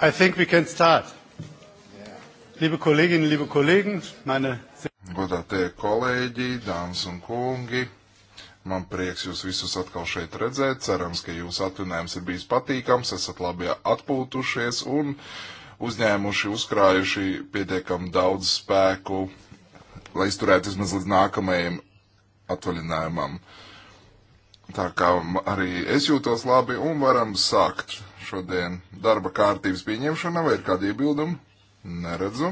I think we can start. Liebe Kolleginnen, liebe Kollegen, meine. Godātie kolēģi, dāmas un kungi, man prieks jūs visus atkal šeit redzēt. Cerams, ka jūsu atvinājums ir bijis patīkams, esat labi atpūtušies un uzņēmuši, uzkrājuši pietiekam daudz spēku, lai izturētu vismaz līdz nākamajam atvaļinājumam. Tā kā arī es jūtos labi un varam sākt šodien darba kārtības pieņemšana vai ir kādi iebildumi? Neredzu.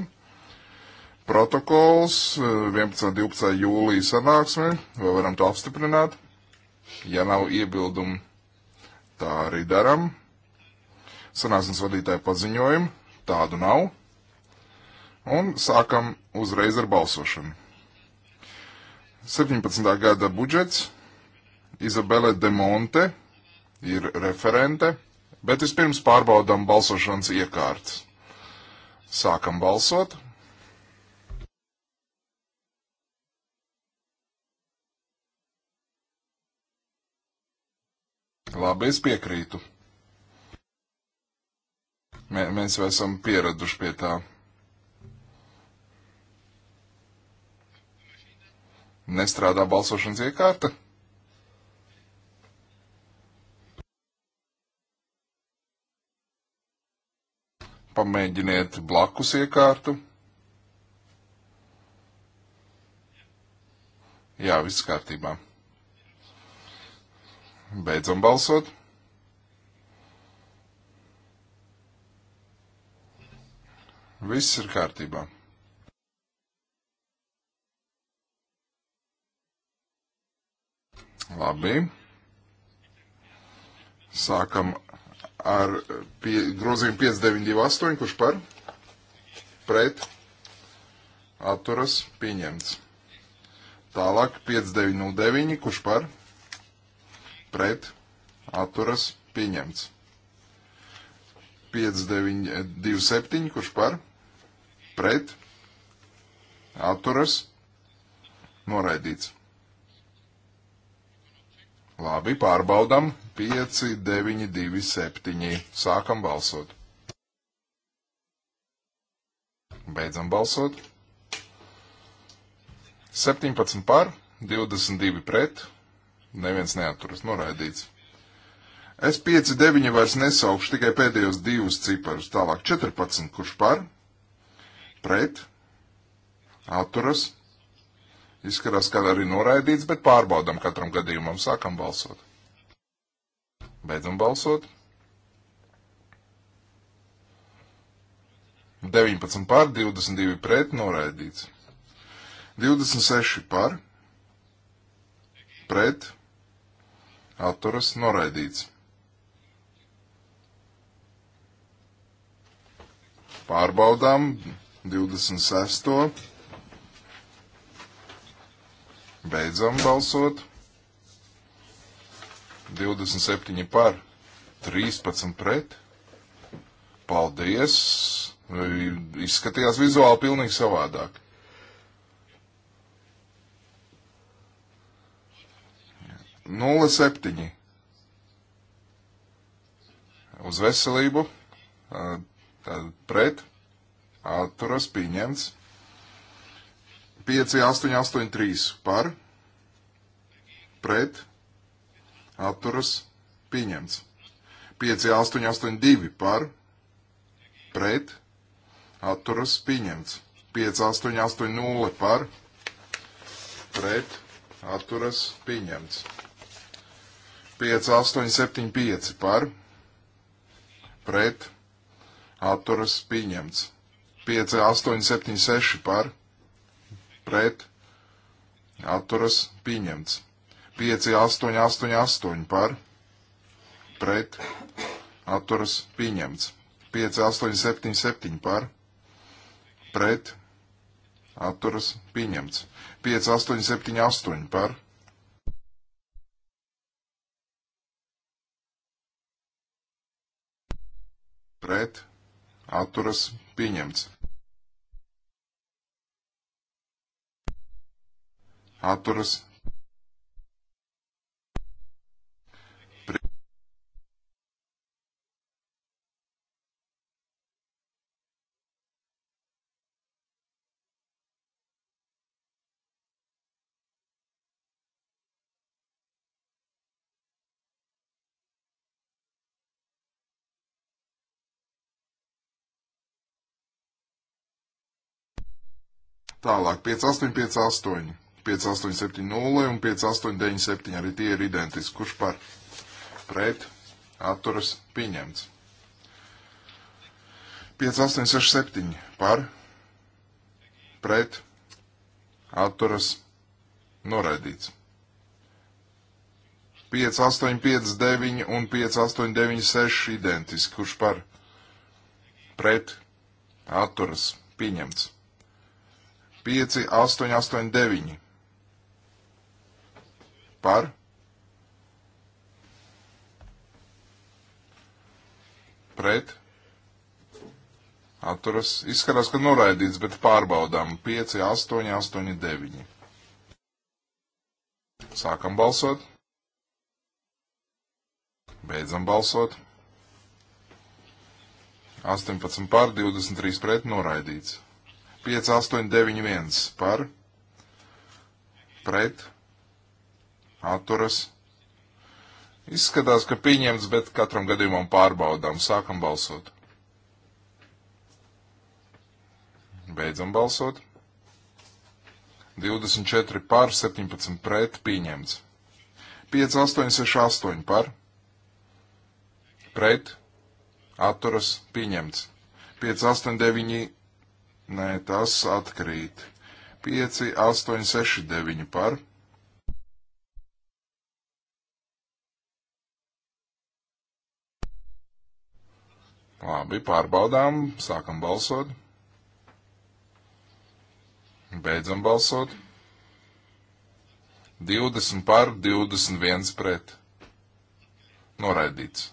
Protokols 11. Eh, un 12. jūlija sanāksme, vai varam to apstiprināt? Ja nav iebildumu, tā arī daram. Sanāksmes vadītāja paziņojumu, tādu nav. Un sākam uzreiz ar balsošanu. 17. gada budžets Izabele de Monte ir referente. Bet vispirms pārbaudām balsošanas iekārtas. Sākam balsot. Labi, es piekrītu. Mē, mēs jau esam pieraduši pie tā. Nestrādā balsošanas iekārta? pamēģiniet blakus iekārtu. Jā, viss kārtībā. Beidzam balsot. Viss ir kārtībā. Labi. Sākam ar pie, grozījumu 5928, kurš par pret atturas pieņemts. Tālāk 5909, kurš par pret atturas pieņemts. 5927, kurš par pret atturas noraidīts. Labi, pārbaudam 5, 9, 2, 7. Sākam balsot. Beidzam balsot. 17 par, 22 pret, neviens neaturas, noraidīts. Es 5, 9 vairs nesaukšu, tikai pēdējos divus ciparus. Tālāk 14, kurš par, pret, atturas. Izskatās, ka arī noraidīts, bet pārbaudam katram gadījumam, sākam balsot. Beidzam balsot. 19 pār, 22 pret, noraidīts. 26 pār, pret, atturas, noraidīts. Pārbaudām 26. Beidzam balsot. 27 par, 13 pret. Paldies! Izskatījās vizuāli pilnīgi savādāk. Nulle septiņi. Uz veselību. Tad pret. Atturas pieņemts. 5, 8, 8, 3 par. Pret atturas pieņemts. 5, 8, 8, 2 par, pret, atturas pieņemts. 5, 8, 8, 0 par, pret, atturas pieņemts. 5, 8, 7, 5 par, pret, atturas pieņemts. 5, 8, 7, 6 par, pret, atturas pieņemts. 5, 8, 8, 8 par, pret, atturas pieņemts. 5, 8, 7, 7 par, pret, atturas pieņemts. 5, 8, 7, 8 par. Pret, atturas pieņemts. Atturas Tālāk 5858, 5870 un 5897 arī tie ir identiski. Kurš par pret atturas pieņemts? 5867 par pret atturas noraidīts. 5859 un 5896 identiski, kurš par pret atturas pieņemts. 5, 8, 8, 9. Par? Pret? Atturas. Izskatās, ka noraidīts, bet pārbaudām. 5, 8, 8, 9. Sākam balsot. Beidzam balsot. 18 pār 23 pret noraidīts. 5891 par pret atturas. Izskatās, ka pieņemts, bet katram gadījumam pārbaudām. Sākam balsot. Beidzam balsot. 24 pār 17 pret pieņemts. 5, 8, 6, 8 par pret atturas pieņemts. 5, 8, 9, Nē, tas atkrīt. 5, 8, 6, 9 par. Labi, pārbaudām, sākam balsot. Beidzam balsot. 20 par, 21 pret. Noraidīts.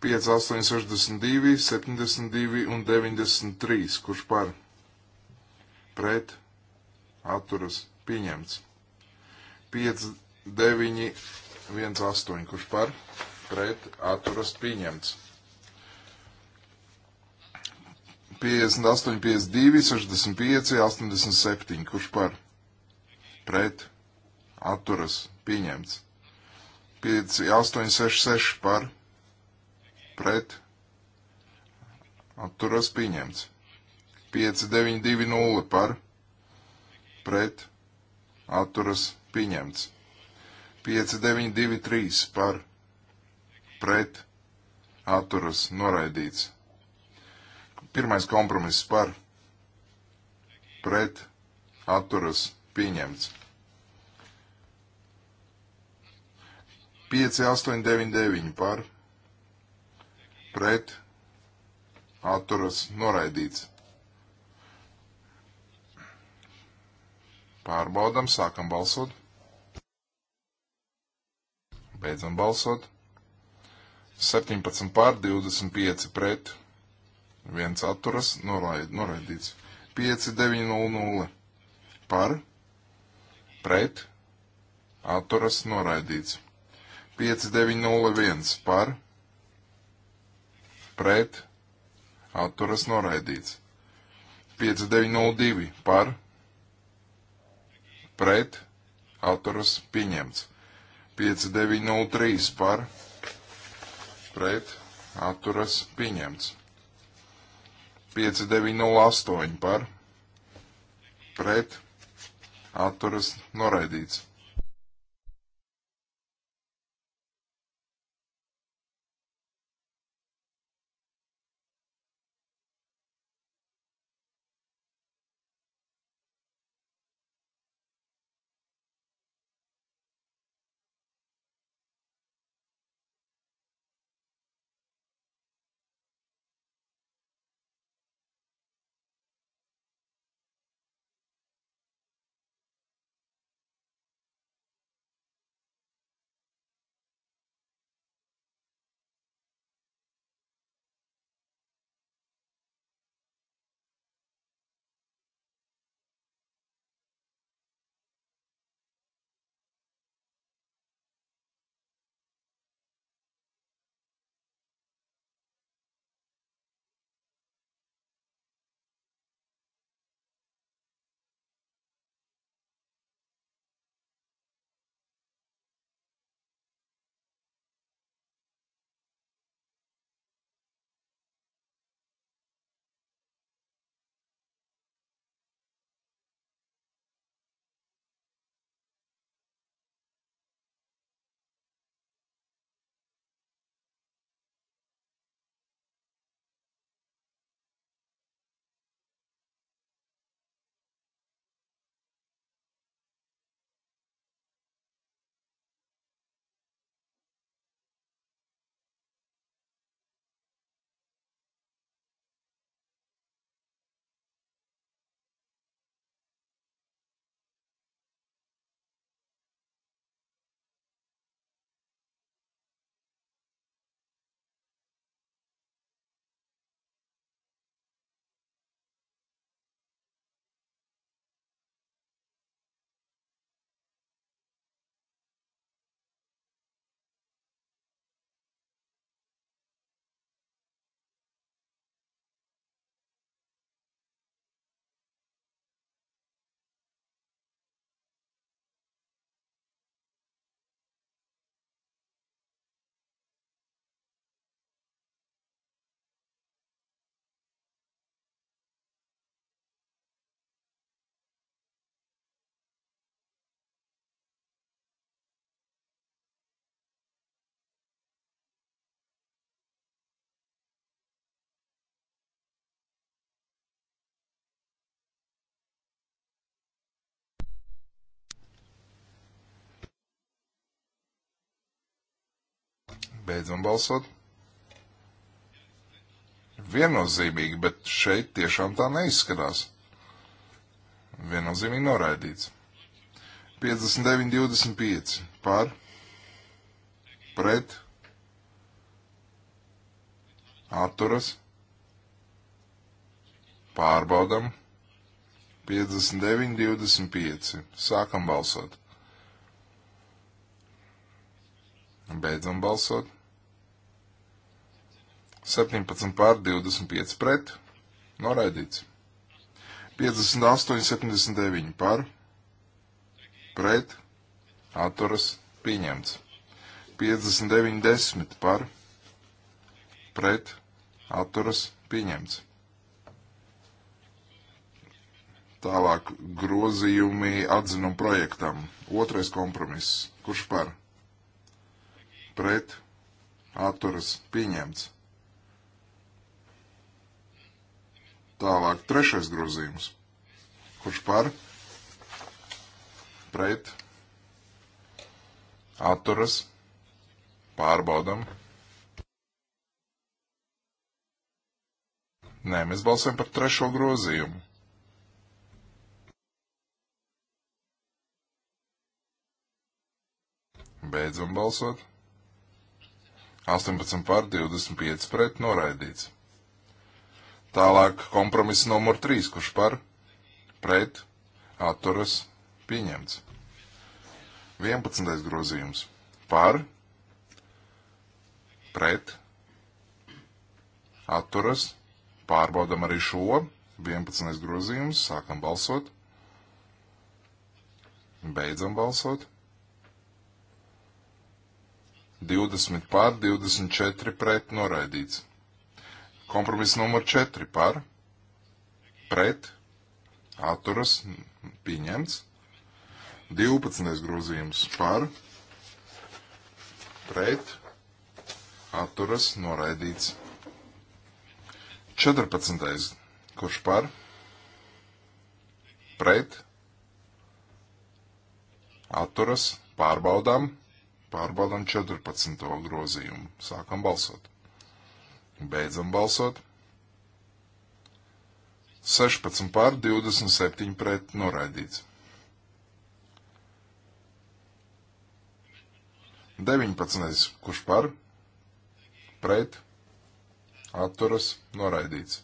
5, 8, 62, 72 un 93. Kurš par? Pret. Atturas. Pieņemts. 5, 9, 1, 8. Kurš par? Pret. Atturas. Pieņemts. 58, 52, 65, 87. Kurš par? Pret. Atturas. Pieņemts. 5, 8, 6, 6 par pret atturas pieņemts. 5920 par pret atturas pieņemts. 5923 par pret atturas noraidīts. Pirmais kompromiss par pret atturas pieņemts. 5899 par pret pret atturas noraidīts. Pārbaudam, sākam balsot. Beidzam balsot. 17 pār 25 pret. 1 atturas noraid, noraidīts. 5 9 0 0 par pret atturas noraidīts. 5 9 0 1 par pret pret, atturas noraidīts. 5902 par, pret, atturas pieņemts. 5903 par, pret, atturas pieņemts. 5908 par, pret, atturas noraidīts. Beidzam balsot. Viennozīmīgi, bet šeit tiešām tā neizskatās. Viennozīmīgi noraidīts. 59, 25 par, pret, atturas, pārbaudam. 59, 25. Sākam balsot. Beidzam balsot. 17 pār 25 pret, noraidīts. 58, 79 pār, pret, atturas, pieņemts. 59, 10 pār, pret, atturas, pieņemts. Tālāk grozījumi atzinumu projektam. Otrais kompromiss. Kurš par? Pret. Atturas. Pieņemts. Tālāk, trešais grozījums. Kurš par? Pret. Atturas. Pārbaudam. Nē, mēs balsojam par trešo grozījumu. Beidzam balsot. 18 pār 25 pret noraidīts. Tālāk kompromiss numur 3, kurš par pret atturas pieņemts. 11. grozījums par pret atturas. Pārbaudam arī šo 11. grozījums, sākam balsot, beidzam balsot. 20 pār 24 pret noraidīts. Kompromiss numur 4 par, pret, atturas, pieņemts. 12. grozījums par, pret, atturas, noraidīts. 14. kurš par, pret, atturas, pārbaudām, pārbaudām 14. grozījumu. Sākam balsot. Beidzam balsot. 16 pār 27 pret noraidīts. 19. Kurš par? Pret. Atturas. Noraidīts.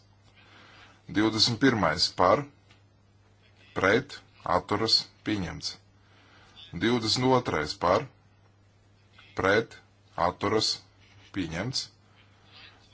21. Par. Pret. Atturas. Pieņemts. 22. Par. Pret. Atturas. Pieņemts.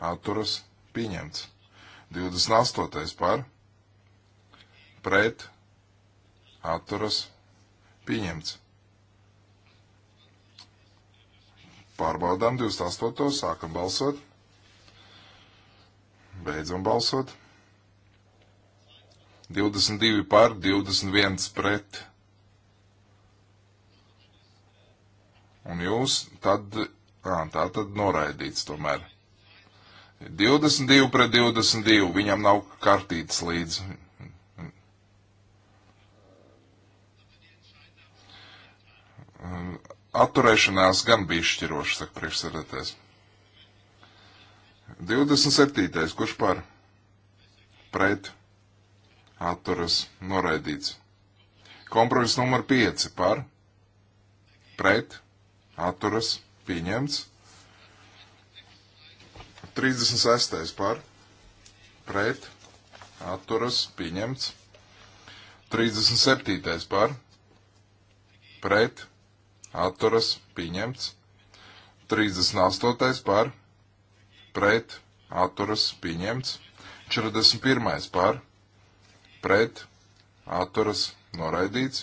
atturas pieņemts. 28. par pret atturas pieņemts. Pārbaudām 28. sākam balsot. Beidzam balsot. 22 par, 21 pret. Un jūs tad, ā, tā tad noraidīts tomēr. 22 pret 22, viņam nav kartītes līdz. Atturēšanās gan bija šķiroša, saka priekšsēdētājs. 27. kurš par? Pret. Atturas. Noraidīts. Kompromiss numur 5 par. Pret. Atturas. Pieņemts. 36. par pret atturas pieņemts. 37. par pret atturas pieņemts. 38. par pret atturas pieņemts. 41. par pret atturas noraidīts.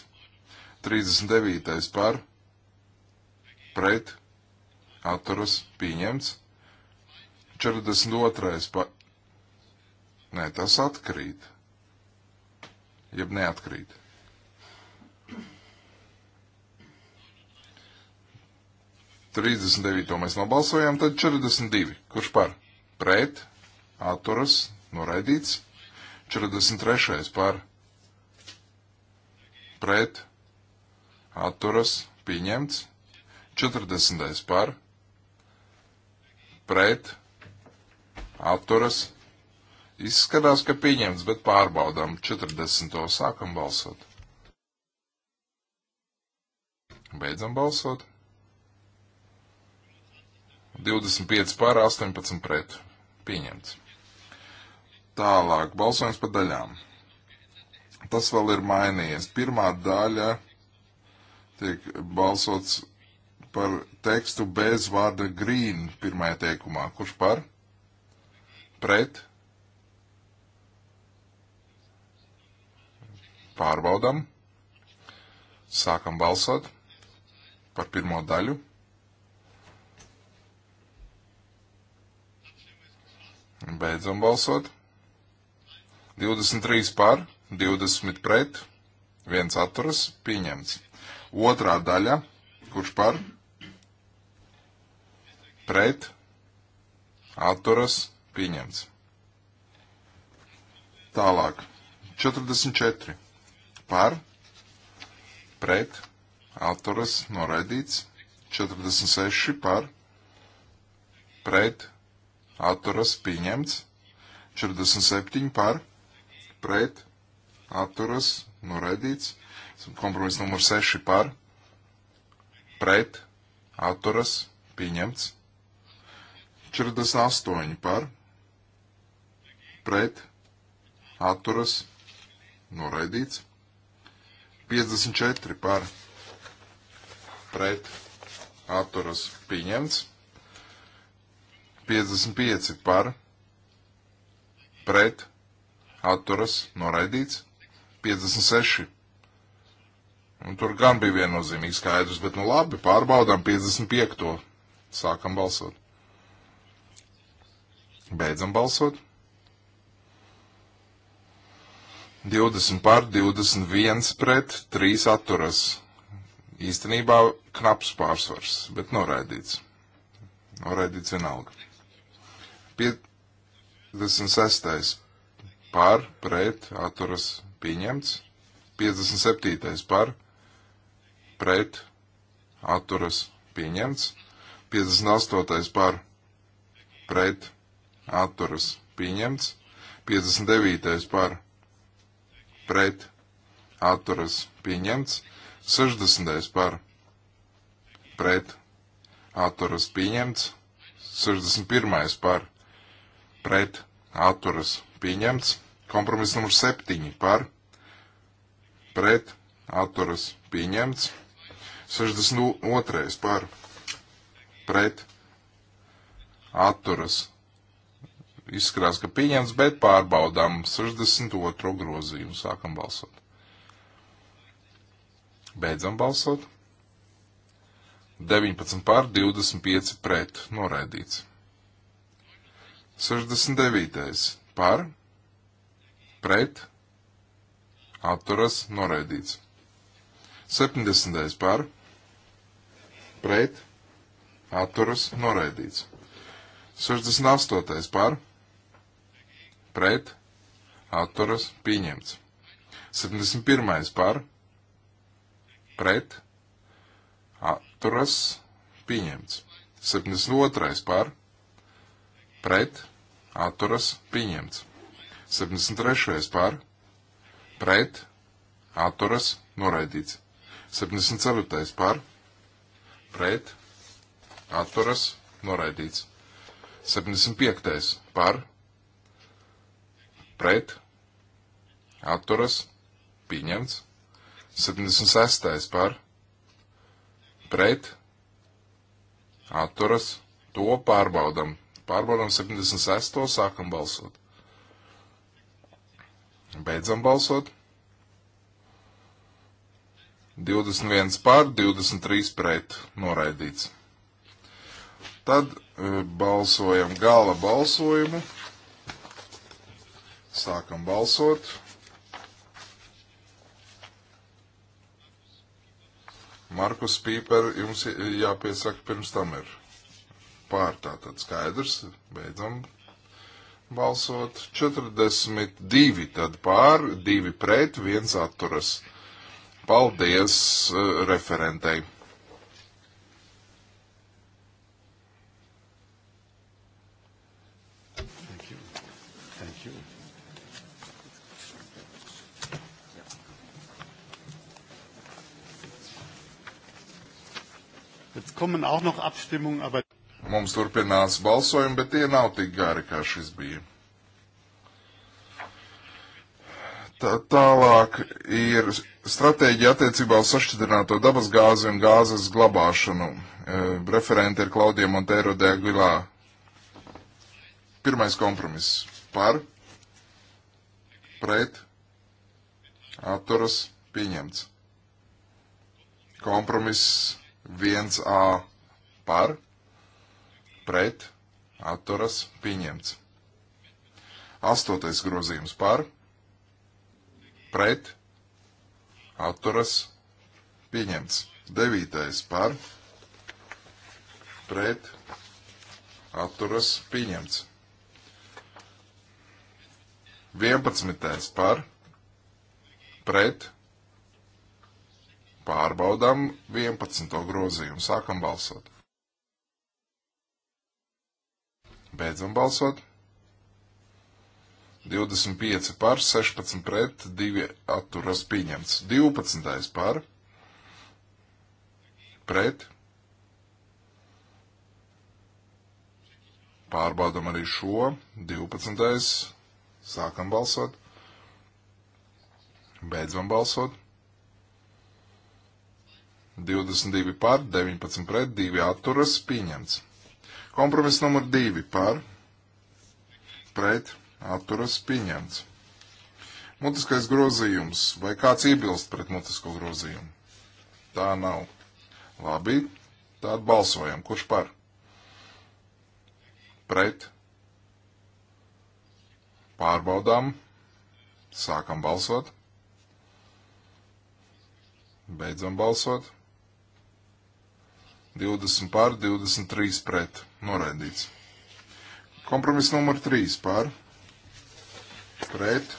39. par pret atturas pieņemts. 42. Pa... Nē, tas atkrīt. Jeb neatkrīt. 39. mēs nobalsojām, tad 42. Kurš par? Pret, atturas, noraidīts. 43. par? Pret, atturas, pieņemts. 40. par? Pret, atturas. Izskatās, ka pieņemts, bet pārbaudām 40. sākam balsot. Beidzam balsot. 25 pār 18 pret. Pieņemts. Tālāk balsojums pa daļām. Tas vēl ir mainījies. Pirmā daļa tiek balsots par tekstu bez vārda green pirmajā teikumā. Kurš par? pret. Pārbaudam. Sākam balsot par pirmo daļu. Beidzam balsot. 23 par, 20 pret, 1 atturas, pieņemts. Otrā daļa, kurš par, pret, atturas, pieņemts Pieņemts. Tālāk. 44. Par. Pret. Atturas. Noraidīts. 46. Par. Pret. Atturas. Pieņemts. 47. Par. Pret. Atturas. Noraidīts. Kompromiss numur 6. Par. Pret. Atturas. Pieņemts. 48 par pret, atturas, noraidīts. 54 par, pret, atturas, pieņemts. 55 par, pret, atturas, noraidīts. 56. Un tur gan bija viennozīmīgi skaidrs, bet nu labi, pārbaudām 55. To. Sākam balsot. Beidzam balsot. 20 pār 21 pret 3 atturas. Īstenībā knaps pārsvars, bet noraidīts. Noraidīts vienalga. 56. par pret atturas pieņemts. 57. par pret atturas pieņemts. 58. par pret atturas pieņemts. 59. par pret pret atturas pieņemts. 60. par pret atturas pieņemts. 61. par pret atturas pieņemts. Kompromiss numur 7 par pret atturas pieņemts. 62. par pret atturas izskatās, ka pieņemts, bet pārbaudām 62. grozījumu. Sākam balsot. Beidzam balsot. 19 pār 25 pret. Noraidīts. 69. Par. Pret. Atturas. Noraidīts. 70. Par. Pret. Atturas. Noraidīts. 68. Par pret, atturas, pieņemts. 71. par, pret, atturas, pieņemts. 72. par, pret, atturas, pieņemts. 73. par, pret, atturas, noraidīts. 74. par, pret, atturas, noraidīts. 75. par, pret, atturas, pieņemts. 76. par, pret, atturas, to pārbaudam. Pārbaudam 76. sākam balsot. Beidzam balsot. 21 pār, 23 pret, noraidīts. Tad eh, balsojam gala balsojumu. Sākam balsot. Markus Pīper, jums jāpiesaka pirms tam ir pārtā tad skaidrs, beidzam balsot. 42 tad pār, 2 pret, 1 atturas. Paldies uh, referentei! kommen auch noch Abstimmungen, aber. Mums turpinās balsojumi, bet tie nav tik gari, kā šis bija. Tā, tālāk ir stratēģija attiecībā uz sašķidrināto dabas gāzi un gāzes glabāšanu. E, referente ir Klaudija Montero de Aguilā. Pirmais kompromiss par, pret, atturas, pieņemts. Kompromiss 1A par, pret, atturas, pieņemts. Astotais grozījums par, pret, atturas, pieņemts. Devītais par, pret, atturas, pieņemts. Vienpadsmitais par, pret, Pārbaudām 11. grozījumu. Sākam balsot. Beidzam balsot. 25 par, 16 pret, 2 atturas pieņemts. 12. par, pret. Pārbaudam arī šo. 12. Sākam balsot. Beidzam balsot. 22 par, 19 pret, 2 atturas, pieņemts. Kompromiss numur 2 par, pret, atturas, pieņemts. Mutiskais grozījums. Vai kāds iebilst pret mutisko grozījumu? Tā nav. Labi, tad balsojam. Kurš par? Pret. Pārbaudām. Sākam balsot. Beidzam balsot. 20 pār, 23 pret. Noraidīts. Kompromiss numur 3 pār. Pret.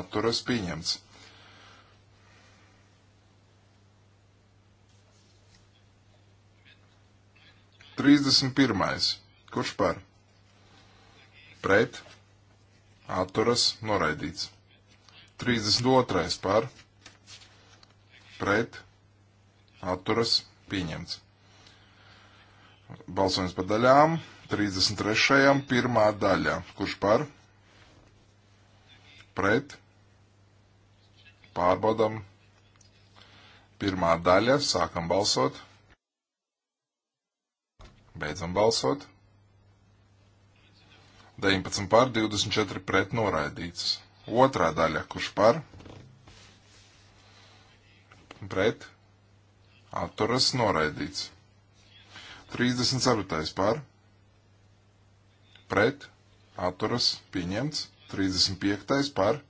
Atturas pieņemts. Trīsdesmit pirmais. Kurš par? Pret. Atturas noraidīts. Trīsdesmit otrais par. Pret. Atturas pieņemts. Balsojums par daļām. 33. pirmā daļa. Kurš par? Pret. Pārbaudam. Pirmā daļa. Sākam balsot. Beidzam balsot. 19 pār 24 pret noraidīts. Otrā daļa, kurš par? Pret. Atturas noraidīts. 34. par, pret, atturas, pieņemts. 35. par,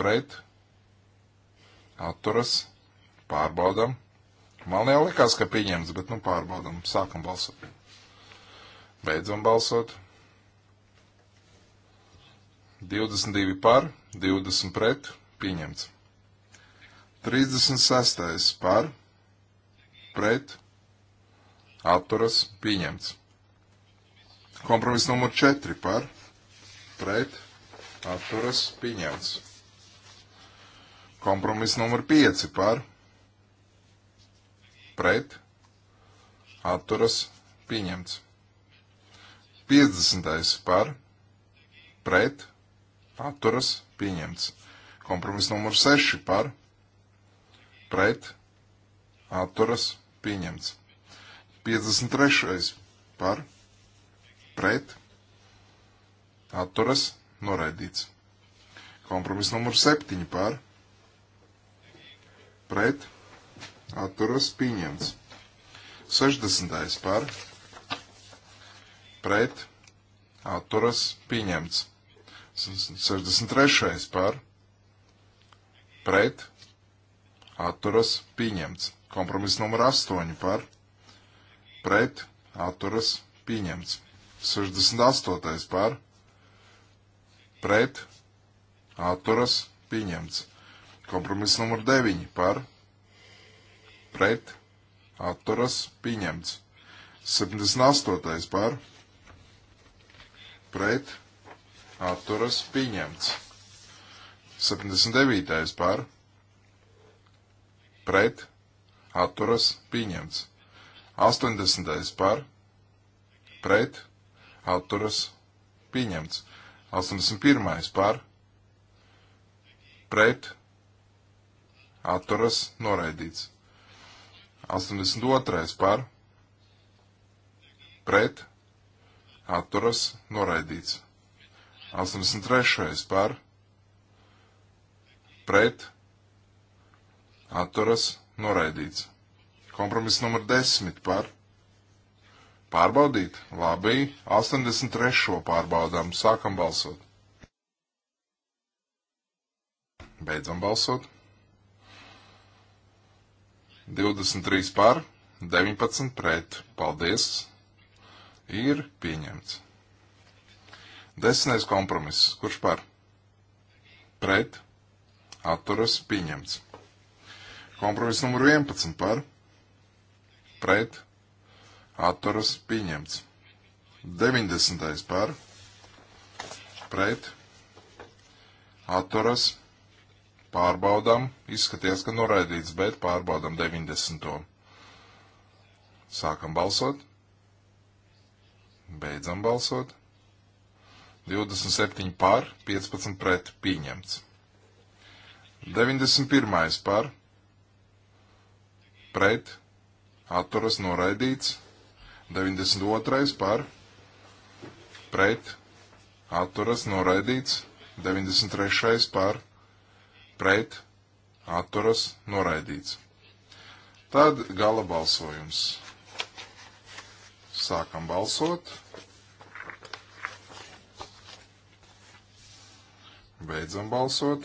pret, atturas, pārbaudam. Man jau likās, ka pieņemts, bet nu pārbaudam, sākam balsot. Beidzam balsot. 22 par, 20 pret, pieņemts. 36 par, pret, atturas pieņemts. Kompromiss numur 4 par pret atturas pieņemts. Kompromiss numur 5 par pret atturas pieņemts. 50. par pret atturas pieņemts. Kompromiss numur 6 par pret atturas pieņemts. 53. par pret atturas noraidīts. Kompromiss numur 7 par pret atturas pieņemts. 60. par pret atturas pieņemts. 63. par pret atturas pieņemts. Kompromiss numur 8 par pret pret, atturas, pieņemts. 68. par, pret, atturas, pieņemts. Kompromiss numur 9 par, pret, atturas, pieņemts. 78. par, pret, atturas, pieņemts. 79. par, pret, atturas, pieņemts. 80. par, pret, atturas, pieņemts. 81. par, pret, atturas, noraidīts. 82. par, pret, atturas, noraidīts. 83. par, pret, atturas, noraidīts. Kompromiss numur 10 par. Pārbaudīt? Labi. 83. pārbaudām. Sākam balsot. Beidzam balsot. 23 par, 19 pret. Paldies. Ir pieņemts. Desmitais kompromiss. Kurš par? Pret. Atturas pieņemts. Kompromiss numur 11 par pret, atturas pieņemts. 90. par, pret, atturas, pārbaudām, izskaties, ka noraidīts, bet pārbaudām 90. Sākam balsot, beidzam balsot, 27 par, 15 pret, pieņemts. 91. par, pret, atturas noraidīts, 92. par, pret, atturas noraidīts, 93. par, pret, atturas noraidīts. Tad gala balsojums. Sākam balsot. Beidzam balsot.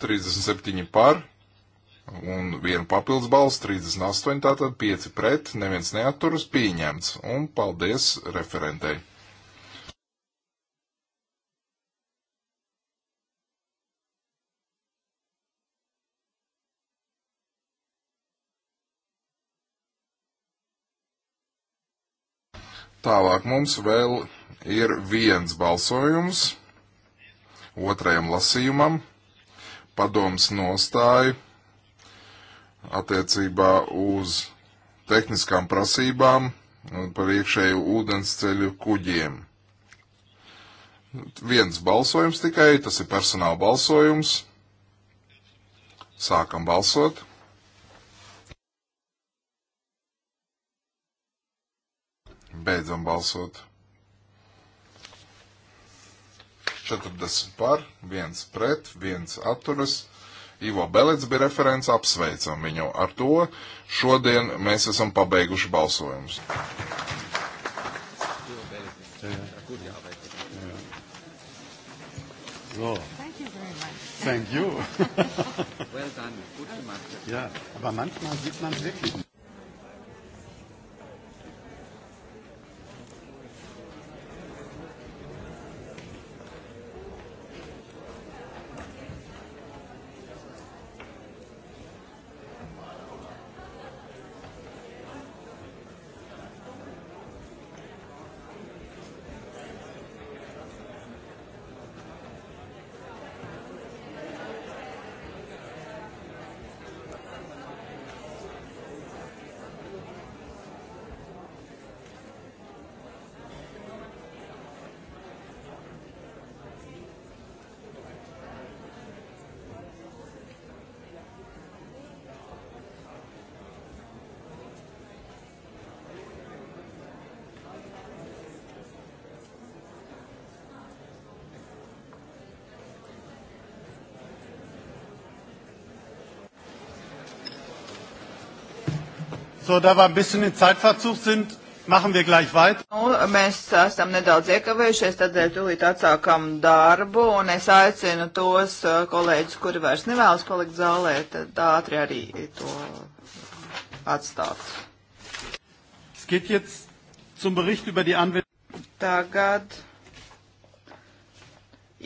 37 par, un vienu papildus balsu, 38, tātad 5 pret, neviens neaturas, pieņemts. Un paldies referentei. Tālāk mums vēl ir viens balsojums otrajam lasījumam, padoms nostāju attiecībā uz tehniskām prasībām par iekšēju ūdensceļu kuģiem. Viens balsojums tikai, tas ir personāla balsojums. Sākam balsot. Beidzam balsot. 40 par, 1 pret, 1 atturas. Ivo Belets bija referents, apsveicam viņu ar to. Šodien mēs esam pabeiguši balsojumus. So. Oh. Thank you very much. Thank you. well done. Gute Macht. Ja, aber manchmal sieht man es wirklich nicht. So, da wir ein bisschen in Zeitverzug sind, machen wir gleich weiter. Nu, mēs esam nedaudz iekavējušies, tādēļ eh, tūlīt atsākam darbu, un es aicinu tos eh, kolēģus, kuri vairs nevēlas palikt zālē, tad ātri arī to atstāt. Es geht jetzt zum Bericht über die Anwendung. Tagad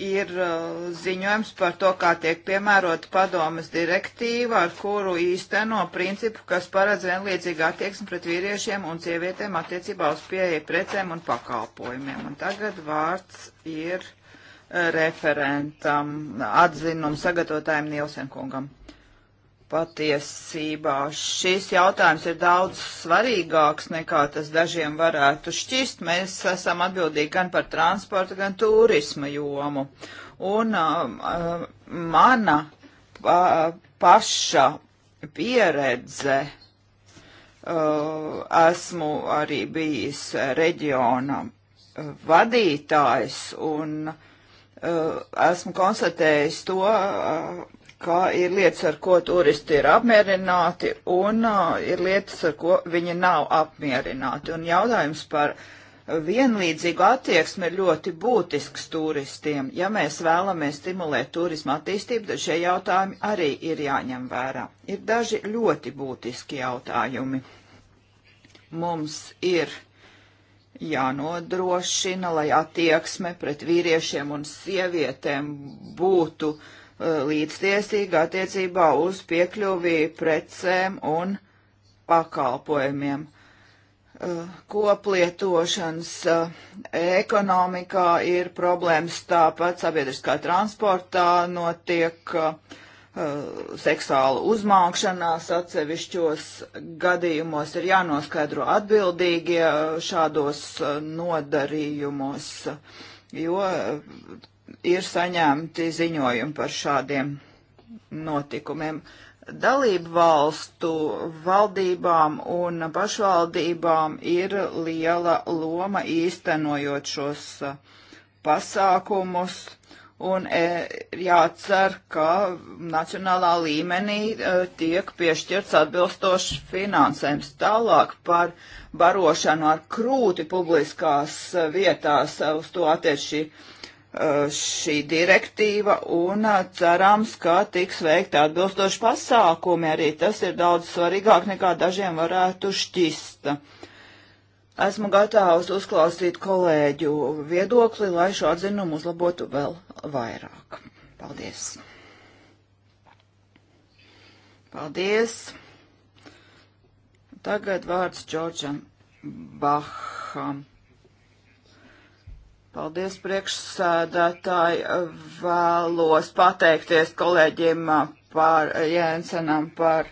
ir uh, ziņojums par to, kā tiek piemērota padomas direktīva, ar kuru īsteno principu, kas paredz vienlīdzīgu attieksmi pret vīriešiem un sievietēm attiecībā uz pieeja precēm un pakalpojumiem. Un tagad vārds ir uh, referentam, atzinumu sagatavotājiem Nielsenkungam. Patiesībā šis jautājums ir daudz svarīgāks nekā tas dažiem varētu šķist. Mēs esam atbildīgi gan par transportu, gan turisma jomu. Un uh, mana pa, paša pieredze, uh, esmu arī bijis reģiona vadītājs un uh, esmu konstatējis to, uh, ka ir lietas, ar ko turisti ir apmierināti, un uh, ir lietas, ar ko viņi nav apmierināti. Un jautājums par vienlīdzīgu attieksmi ir ļoti būtisks turistiem. Ja mēs vēlamies stimulēt turismu attīstību, tad šie jautājumi arī ir jāņem vērā. Ir daži ļoti būtiski jautājumi. Mums ir jānodrošina, lai attieksme pret vīriešiem un sievietēm būtu uh, Eh, līdztiesīga attiecībā uz piekļuvī precēm un pakalpojumiem. Eh, koplietošanas eh, ekonomikā ir problēmas tāpat sabiedriskā transportā notiek seksuāla uzmākšanās atsevišķos gadījumos ir jānoskaidro atbildīgie šādos nodarījumos, jo ir saņemti ziņojumi par šādiem notikumiem. Dalību valstu valdībām un pašvaldībām ir liela loma īstenojot šos uh, pasākumus, un ir e, jācer, ka nacionālā līmenī e, tiek piešķirts atbilstošs finansējums. Tālāk par barošanu ar krūti publiskās e, vietās uz to attiec šī uh, Eh, šī direktīva un eh, cerams, ka tiks veikti atbilstoši pasākumi. Arī tas ir daudz svarīgāk nekā dažiem varētu šķist. Esmu gatavs uzklausīt kolēģu viedokli, lai šo atzinumu uzlabotu vēl vairāk. Paldies! Paldies! Tagad vārds Džordžam Baham. Paldies priekšsādātāji. Vēlos pateikties kolēģiem par Jensenam, par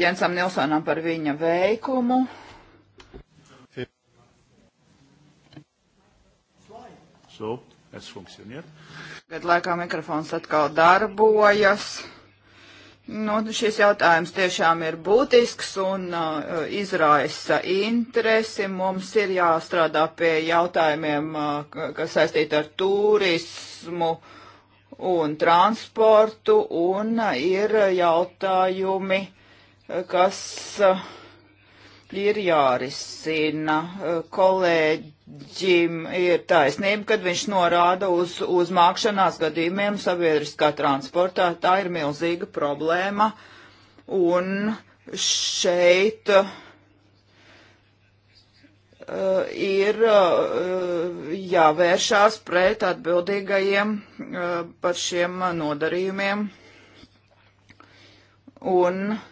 Jensam Nilsonam par viņa veikumu. So, es funkcioniet. Kad laikā mikrofons atkal darbojas. Nu, šis jautājums tiešām ir būtisks un uh, izraisa interesi. Mums ir jāstrādā pie jautājumiem, uh, kas saistīti ar turismu un transportu, un uh, ir jautājumi, kas. Uh, ir jārisina. Kolēģim ir taisnība, kad viņš norāda uz uzmākšanās gadījumiem sabiedriskā transportā. Tā ir milzīga problēma. Un šeit uh, ir uh, jāvēršās pret atbildīgajiem uh, par šiem nodarījumiem. Un uh,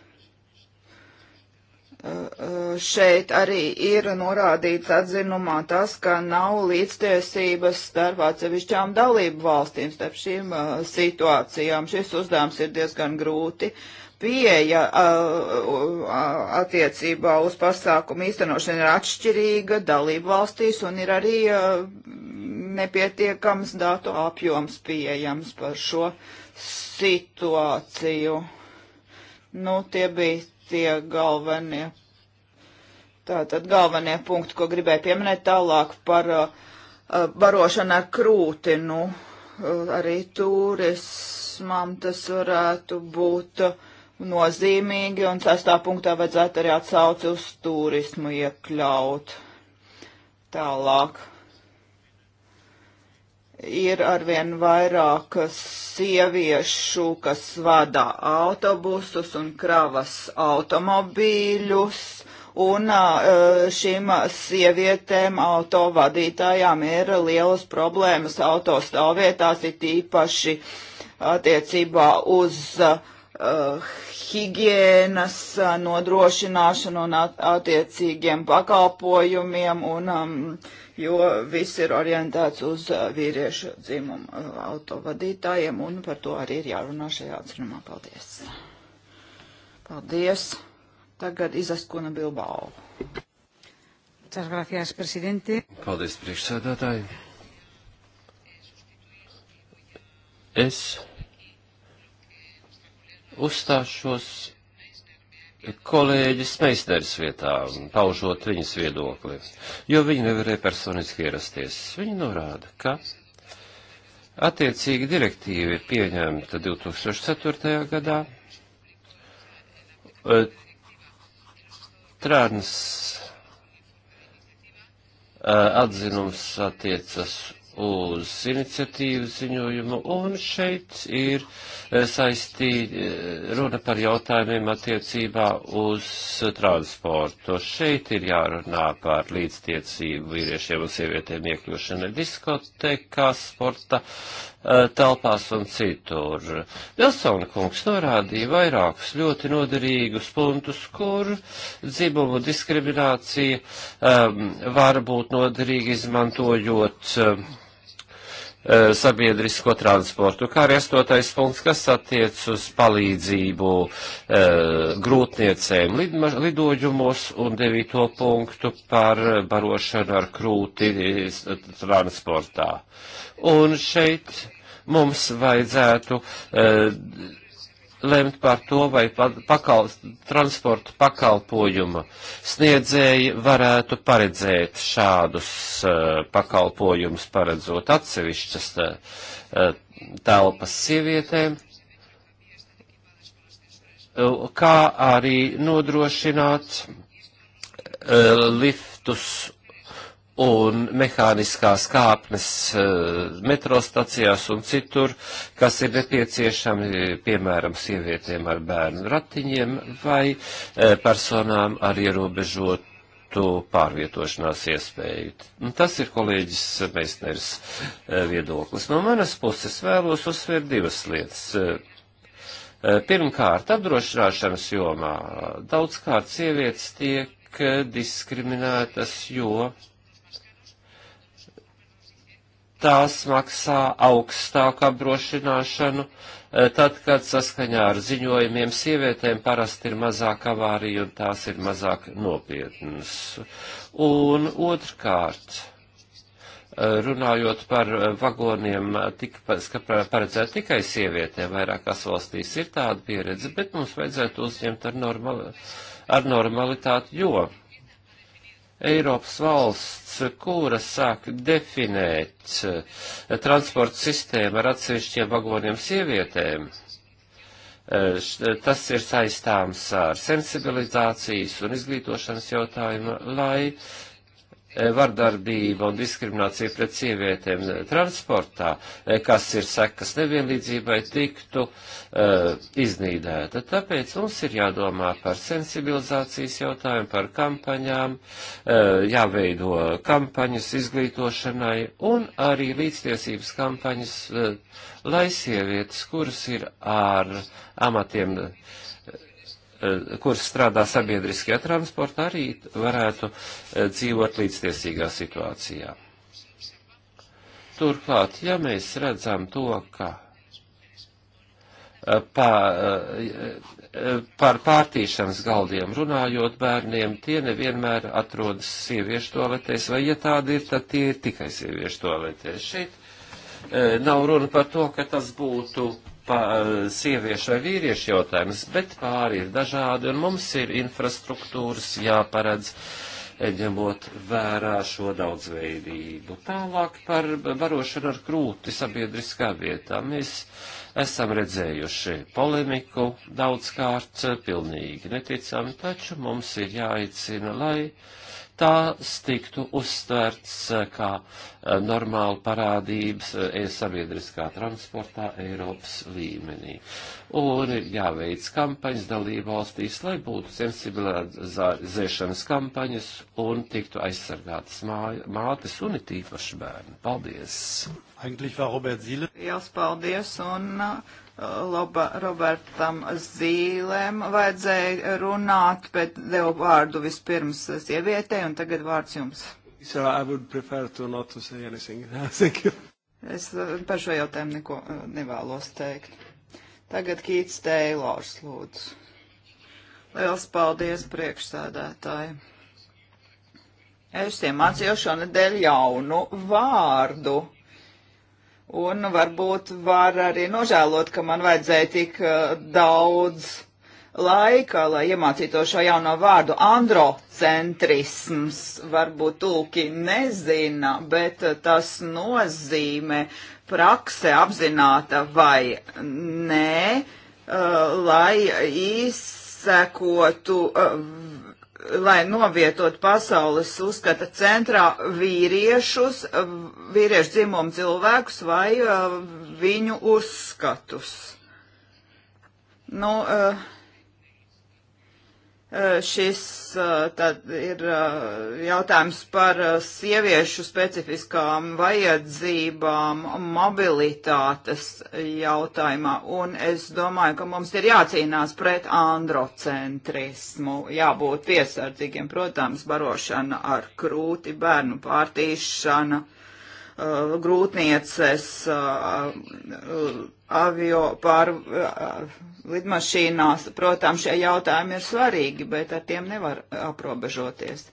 šeit arī ir norādīts atzinumā tas, ka nav līdztiesības starp atsevišķām dalību valstīm, starp šīm uh, situācijām. Šis uzdevums ir diezgan grūti pieeja uh, uh attiecībā uz pasākumu īstenošanu ir atšķirīga dalību valstīs un ir arī uh, nepietiekams datu apjoms pieejams par šo situāciju. Nu, tie bija tie galvenie, tātad galvenie punkti, ko gribēju pieminēt tālāk par uh, uh barošanu ar krūti, nu, uh, arī turismam tas varētu būt uh, nozīmīgi, un sastā punktā vajadzētu arī atsauci uz turismu iekļaut. Tālāk ir arvien vairāk sieviešu, kas vada autobusus un kravas automobīļus, un šīm sievietēm autovadītājām ir lielas problēmas autostāvvietās, it īpaši attiecībā uz uh, higienas nodrošināšanu un at attiecīgiem pakalpojumiem un um, jo viss ir orientēts uz uh, vīriešu dzimumu uh, autovadītājiem, un par to arī ir jārunā šajā atzinumā. Paldies! Paldies! Tagad izaskuna Bilbao. Muchas gracias, presidente. Paldies, priekšsēdētāji. Es uzstāšos kolēģis Meisteris vietā, paužot viņas viedokli, jo viņi nevarēja personiski ierasties. Viņi norāda, ka attiecīgi direktīva ir pieņemta 2004. gadā. E, trans e, atzinums attiecas uz iniciatīvu ziņojumu, un šeit ir uh, saistīta eh, runa par jautājumiem attiecībā uz transportu. Šeit ir jārunā par līdztiecību vīriešiem un sievietēm iekļūšanu diskotekās, sporta eh, telpās un citur. Vilsona kungs norādīja vairākus ļoti noderīgus punktus, kur dzimumu diskriminācija um, var būt noderīga izmantojot um, E, sabiedrisko transportu, kā arī astotais punkts, kas attiec uz palīdzību e, grūtniecēm lidma, lidoģumos un devīto punktu par barošanu ar krūti e, transportā. Un šeit mums vajadzētu e, lemt par to, vai pakal, transporta pakalpojumu sniedzēji varētu paredzēt šādus uh, pakalpojumus, paredzot atsevišķas uh, telpas sievietēm, uh, kā arī nodrošināt eh, liftus un mehāniskās kāpnes eh, metrostacijās un citur, kas ir nepieciešami, piemēram, sievietēm ar bērnu ratiņiem vai eh, personām ar ierobežotu pārvietošanās iespēju. Un tas ir kolēģis Meisners eh, viedoklis. No manas puses vēlos uzsvērt divas lietas. Pirmkārt, apdrošināšanas jomā daudzkārt sievietes tiek diskriminētas, jo uh, tās maksā augstāku apdrošināšanu, eh, tad, kad saskaņā ar ziņojumiem sievietēm parasti ir mazāk avārija un tās ir mazāk nopietnas. Un otrkārt, eh, runājot par eh, vagoniem, tika paredzēt tikai sievietēm, vairākās valstīs ir tāda pieredze, bet mums vajadzētu uzņemt ar, normali, ar normalitāti, jo Eiropas valsts, kuras sāk definēt eh, transporta sistēmu ar atsevišķiem vagoniem sievietēm, eh, tas ir saistāms ar sensibilizācijas un izglītošanas jautājumu, lai Eh, vardarbība un diskriminācija pret sievietēm transportā, eh, kas ir sekas nevienlīdzībai, tiktu uh, iznīdēta. Tāpēc mums ir jādomā par sensibilizācijas jautājumu, par kampaņām, uh, jāveido kampaņas izglītošanai un arī līdztiesības kampaņas, uh, lai sievietes, kuras ir ar amatiem uh, Eh, kuras strādā sabiedriskajā transportā, arī varētu eh, dzīvot līdztiesīgā situācijā. Turklāt, ja mēs redzam to, ka eh, pa, par pārtīšanas galdiem runājot bērniem, tie nevienmēr atrodas sieviešu toaletēs, vai ja tādi ir, tad tie ir tikai sieviešu toaletēs. Šeit nav runa par to, ka tas būtu pa, eh, sieviešu vai vīriešu jautājums, bet pāri ir dažādi, un mums ir infrastruktūras jāparedz ņemot vērā šo daudzveidību. Tālāk par barošanu ar krūti sabiedriskā vietā. Mēs esam redzējuši polemiku daudzkārt pilnīgi neticami, taču mums ir jāicina, lai tās tiktu uztvērts eh, kā eh, normāla parādības e-sabiedriskā eh, transportā Eiropas līmenī. Un ir jāveic kampaņas dalību valstīs, lai būtu sensibilizēšanas kampaņas un tiktu aizsargātas mātes un it īpaši bērni. Paldies! Jās paldies un uh, Loba, Robertam Zīlēm vajadzēja runāt, bet devu vārdu vispirms sievietei, un tagad vārds jums. So I would prefer to not to say anything. Thank you. Es uh, par šo jautājumu neko uh, nevēlos teikt. Tagad Kīts Teilors lūdzu. Liels paldies priekšsēdētāji. Es iemācījos šonadēļ jaunu vārdu Un varbūt var arī nožēlot, ka man vajadzēja tik uh, daudz laika, lai iemācītos šo jauno vārdu androcentrisms. Varbūt tulki nezina, bet uh, tas nozīmē prakse apzināta vai nē, uh, lai izsekotu uh, lai novietot pasaules uzskata centrā vīriešus, vīriešu dzimumu cilvēkus vai uh, viņu uzskatus. Nu, uh, Eh, šis eh, tad ir eh, jautājums par sieviešu specifiskām vajadzībām mobilitātes jautājumā, un es domāju, ka mums ir jācīnās pret androcentrismu, jābūt piesardzīgiem, protams, barošana ar krūti, bērnu pārtīšana. Uh, uh, grūtnieces uh, avio pār uh, lidmašīnās. Protams, šie jautājumi ir svarīgi, bet ar tiem nevar aprobežoties.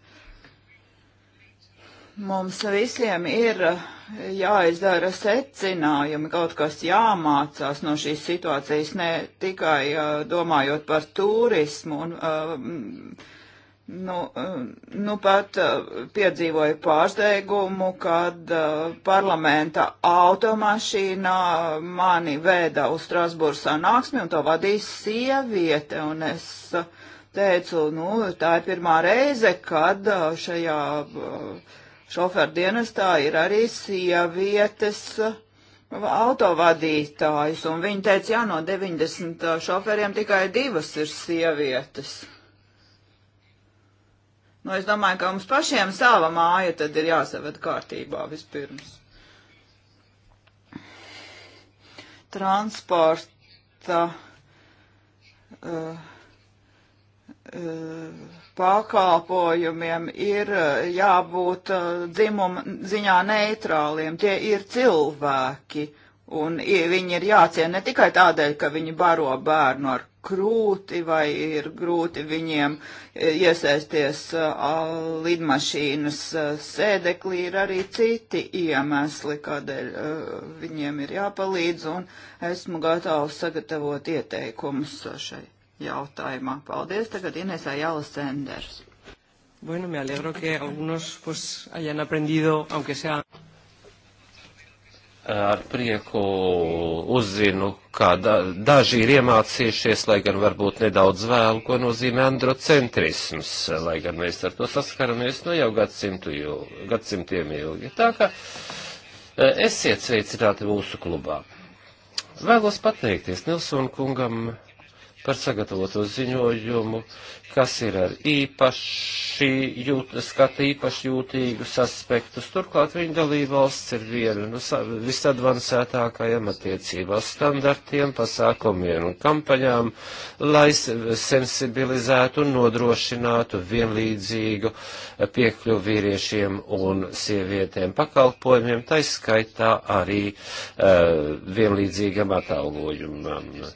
Mums visiem ir uh, jāizdara secinājumi, kaut kas jāmācās no šīs situācijas, ne tikai uh, domājot par turismu un uh, nu, eh, nu pat eh, piedzīvoja pārsteigumu, kad eh, parlamenta automašīnā mani vēda uz Strasbūras sanāksmi un to vadīja sieviete. Un es teicu, nu, tā ir pirmā reize, kad šajā šoferdienestā ir arī sievietes autovadītājs. Un viņi teica, jā, no 90 šoferiem tikai divas ir sievietes. Nu, es domāju, ka mums pašiem sava māja tad ir jāsaved kārtībā vispirms. Transporta. Uh, uh pakalpojumiem ir uh, jābūt uh, dzimuma ziņā neitrāliem. Tie ir cilvēki. Uh, Un viņi ir jāciena ne tikai tādēļ, ka viņi baro bērnu ar krūti vai ir grūti viņiem e, iesaisties uh, lidmašīnas uh, sēdeklī, ir arī citi iemesli, kādēļ uh, viņiem ir jāpalīdz, un esmu gatavs sagatavot ieteikumus šai jautājumā. Paldies, tagad Inesā Jālas Senders. Bueno, me alegro que algunos pues hayan aprendido, aunque sea ar prieku uzzinu, ka da, daži ir iemācījušies, lai gan varbūt nedaudz vēlu, ko nozīmē androcentrisms, lai gan mēs ar to saskaramies no nu, jau gadsimtu ilgi, gadsimtiem ilgi. Tā kā e, esiet sveicināti mūsu klubā. Vēlos pateikties Nilsona kungam par sagatavoto ziņojumu, kas ir ar īpaši jūt, skata īpaši jūtīgus aspektus. Turklāt viņa dalībvalsts ir viena no nu, visadvansētākajām attiecībās standartiem, pasākumiem un kampaņām, lai sensibilizētu un nodrošinātu vienlīdzīgu piekļuvu vīriešiem un sievietēm pakalpojumiem, taiskaitā arī uh, vienlīdzīgam atalgojumam.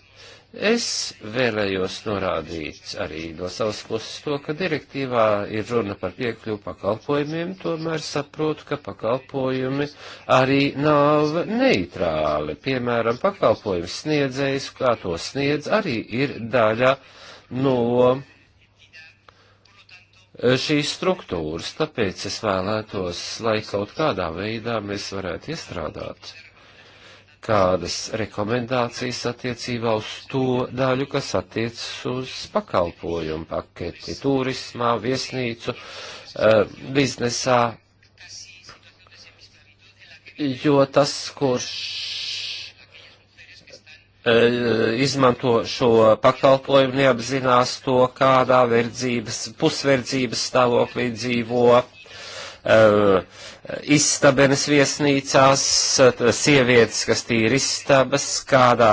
Es vēlējos norādīt arī no savas puses to, ka direktīvā ir runa par piekļuvu pakalpojumiem, tomēr saprotu, ka pakalpojumi arī nav neitrāli. Piemēram, pakalpojumu sniedzējs, kā to sniedz, arī ir daļa no šīs struktūras, tāpēc es vēlētos, lai kaut kādā veidā mēs varētu iestrādāt kādas rekomendācijas attiecībā uz to daļu, kas attiecas uz pakalpojumu paketi turismā, viesnīcu, eh, biznesā, jo tas, kurš eh, izmanto šo pakalpojumu, neapzinās to, kādā verdzības, pusverdzības stāvoklī dzīvo Eh, istabenes viesnīcās, eh, sievietes, kas tīri istabas, kādā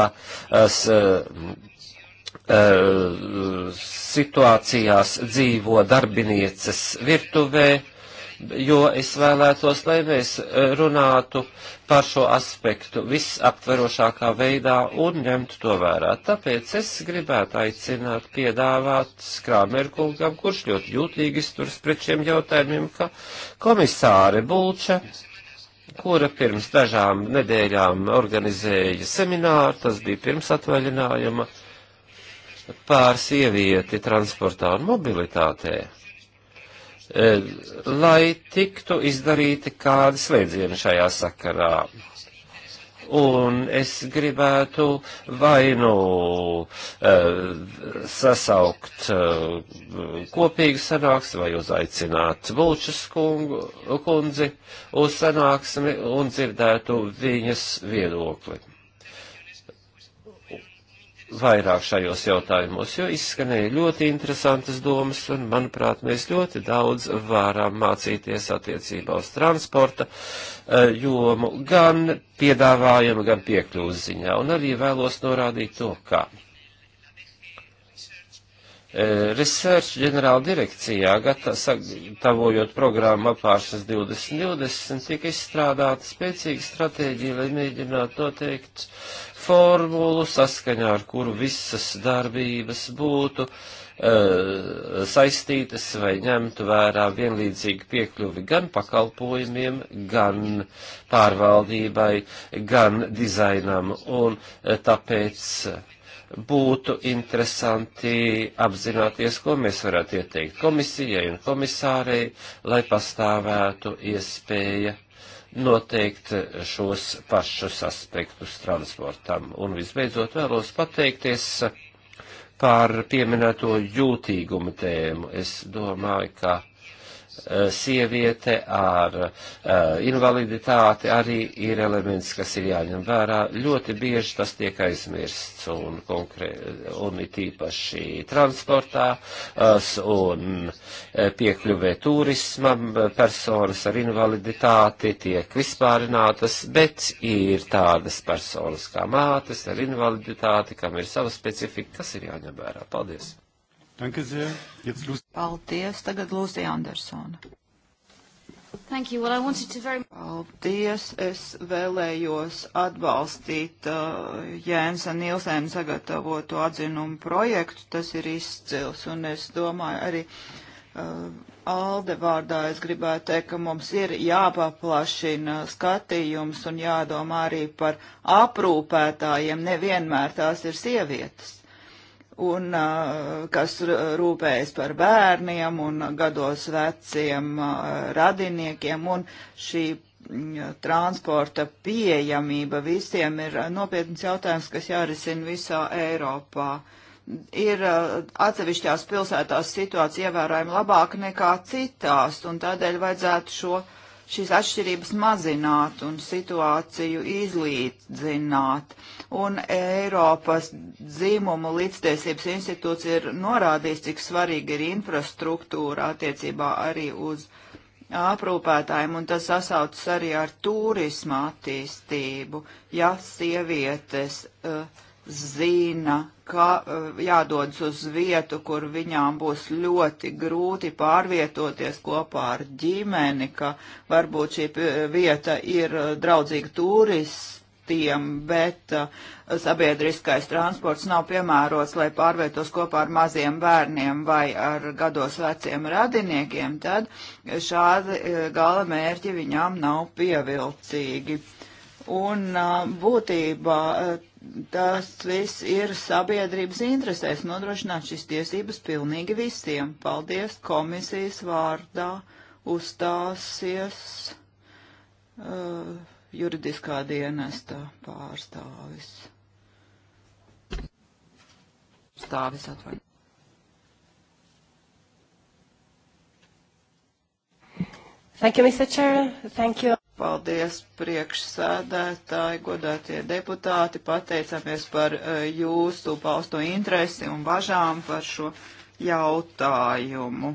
eh, situācijās dzīvo darbinieces virtuvē, jo es vēlētos, lai mēs e, runātu par šo aspektu visaptverošākā veidā un ņemtu to vērā. Tāpēc es gribētu aicināt piedāvāt Skrāmerkulgam, kurš ļoti jūtīgi izturas pret šiem jautājumiem, ka komisāre Bulča kura pirms dažām nedēļām organizēja semināru, tas bija pirms atvaļinājuma, pār sievieti transportā un mobilitātē. E, lai tiktu izdarīti kādi slēdzieni šajā sakarā. Un es gribētu vai nu e, sasaukt e, kopīgu sanāksmi vai uzaicināt Vulčas kungu, kundzi uz sanāksmi un dzirdētu viņas viedokli vairāk šajos jautājumos, jo izskanēja ļoti interesantas domas, un, manuprāt, mēs ļoti daudz varam mācīties attiecībā uz transporta eh, jomu, gan piedāvājumu, gan piekļūst ziņā, un arī vēlos norādīt to, kā. Eh, research ģenerāla direkcijā, gatavojot programmu apāršanas 2020, tika izstrādāta spēcīga stratēģija, lai mēģinātu noteikt formulu, saskaņā ar kuru visas darbības būtu e, saistītas vai ņemtu vērā vienlīdzīgi piekļuvi gan pakalpojumiem, gan pārvaldībai, gan dizainam. Un e, tāpēc būtu interesanti apzināties, ko mēs varētu ieteikt komisijai un komisārei, lai pastāvētu iespēja noteikt šos pašus aspektus transportam. Un visbeidzot vēlos pateikties par pieminēto jūtīgumu tēmu. Es domāju, ka Eh, sieviete ar uh, invaliditāti arī ir elements, kas ir jāņem vērā. Ļoti bieži tas tiek aizmirsts un, konkrē, un it īpaši transportā as, eh, un piekļuvē turismam personas ar invaliditāti tiek vispārinātas, bet ir tādas personas kā mātes ar invaliditāti, kam ir sava specifika, kas ir jāņem vērā. Paldies! Danke sehr. Jetzt Lucy. Paldies. Tagad Lūsija Andersona. Thank you. Well, I wanted to very... Paldies. Es vēlējos atbalstīt uh, Jēnsa Nilsēna sagatavotu atzinumu projektu. Tas ir izcils. Un es domāju arī uh, Alde vārdā es gribētu teikt, ka mums ir jāpaplašina skatījums un jādomā arī par aprūpētājiem. Nevienmēr tās ir sievietes un kas rūpējas par bērniem un gados veciem radiniekiem, un šī transporta pieejamība visiem ir nopietns jautājums, kas jārisina visā Eiropā. Ir atsevišķās pilsētās situācija ievērojami labāka nekā citās, un tādēļ vajadzētu šo uh, šīs atšķirības mazināt un situāciju izlīdzināt. Un Eiropas dzimumu līdztiesības institūts ir norādījis, cik svarīga ir infrastruktūra attiecībā arī uz aprūpētājiem, un tas sasaucas arī ar turisma attīstību, ja sievietes uh, zina, ka eh, jādodas uz vietu, kur viņām būs ļoti grūti pārvietoties kopā ar ģimeni, ka varbūt šī eh, vieta ir eh, draudzīga turistiem, bet sabiedriskais transports nav piemērots, lai pārvietos kopā ar maziem bērniem vai ar gados veciem radiniekiem, tad šādi gala mērķi viņām nav pievilcīgi. Un būtībā tas viss ir sabiedrības interesēs nodrošināt šīs tiesības pilnīgi visiem. Paldies komisijas vārdā uzstāsies uh, juridiskā dienesta pārstāvis. Stāvis atvainojiet. Thank you, Mr. Chair. Thank you. Paldies priekšsēdētāji, godātie deputāti, pateicamies par e, jūsu pausto interesi un bažām par šo jautājumu.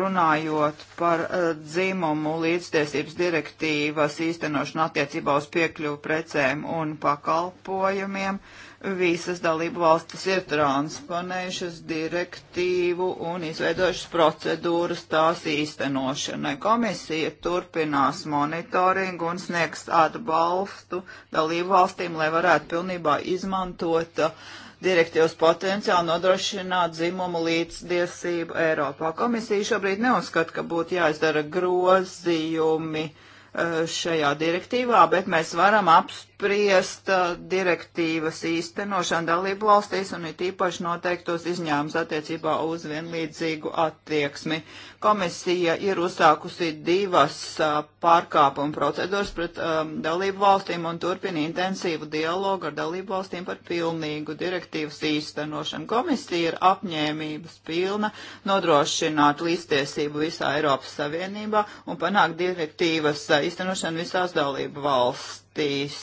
Runājot par e, dzimumu līdztiesības direktīvas īstenošanu attiecībā uz piekļuvu precēm un pakalpojumiem, uh, visas dalību valstis ir transponējušas direktīvu un izveidojušas procedūras tās īstenošanai. Komisija turpinās monitoringu un sniegs atbalstu dalību valstīm, lai varētu pilnībā izmantot uh, direktīvas potenciāli nodrošināt dzimumu līdztiesību Eiropā. Komisija šobrīd neuzskata, ka būtu jāizdara grozījumi Eh, šajā direktīvā, bet mēs varam apspriest eh, direktīvas īstenošanu dalību valstīs un it īpaši noteiktos izņēmums attiecībā uz vienlīdzīgu attieksmi. Komisija ir uzsākusi divas eh, pārkāpuma procedūras pret um, dalību valstīm un turpina intensīvu dialogu ar dalību valstīm par pilnīgu direktīvas īstenošanu. Komisija ir apņēmības pilna nodrošināt līdztiesību visā Eiropas Savienībā un panākt direktīvas īstenošanu visās dalību valstīs.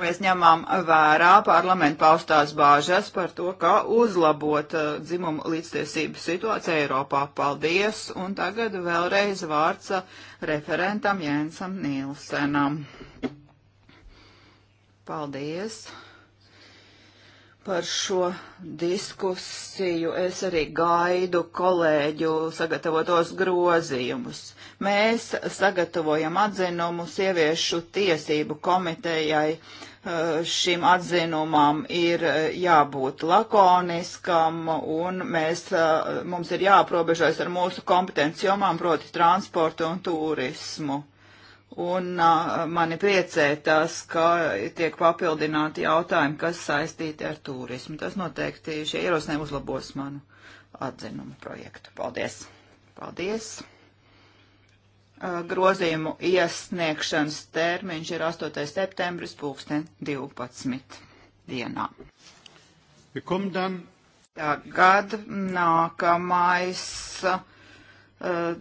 Mēs ņemam vērā parlamentu paustās bāžas par to, kā uzlabot uh, dzimumu līdztiesību situāciju Eiropā. Paldies! Un tagad vēlreiz vārds uh, referentam Jensam Nīlsenam. Paldies! par šo diskusiju. Es arī gaidu kolēģu sagatavotos grozījumus. Mēs sagatavojam atzinumu sieviešu tiesību komitejai. Šim atzinumam ir jābūt lakoniskam un mēs, mums ir jāaprobežojas ar mūsu kompetenci jomām, proti transportu un turismu. Un uh, mani priecē tas, ka tiek papildināti jautājumi, kas saistīti ar turismu. Tas noteikti šie ierosinājumi uzlabos manu atzinumu projektu. Paldies! Paldies! Uh, grozījumu iesniegšanas termiņš ir 8. septembris, pulksten 12. dienā. Tagad nākamais. Uh,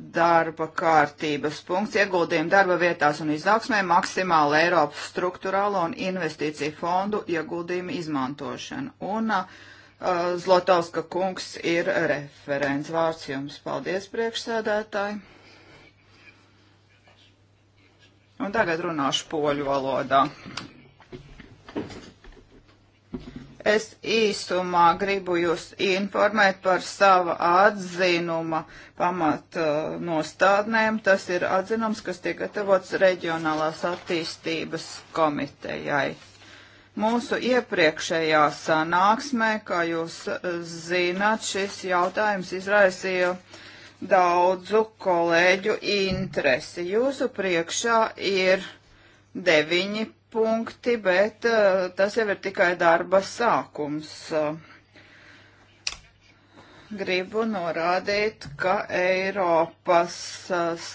darba kārtības punkts - ieguldījumi darba vietās un izaugsmē, maksimāla Eiropas struktūrālo un investīciju fondu ieguldījumu izmantošana. Un uh, Zlotauska kungs ir referents. Vārds jums. Paldies, priekšsēdētāji. Un tagad runāšu poļu valodā. Es īsumā gribu jūs informēt par sava atzinuma pamat uh, nostādnēm. Tas ir atzinums, kas tiek gatavots Reģionālās attīstības komitejai. Mūsu iepriekšējā sanāksmē, kā jūs uh, zināt, šis jautājums izraisīja daudzu kolēģu interesi. Jūsu priekšā ir deviņi punkti, bet uh, tas jau ir tikai darba sākums. Gribu norādīt, ka Eiropas eh,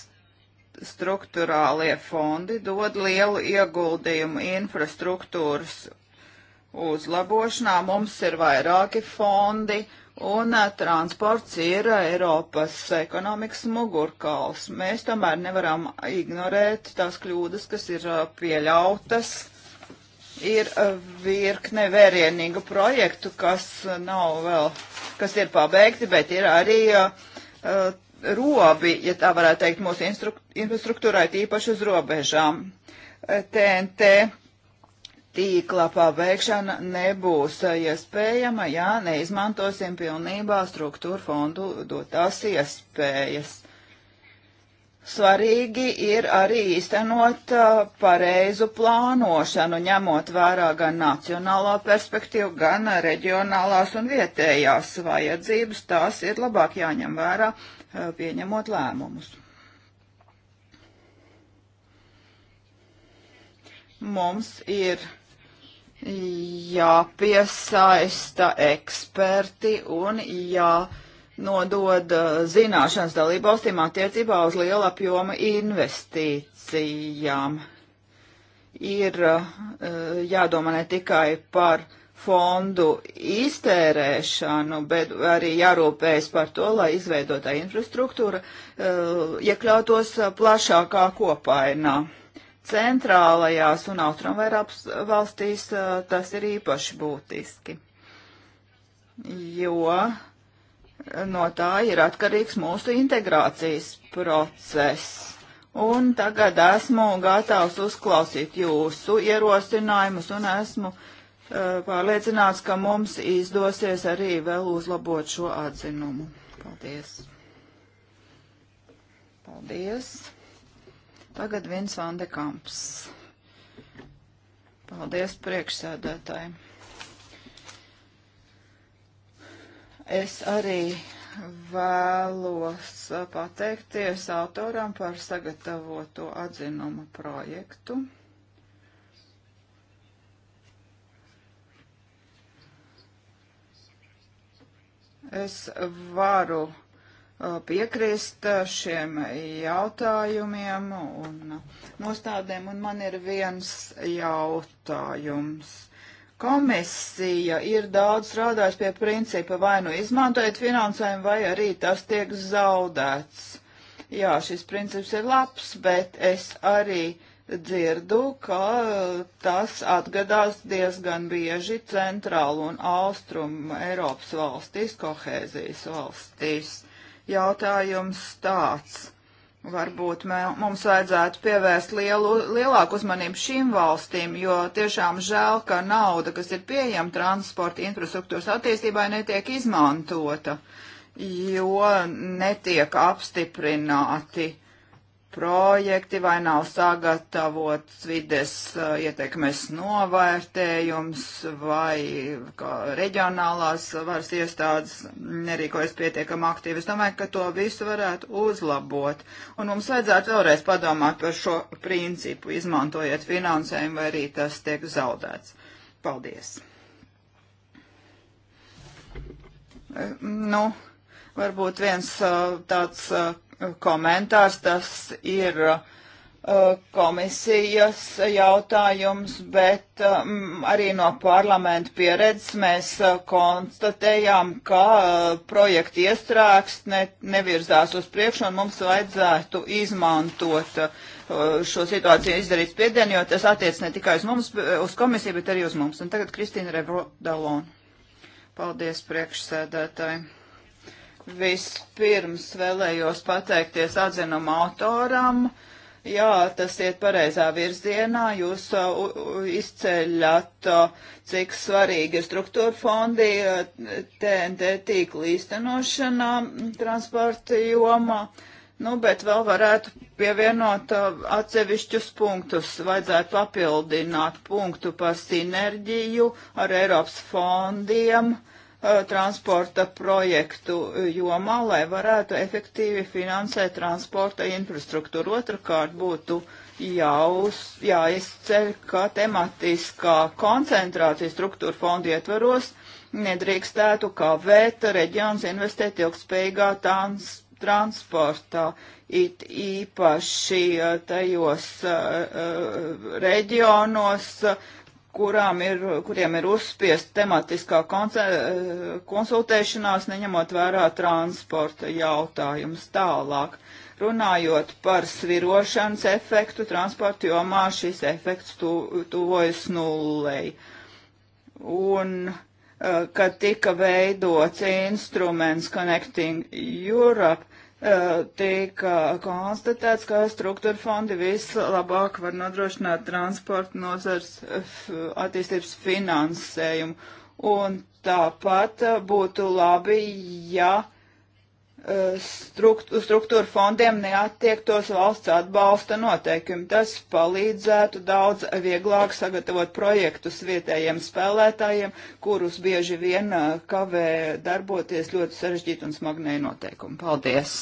struktūrālie fondi dod lielu ieguldījumu infrastruktūras uzlabošanā. Mums ir vairāki fondi, uh, Un transports ir Eiropas ekonomikas mugurkauls. Mēs tomēr nevaram ignorēt tās kļūdas, kas ir pieļautas. Ir virkne vērienīgu projektu, kas nav vēl, kas ir pabeigti, bet ir arī uh, robi, ja tā varētu teikt, mūsu infrastruktūrai tīpaši uz robežām. TNT tīkla pabeigšana nebūs eh, iespējama, ja neizmantosim pilnībā struktūra fondu dotās iespējas. Svarīgi ir arī īstenot eh, pareizu plānošanu, ņemot vērā gan nacionālā perspektīva, gan reģionālās un vietējās vajadzības. Tās ir labāk jāņem vērā, eh, pieņemot lēmumus. Mums ir jāpiesaista eksperti un jānodod uh, zināšanas dalībvalstīm attiecībā uz liela apjoma investīcijām. Ir uh, jādomā ne tikai par fondu iztērēšanu, bet arī jārūpējas par to, lai izveidotā infrastruktūra uh, iekļautos plašākā kopainā. Ja centrālajās un austrumvairāps valstīs tas ir īpaši būtiski, jo no tā ir atkarīgs mūsu integrācijas process. Un tagad esmu gatavs uzklausīt jūsu ierosinājumus un esmu uh, pārliecināts, ka mums izdosies arī vēl uzlabot šo atzinumu. Paldies! Paldies! Tagad viens Vandekamps. Paldies priekšsēdētāji. Es arī vēlos pateikties autoram par sagatavoto atzinuma projektu. Es varu Uh, piekrist uh, šiem jautājumiem un nostādēm, un man ir viens jautājums. Komisija ir daudz strādājusi pie principa vai nu izmantojiet finansējumu, vai arī tas tiek zaudēts. Jā, šis princips ir labs, bet es arī dzirdu, ka uh, tas atgadās diezgan bieži centrālu un austrumu Eiropas valstīs, kohēzijas valstīs jautājums tāds. Varbūt mē, mums vajadzētu pievērst lielu, lielāku uzmanību šīm valstīm, jo tiešām žēl, ka nauda, kas ir pieejama transporta infrastruktūras attīstībai, netiek izmantota, jo netiek apstiprināti projekti vai nav sagatavots vides eh, ietekmes novērtējums vai reģionālās varas iestādes nerīkojas pietiekam aktīvi. Es domāju, ka to visu varētu uzlabot. Un mums vajadzētu vēlreiz padomāt par šo principu, izmantojiet finansējumu vai arī tas tiek zaudēts. Paldies! Eh, nu, varbūt viens eh, tāds komentārs, tas ir uh, komisijas jautājums, bet um, arī no parlamenta pieredzes mēs uh, konstatējām, ka uh, projekti iestrēgst, ne, nevirzās uz priekšu un mums vajadzētu izmantot šo situāciju izdarīt spiedienu, jo tas attiec ne tikai uz mums, uz komisiju, bet arī uz mums. Un tagad Kristīna Revodalona. Paldies priekšsēdētāji. Vispirms vēlējos pateikties atzinuma autoram. Jā, tas iet pareizā virzienā. Jūs uh, izceļat, uh, cik svarīgi ir struktūra fondi uh, TNT tīkla īstenošanā transporta jomā. Nu, bet vēl varētu pievienot uh, atsevišķus punktus. Vajadzētu papildināt punktu par sinerģiju ar Eiropas fondiem. Uh, Uh, transporta projektu jomā, lai varētu efektīvi finansēt transporta infrastruktūru. Otrakārt būtu jāuz, jāizceļ, ka tematiskā koncentrācija struktūra fondu ietvaros nedrīkstētu kavēt reģions investēt ilgspējīgā trans, transportā, it īpaši uh, tajos uh, uh, reģionos, uh, kurām ir, kuriem ir uzspiest tematiskā eh, konsultēšanās, neņemot vērā transporta jautājumus tālāk. Runājot par svirošanas efektu, transporta jomā šis efekts tu, tuvojas nullei. Un, eh, kad tika veidots instruments Connecting Europe, tika konstatēts, ka struktūra fondi vislabāk var nodrošināt transporta nozars attīstības finansējumu. Un tāpat būtu labi, ja Eh, struktūra fondiem neattiektos valsts atbalsta noteikumi. Tas palīdzētu daudz vieglāk sagatavot projektus vietējiem spēlētājiem, kurus bieži vien eh, kavē darboties ļoti sarežģīti un smagnēji noteikumi. Paldies!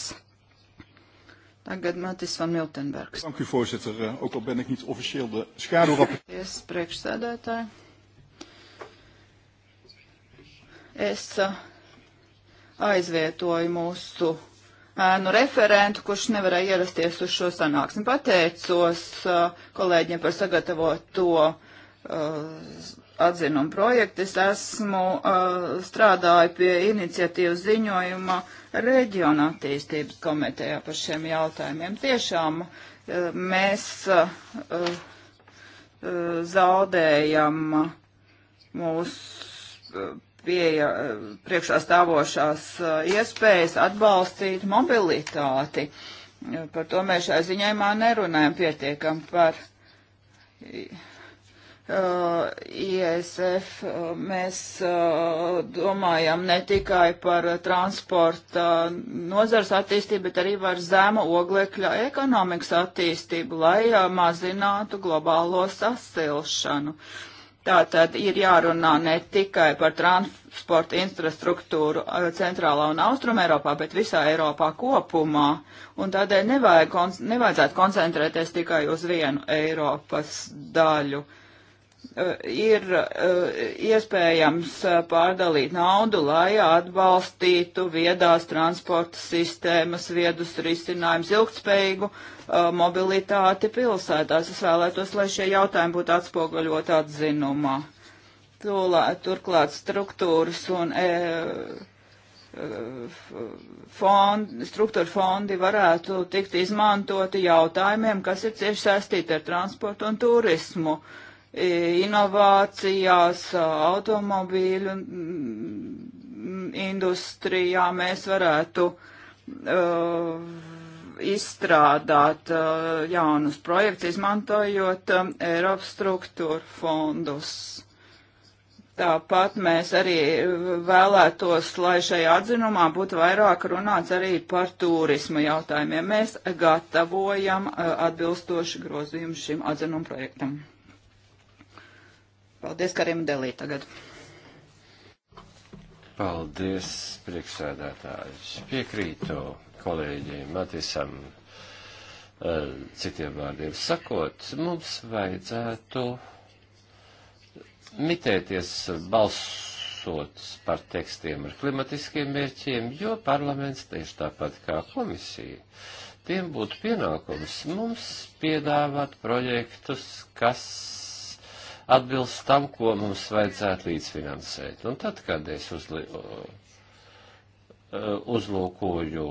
Tagad Matis van Miltenbergs. Dank u, voorzitter. Eh, ook al ben ik niet officieel de schaduwrapporteur. Yes, priekšsēdētāji. Es uh, aizvietoju mūsu ēnu referentu, kurš nevarēja ierasties uz šo sanāksmi. Pateicos uh, kolēģiem par sagatavoto uh, atzinumu projektu. Es esmu uh, strādāju pie iniciatīvas ziņojuma reģiona attīstības komitejā par šiem jautājumiem. Tiešām mēs zaudējam mūsu pieeja priekšā stāvošās eh, iespējas atbalstīt mobilitāti. Par to mēs šai ziņojumā nerunājam pietiekam par uh, eh, ISF. Eh, mēs uh, domājam ne tikai par transporta nozars attīstību, bet arī par zemu oglekļa ekonomikas attīstību, lai uh, mazinātu globālo sasilšanu. Uh, Tātad ir jārunā ne tikai par transporta infrastruktūru eh, centrālā un austrum Eiropā, bet visā Eiropā kopumā. Un tādēļ nevajag, konc nevajadzētu koncentrēties tikai uz vienu Eiropas daļu. Eh, ir eh, iespējams pārdalīt naudu, lai atbalstītu viedās transporta sistēmas, viedus risinājumus, ilgtspējīgu Uh, mobilitāti pilsētās. Es vēlētos, lai šie jautājumi būtu atspoguļot atzinumā. Turklāt struktūras un e, uh, fondi, struktūra fondi varētu tikt izmantoti jautājumiem, kas ir cieši saistīti ar transportu un turismu, inovācijās, automobīļu mm, industrijā mēs varētu uh, izstrādāt uh, jaunus projektus, izmantojot um, Eiropas struktūra fondus. Tāpat mēs arī vēlētos, lai šajā atzinumā būtu vairāk runāts arī par turismu jautājumiem. Mēs gatavojam uh, atbilstoši grozījumu šim atzinumu projektam. Paldies, Karim Delī tagad. Paldies, priekšsēdētājs. Piekrītu kolēģiem Matisam, eh, citiem vārdiem sakot, mums vajadzētu mitēties balsot par tekstiem ar klimatiskiem mērķiem, jo parlaments tieši tāpat kā komisija tiem būtu pienākums mums piedāvāt projektus, kas atbilst tam, ko mums vajadzētu līdzfinansēt. Un tad, kad es uzli, Eh, uzlūkoju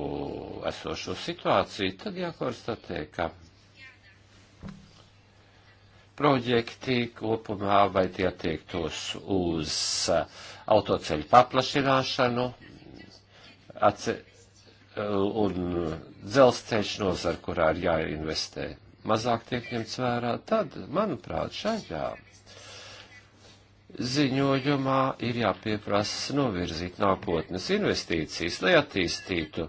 esošo situāciju, tad jākonstatē, ka projekti kopumā vai tie attiektos uz eh, autoceļu paplašināšanu atce, eh, un dzelzceļš nozar, kurā ir jāinvestē, mazāk tiek ņemts vērā, tad, manuprāt, šajā ziņojumā ir jāpieprasa novirzīt nākotnes investīcijas, lai attīstītu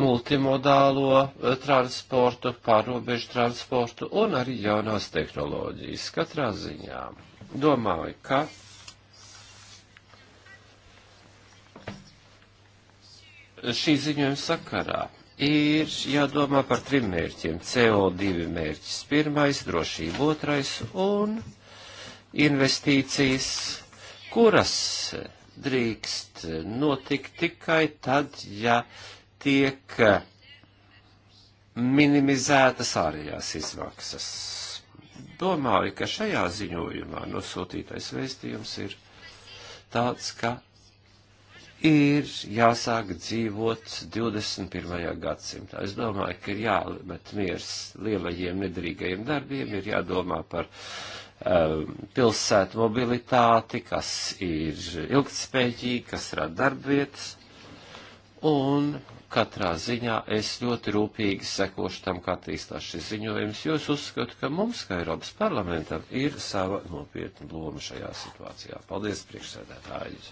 multimodālo eh, transportu, pārobežu transportu un arī jaunās tehnoloģijas. Katrā ziņā domāju, ka šī ziņojuma sakarā ir jādomā par trim mērķiem - CO2 mērķis pirmais, drošība otrais un investīcijas, kuras drīkst notikt tikai tad, ja tiek minimizētas ārējās izmaksas. Domāju, ka šajā ziņojumā nosūtītais vēstījums ir tāds, ka ir jāsāk dzīvot 21. gadsimtā. Es domāju, ka ir jāmet miers lielajiem nedrīgajiem darbiem, ir jādomā par uh, Um, pilsētu mobilitāti, kas ir ilgtspējīgi, kas rada darbvietas. Un katrā ziņā es ļoti rūpīgi sekošu tam, kā attīstās šis ziņojums, jo es uzskatu, ka mums, kā Eiropas parlamentam, ir sava nopietna loma šajā situācijā. Paldies, priekšsēdētājus!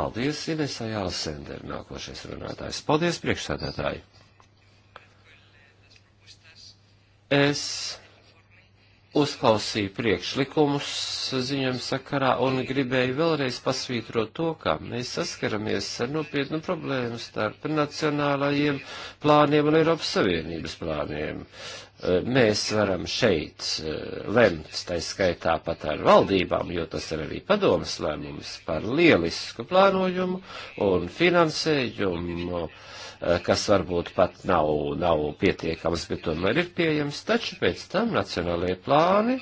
Paldies, Inesa Jālsender, nākošais runātājs. Paldies, priekšsēdētāji! Es uzklausīju priekšlikumus ziņojuma sakarā un gribēju vēlreiz pasvītrot to, ka mēs saskaramies ar nopietnu problēmu starp nacionālajiem plāniem un Eiropas Savienības plāniem. Eh, mēs varam šeit eh, lemt, tai skaitā pat ar valdībām, jo tas ir arī padomas lēmums par lielisku plānojumu un finansējumu. Uh, Eh, kas varbūt pat nav, nav pietiekams, bet tomēr ir pieejams, taču pēc tam nacionālajie plāni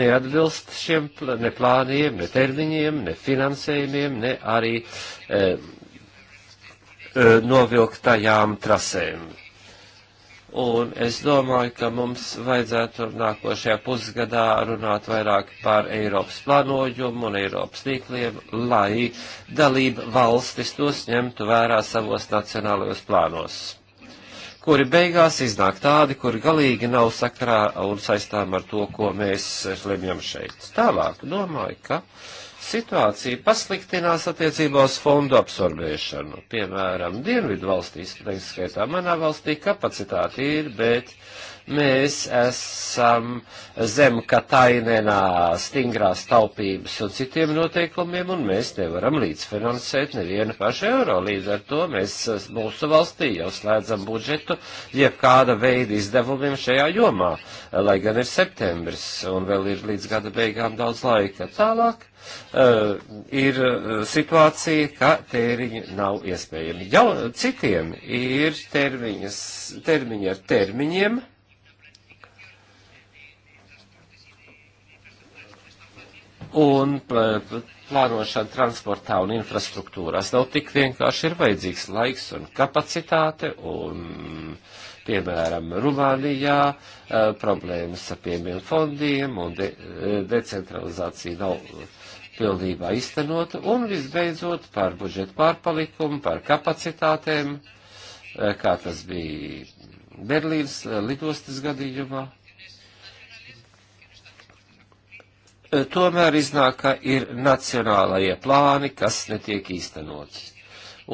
neatbilst šiem pl ne plāniem, ne termiņiem, ne finansējumiem, ne arī e, e, novilktajām trasēm. Un es domāju, ka mums vajadzētu nākošajā pusgadā runāt vairāk par Eiropas plānojumu un Eiropas tīkliem, lai dalība valstis tos ņemtu vērā savos nacionālajos plānos, kuri beigās iznāk tādi, kuri galīgi nav sakrā un saistām ar to, ko mēs lemjam šeit. Tālāk domāju, ka. Uh, situācija pasliktinās attiecībā uz fondu absorbēšanu. Piemēram, Dienvidu valstīs, neizskaitā manā valstī, kapacitāte ir, bet Mēs esam zem Katainenā stingrās taupības un citiem noteikumiem, un mēs nevaram līdzfinansēt nevienu pašu eiro. Līdz ar to mēs mūsu valstī jau slēdzam budžetu, jeb kāda veida izdevumiem šajā jomā, lai gan ir septembris un vēl ir līdz gada beigām daudz laika. Tālāk uh, ir eh, situācija, ka tēriņi nav iespējami. Jau citiem ir termiņas, termiņi ar termiņiem. un plānošana transportā un infrastruktūrās nav tik vienkārši, ir vajadzīgs laiks un kapacitāte, un, piemēram, Rumānijā eh, problēmas ar piemienu fondiem un de eh, decentralizācija nav pilnībā iztenota, un visbeidzot par budžetu pārpalikumu, par kapacitātēm, eh, kā tas bija Berlīnas lidostas gadījumā tomēr iznāk, ka ir nacionālajie plāni, kas netiek īstenoti.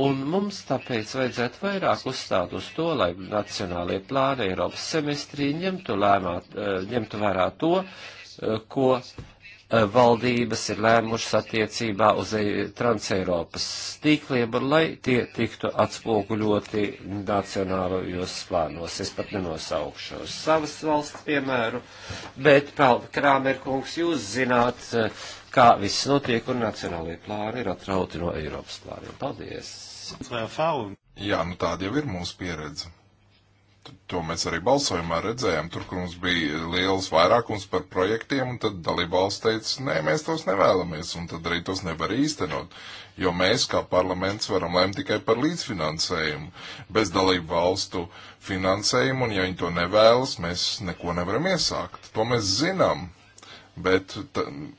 Un mums tāpēc vajadzētu vairāk uzstāt uz to, lai nacionālajie plāni Eiropas semestrī ņemtu, lēmāt, ņemtu vērā to, ko Eh, valdības ir lēmušas attiecībā uz e, Transeiropas tīkliem, un lai tie tiktu atspoguļoti nacionālajos plānos. Es pat nenosaukšu savas valsts piemēru, bet, Krāmerkungs, jūs zināt, eh, kā viss notiek, un nacionālajie plāni ir atrauti no Eiropas plāniem. Paldies! Jā, nu tāda jau ir mūsu pieredze to mēs arī balsojumā redzējām, tur, kur mums bija liels vairākums par projektiem, un tad dalībvalsts teica, nē, mēs tos nevēlamies, un tad arī tos nevar īstenot, jo mēs kā parlaments varam lēmt tikai par līdzfinansējumu, bez dalību valstu finansējumu, un ja viņi to nevēlas, mēs neko nevaram iesākt. To mēs zinām, Bet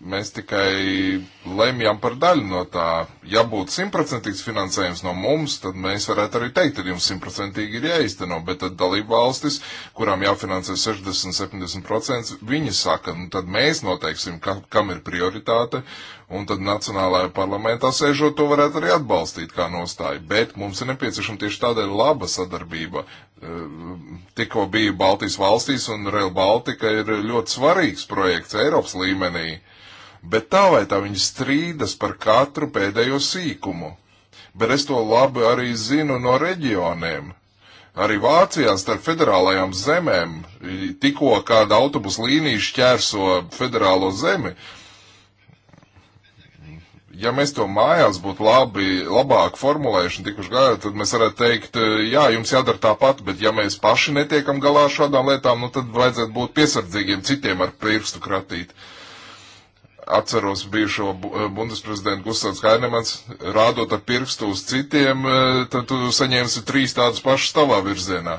mēs tikai lemjam par daļu no tā. Ja būtu simtprocentīgs finansējums no mums, tad mēs varētu arī teikt, ka jums simtprocentīgi ir jāizteno, bet tad dalību valstis, kurām jāfinansē 60-70%, viņi saka, nu tad mēs noteiksim, ka, kam ir prioritāte, un tad nacionālajā parlamentā sēžot to varētu arī atbalstīt kā nostāju. Bet mums ir nepieciešama tieši tādēļ laba sadarbība. Tikko bija Baltijas valstīs, un Rail Baltica ir ļoti svarīgs projekts Eiropas Eiropas līmenī, bet tā vai tā viņi strīdas par katru pēdējo sīkumu. Bet es to labi arī zinu no reģioniem. Arī Vācijā starp federālajām zemēm tikko kāda autobusu līnija šķērso federālo zemi, ja mēs to mājās būtu labi, labāk formulējuši un tikuši galā, tad mēs varētu teikt, jā, jums jādara tāpat, bet ja mēs paši netiekam galā ar šādām lietām, nu tad vajadzētu būt piesardzīgiem citiem ar pirkstu kratīt. Atceros bijušo eh, bundesprezidentu Gustavs Kainemans, rādot ar pirkstu uz citiem, eh, tad tu saņēmsi trīs tādus pašus tavā virzienā.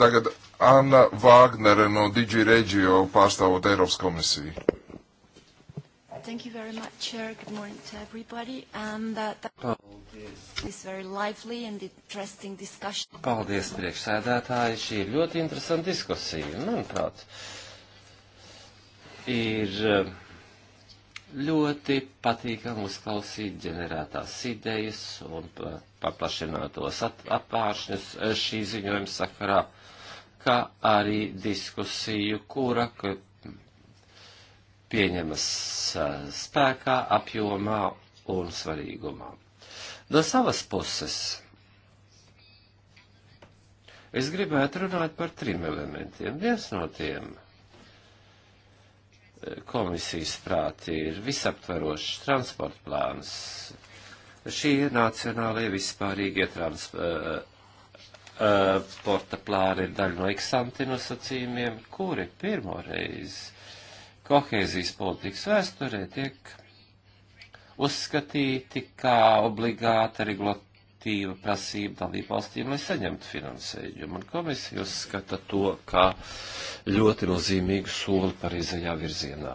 Tagad Anna Vāgnere no Digi Regio pārstāvot Eiropas komisiju. Thank you very much, Chair. Good morning to everybody. Um, and uh, Paldies. this very lively and interesting discussion. Paldies, priekšsēdētāji. Šī ir ļoti interesanta diskusija, manuprāt. Ir um, ļoti patīkami uzklausīt ģenerētās idejas un paplašinātos apvāršņus uh, šī ziņojuma sakarā kā arī diskusiju, kura pieņemas spēkā, apjomā un svarīgumā. No savas puses es gribētu runāt par trim elementiem. Viens no tiem komisijas prāti ir visaptverošs transporta plāns. Šī ir nacionālajie vispārīgie transporta uh, uh, plāni ir daļa no eksanti nosacījumiem, kuri pirmoreiz kohēzijas politikas vēsturē tiek uzskatīti kā obligāta regulatīva prasība dalību valstīm, lai saņemtu finansējumu. Un komisija uzskata to kā ļoti nozīmīgu soli pareizajā virzienā.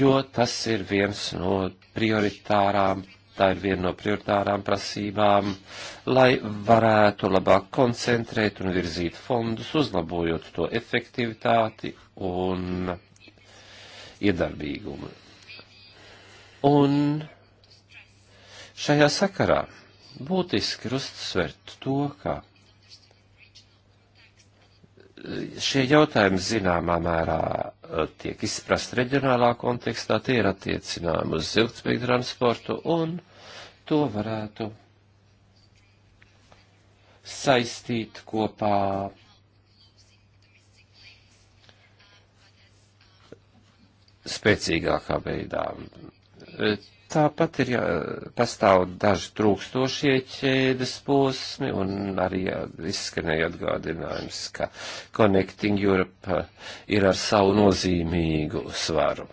Jo tas ir viens no prioritārām tā ir viena no prioritārām prasībām, lai varētu labāk koncentrēt un virzīt fondus, uzlabojot to efektivitāti un iedarbīgumu. Un šajā sakarā būtiski ir uzsvert to, ka šie jautājumi zināmā mērā eh, tiek izprast reģionālā kontekstā, tie ir attiecinājumi uz ilgspējīgu transportu un to varētu saistīt kopā. Spēcīgākā veidā. Tāpat ir jāpastāv daži trūkstošie ķēdes posmi, un arī izskanēja atgādinājums, ka Connecting Europe ir ar savu nozīmīgu svaru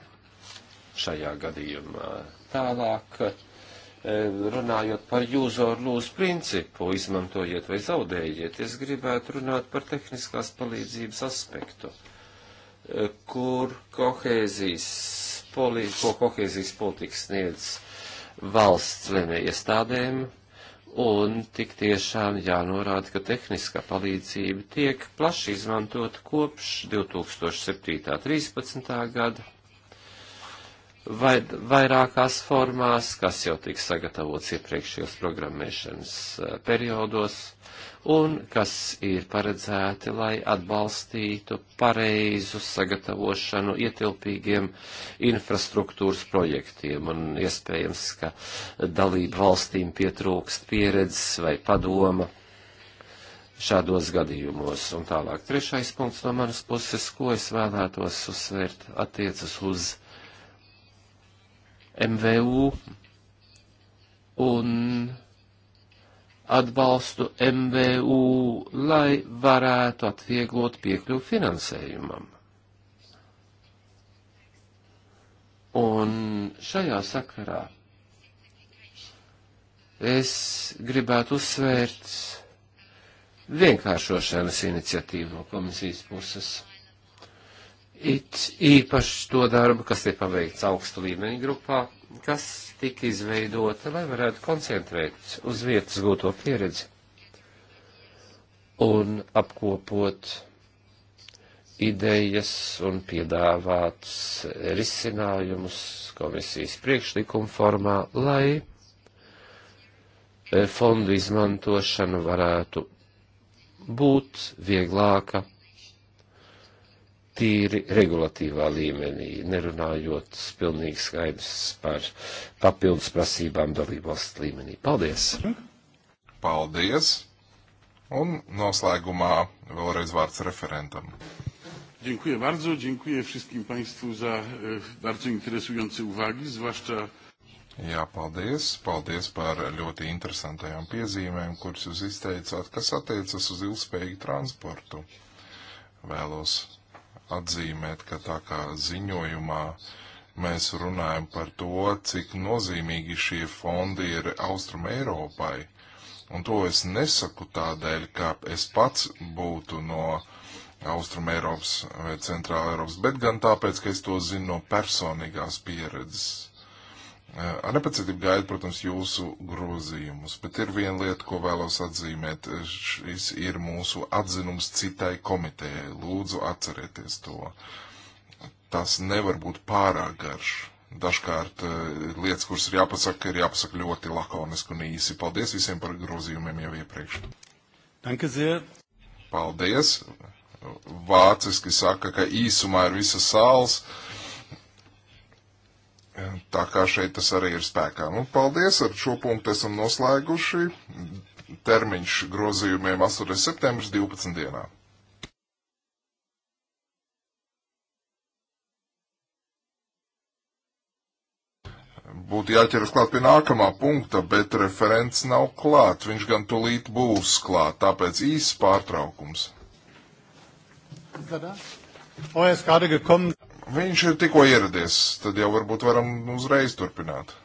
šajā gadījumā. Tālāk E, runājot par use or lose principu, izmantojiet vai zaudējiet, es gribētu runāt par tehniskās palīdzības aspektu, e, kur kohēzijas, poli, ko kohēzijas politika sniedz valsts lēmē iestādēm, un tik tiešām jānorāda, ka tehniskā palīdzība tiek plaši izmantot kopš 2007. 13. gada vai, vairākās formās, kas jau tika sagatavots iepriekšējos programmēšanas eh, periodos un kas ir paredzēti, lai atbalstītu pareizu sagatavošanu ietilpīgiem infrastruktūras projektiem. Un iespējams, ka dalību valstīm pietrūkst pieredzes vai padoma šādos gadījumos. Un tālāk trešais punkts no manas puses, ko es vēlētos uzsvērt, attiecas uz MVU un atbalstu MVU, lai varētu atvieglot piekļuvu finansējumam. Un šajā sakarā es gribētu uzsvērt vienkāršošanas iniciatīvu no komisijas puses it īpaši to darbu, kas ir paveikts augsta līmeņa grupā, kas tika izveidota, lai varētu koncentrēt uz vietas gūto pieredzi un apkopot idejas un piedāvāt risinājumus komisijas priekšlikuma formā, lai eh, fondu izmantošana varētu būt vieglāka tīri regulatīvā līmenī, nerunājot pilnīgi skaidrs par papildus prasībām dalībvalsts līmenī. Paldies! Paldies! Un noslēgumā vēlreiz vārds referentam. Dziękuję bardzo, dziękuję wszystkim Państwu za e, bardzo interesujące uwagi, zwłaszcza. Jā, paldies, paldies par ļoti interesantajām piezīmēm, kuras jūs izteicāt, kas attiecas uz ilgspējīgu transportu. Vēlos atzīmēt, ka tā kā ziņojumā mēs runājam par to, cik nozīmīgi šie fondi ir Austrum Eiropai. Un to es nesaku tādēļ, ka es pats būtu no Austrum Eiropas vai Centrāla Eiropas, bet gan tāpēc, ka es to zinu no personīgās pieredzes. Eh, ar nepacietību gaidu, protams, jūsu grozījumus, bet ir viena lieta, ko vēlos atzīmēt. Eh, šis ir mūsu atzinums citai komitejai. Lūdzu, atcerieties to. Tas nevar būt pārāk garš. Dažkārt ir eh, lietas, kuras ir jāpasaka, ir jāpasaka ļoti lakoniski un īsi. Paldies visiem par grozījumiem jau iepriekš. Danke sehr. Paldies. Vāciski saka, ka īsumā ir visas sāls. Uh, Tā kā šeit tas arī ir spēkā. Nu, paldies, ar šo punktu esam noslēguši. Termiņš grozījumiem 8. septembris 12. dienā. Būtu jāķeras klāt pie nākamā punkta, bet referents nav klāt. Viņš gan tulīt būs klāt, tāpēc īsts pārtraukums. Zadā. Oh, er ist gerade gekommen. Viņš ir tikko ieradies, tad jau varbūt varam uzreiz turpināt.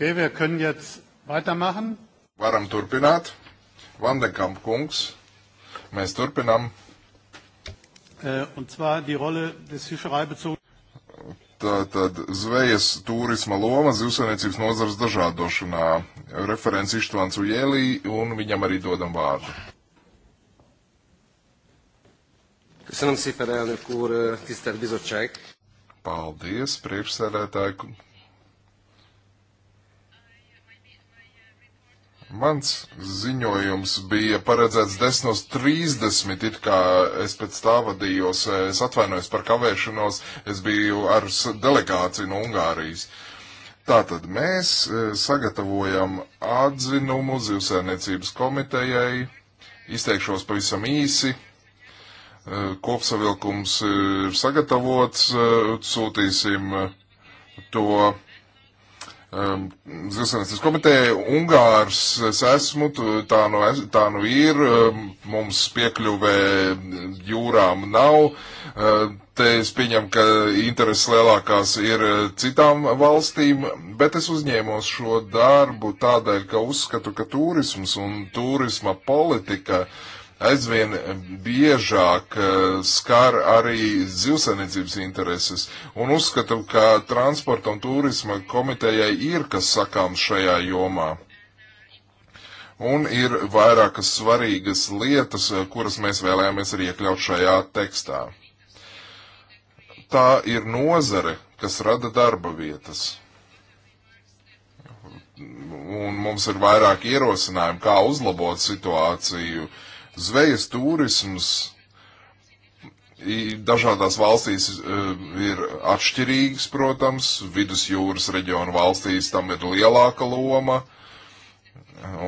Okay, wir können jetzt weitermachen. Varam turpināt. Vandenkamp kungs, mēs turpinām. Uh, äh, un zwar die Rolle des Fischereibezogenen tātad zvejas turisma loma zivsainiecības nozars dažādošanā. Referents Ištvāns Ujēlī un viņam arī dodam vārdu. Köszönöm szépen, elnök úr, tisztelt bizottság! Paldies, priekšsēdētāji, Mans ziņojums bija paredzēts 10.30, it kā es pēc tā vadījos, es atvainojos par kavēšanos, es biju ar delegāciju no Ungārijas. Tātad mēs e, sagatavojam atzinumu zivsēniecības komitejai, izteikšos pavisam īsi, e, kopsavilkums ir sagatavots, e, sūtīsim to um, Zilsvenes komiteja. Ungārs es esmu, tā nu, es, tā nu ir, um, mums piekļuvē jūrām nav. Uh, te es pieņemu, ka intereses lielākās ir uh, citām valstīm, bet es uzņēmos šo darbu tādēļ, ka uzskatu, ka turisms un turisma politika uh, aizvien biežāk eh, skar arī zivsainiecības intereses, un uzskatu, ka transporta un turisma komitejai ir kas sakāms šajā jomā. Un ir vairākas svarīgas lietas, eh, kuras mēs vēlējāmies arī iekļaut šajā tekstā. Tā ir nozare, kas rada darba vietas un mums ir vairāk ierosinājumu, kā uzlabot situāciju Zvejas turisms dažādās valstīs e, ir atšķirīgs, protams, vidusjūras reģionu valstīs tam ir lielāka loma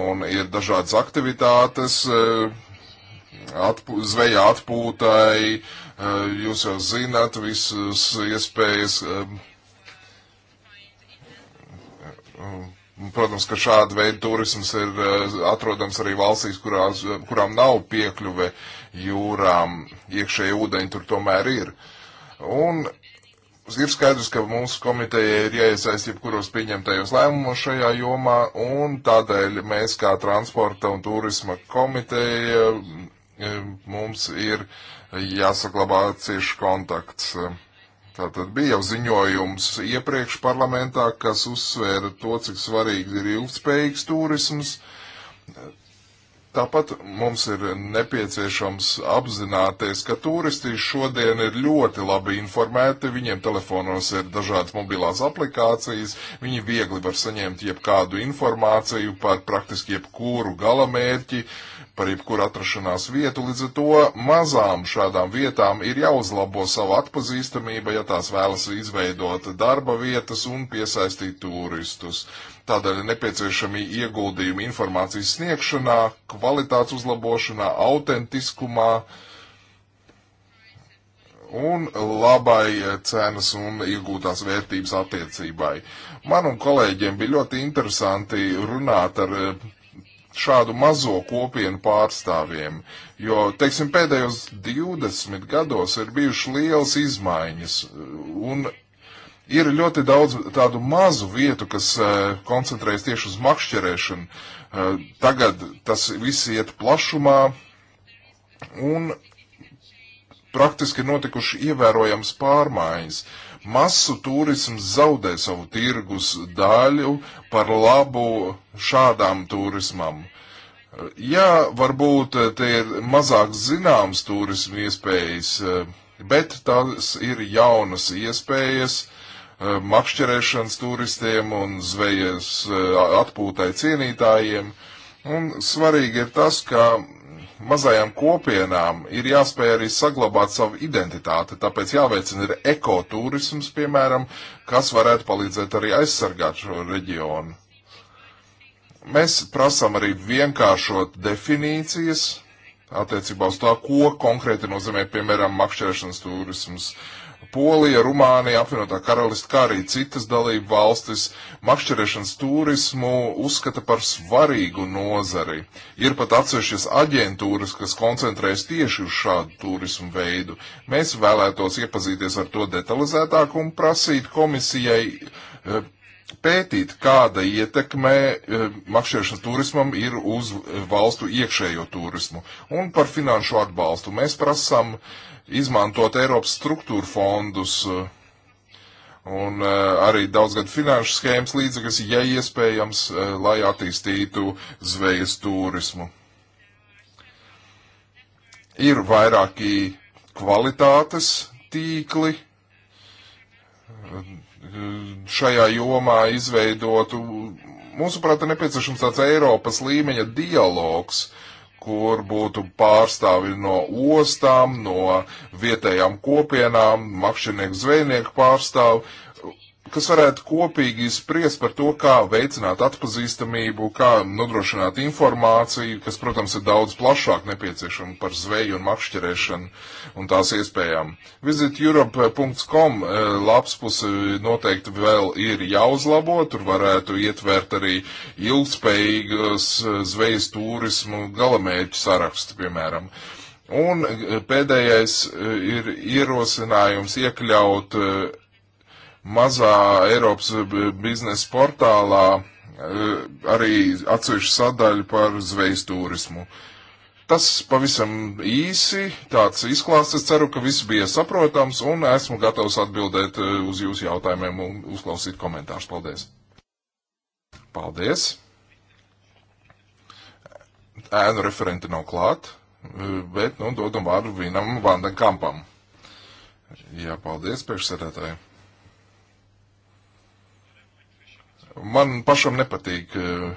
un ir dažādas aktivitātes, e, atpū, zveja atpūtai, e, jūs jau zināt visas iespējas Protams, ka šāda veida turisms ir eh, atrodams arī valstīs, kurās, eh, kurām nav piekļuve jūrām, iekšēji ūdeņi tur tomēr ir. Un ir skaidrs, ka mūsu komiteja ir jāiesaist jebkuros pieņemtajos lēmumos šajā jomā, un tādēļ mēs kā transporta un turisma komiteja eh, mums ir jāsaglabā cieši kontakts. Uh, Tātad bija jau ziņojums iepriekš parlamentā, kas uzsvēra to, cik svarīgi ir ilgspējīgs turisms. Tāpat mums ir nepieciešams apzināties, ka turisti šodien ir ļoti labi informēti, viņiem telefonos ir dažādas mobilās aplikācijas, viņi viegli var saņemt jebkādu informāciju par praktiski jebkuru galamērķi, par jebkuru atrašanās vietu, līdz ar to mazām šādām vietām ir jāuzlabo savu atpazīstamību, ja tās vēlas izveidot darba vietas un piesaistīt turistus. Tādēļ ir nepieciešami ieguldījumi informācijas sniegšanā, kvalitātes uzlabošanā, autentiskumā un labai cenas un iegūtās vērtības attiecībai. Man un kolēģiem bija ļoti interesanti runāt ar šādu mazo kopienu pārstāvjiem, jo, teiksim, pēdējos 20 gados ir bijušas lielas izmaiņas un ir ļoti daudz tādu mazu vietu, kas uh, koncentrējas tieši uz makšķerēšanu. Uh, tagad tas viss iet plašumā un praktiski notikuši ievērojams pārmaiņas. Uh, Masu turisms zaudē savu tirgus daļu par labu šādām turismam. Jā, varbūt eh, te ir mazāk zināms turismu iespējas, eh, bet tās ir jaunas iespējas eh, makšķerēšanas turistiem un zvejas atpūtai cienītājiem. Un svarīgi ir tas, ka mazajām kopienām ir jāspēj arī saglabāt savu identitāti, tāpēc jāveicina ir ekoturisms, piemēram, kas varētu palīdzēt arī aizsargāt šo reģionu. Mēs prasām arī vienkāršot definīcijas attiecībā uz tā, ko konkrēti nozīmē, piemēram, makšķerēšanas turisms. Uh, Polija, Rumānija, apvienotā karalista, kā arī citas dalību valstis makšķerēšanas turismu uzskata par svarīgu nozari. Ir pat atsevišķas aģentūras, kas koncentrējas tieši uz šādu turismu veidu. Mēs vēlētos iepazīties ar to detalizētāk un prasīt komisijai eh, pētīt, kāda ietekme e, makšķeršanas turismam ir uz valstu iekšējo turismu. Un par finanšu atbalstu mēs prasām izmantot Eiropas struktūra fondus e, un e, arī daudzgad finanšu schēmas līdzekļus, ja iespējams, lai attīstītu zvejas turismu. Ir vairāki kvalitātes tīkli, šajā jomā izveidotu. Mūsuprāt, ir nepieciešams tāds Eiropas līmeņa dialogs, kur būtu pārstāvi no ostām, no vietējām kopienām, makšķernieku zvejnieku pārstāvi, kas varētu kopīgi spriest par to, kā veicināt atpazīstamību, kā nodrošināt informāciju, kas, protams, ir daudz plašāk nepieciešama par zveju un makšķerēšanu un tās iespējām. VisitEurope.com eh, lapspuse noteikti vēl ir jāuzlabo, tur varētu ietvert arī ilgspējīgas eh, zvejas turismu galamērķu sarakstu, piemēram. Un eh, pēdējais ir ierosinājums iekļaut mazā Eiropas eh, biznesa portālā eh, arī atsevišķa sadaļa par zvejas turismu. Tas pavisam īsi tāds izklāsts. Es ceru, ka viss bija saprotams un esmu gatavs atbildēt eh, uz jūsu jautājumiem un uzklausīt komentārus. Paldies! Paldies! Ēnu referenti nav klāt, bet, nu, dodam vārdu vienam Vandenkampam. Jā, paldies, priekšsēdētāji! Man pašam nepatīk eh,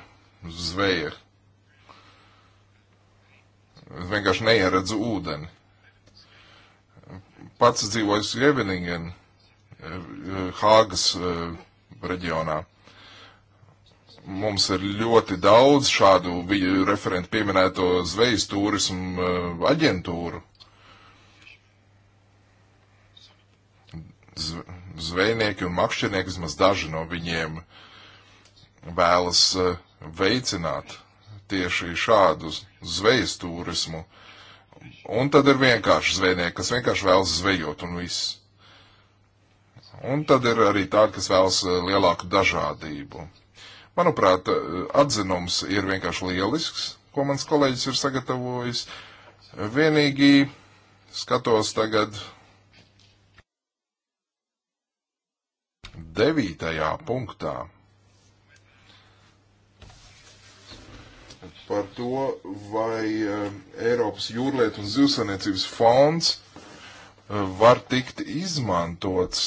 zveja. Es vienkārši neieredzu ūdeni. Pats dzīvoju Sieveningenu, eh, eh, Hāgas reģionā. Mums ir ļoti daudz šādu referentu pieminēto zvejas turismu aģentūru. Zvejnieki un makšķernieki, vismaz daži no viņiem, uh, vēlas eh, veicināt tieši šādu zvejas turismu. Un tad ir vienkārši zvejnieki, kas vienkārši vēlas zvejot un viss. Un tad ir arī tādi, kas vēlas eh, lielāku dažādību. Manuprāt, eh, atzinums ir vienkārši lielisks, ko mans kolēģis ir sagatavojis. Vienīgi skatos tagad devītajā punktā. par to, vai eh, Eiropas jūrlietu un zivsaniecības fonds eh, var tikt izmantots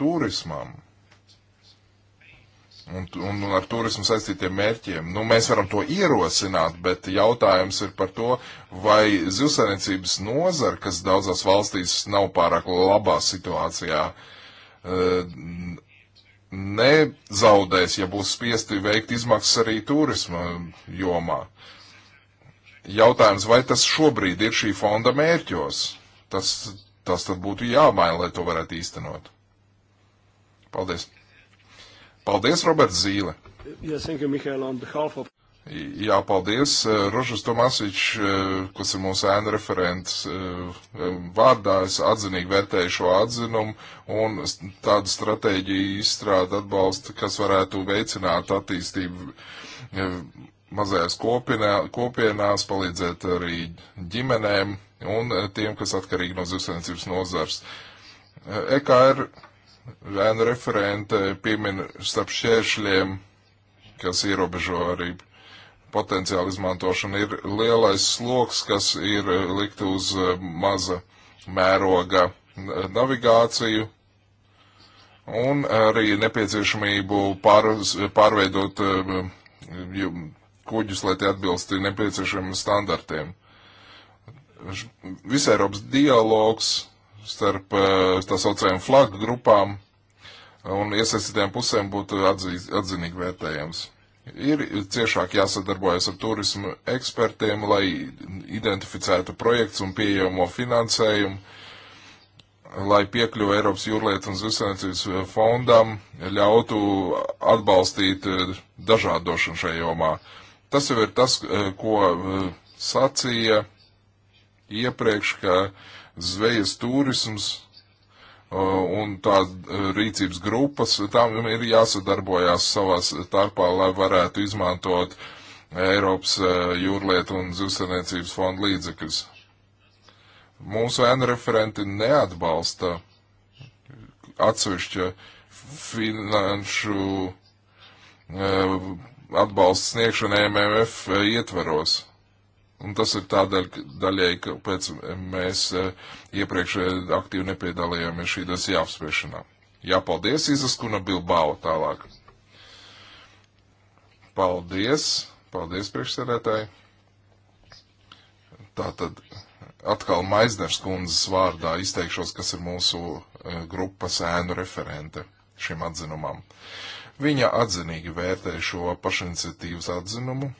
turismam un, un, un ar turismu saistītiem mērķiem. Nu, mēs varam to ierosināt, bet jautājums ir par to, vai zivsaniecības nozara, kas daudzās valstīs nav pārāk labā situācijā, eh, nezaudēs, ja būs spiesti veikt izmaksas arī turisma jomā. Jautājums, vai tas šobrīd ir šī fonda mērķos? Tas, tas tad būtu jāmaina, lai to varētu īstenot. Paldies. Paldies, Roberts Zīle. Yes, thank you, Michael, on behalf of... Jā, paldies. Eh, Rožas Tomasiņš, eh, kas ir mūsu ēna referents, eh, vārdā es atzinīgi vērtēju šo atzinumu un tādu stratēģiju izstrādu atbalstu, kas varētu veicināt attīstību mazajās kopienā, kopienās, palīdzēt arī ģimenēm un tiem, kas atkarīgi no zivsainicības nozars. EKR e ēna referente piemin starp šķēršļiem, kas ierobežo arī potenciāla izmantošana ir lielais sloks, kas ir eh, likt uz eh, maza mēroga navigāciju un arī nepieciešamību pār, pārveidot eh, kuģus, lai tie atbilst nepieciešamiem standartiem. Visai Eiropas dialogs starp tā saucējiem flagu grupām un iesaistītiem pusēm būtu atzīz, atzinīgi vērtējams. Ir ciešāk jāsadarbojas ar turismu ekspertiem, lai identificētu projekts un pieejamo finansējumu, lai piekļuvu Eiropas jūrlietu un zivsainicības fondam ļautu atbalstīt eh, dažādošanu šajā jomā. Tas jau ir tas, eh, ko eh, sacīja iepriekš, ka zvejas turisms Uh, un tās uh, rīcības grupas, tām ir jāsadarbojās savās starpā, lai varētu izmantot Eiropas uh, jūrlietu un zivsarniecības fonda līdzekļus. Mūsu N referenti neatbalsta atsevišķa finanšu atbalsts sniegšana e MMF ietvaros. Un tas ir tādēļ daļai, kāpēc mēs eh, iepriekš aktīvi nepiedalījāmies šī dosija apspriešanā. Jāpaldies Izaskuna Bilbao tālāk. Paldies, paldies priekšsēdētāji. Tātad atkal Maizners kundzes vārdā izteikšos, kas ir mūsu eh, grupas ēnu referente šim atzinumam. Viņa atzinīgi vērtē šo pašiniciatīvas atzinumu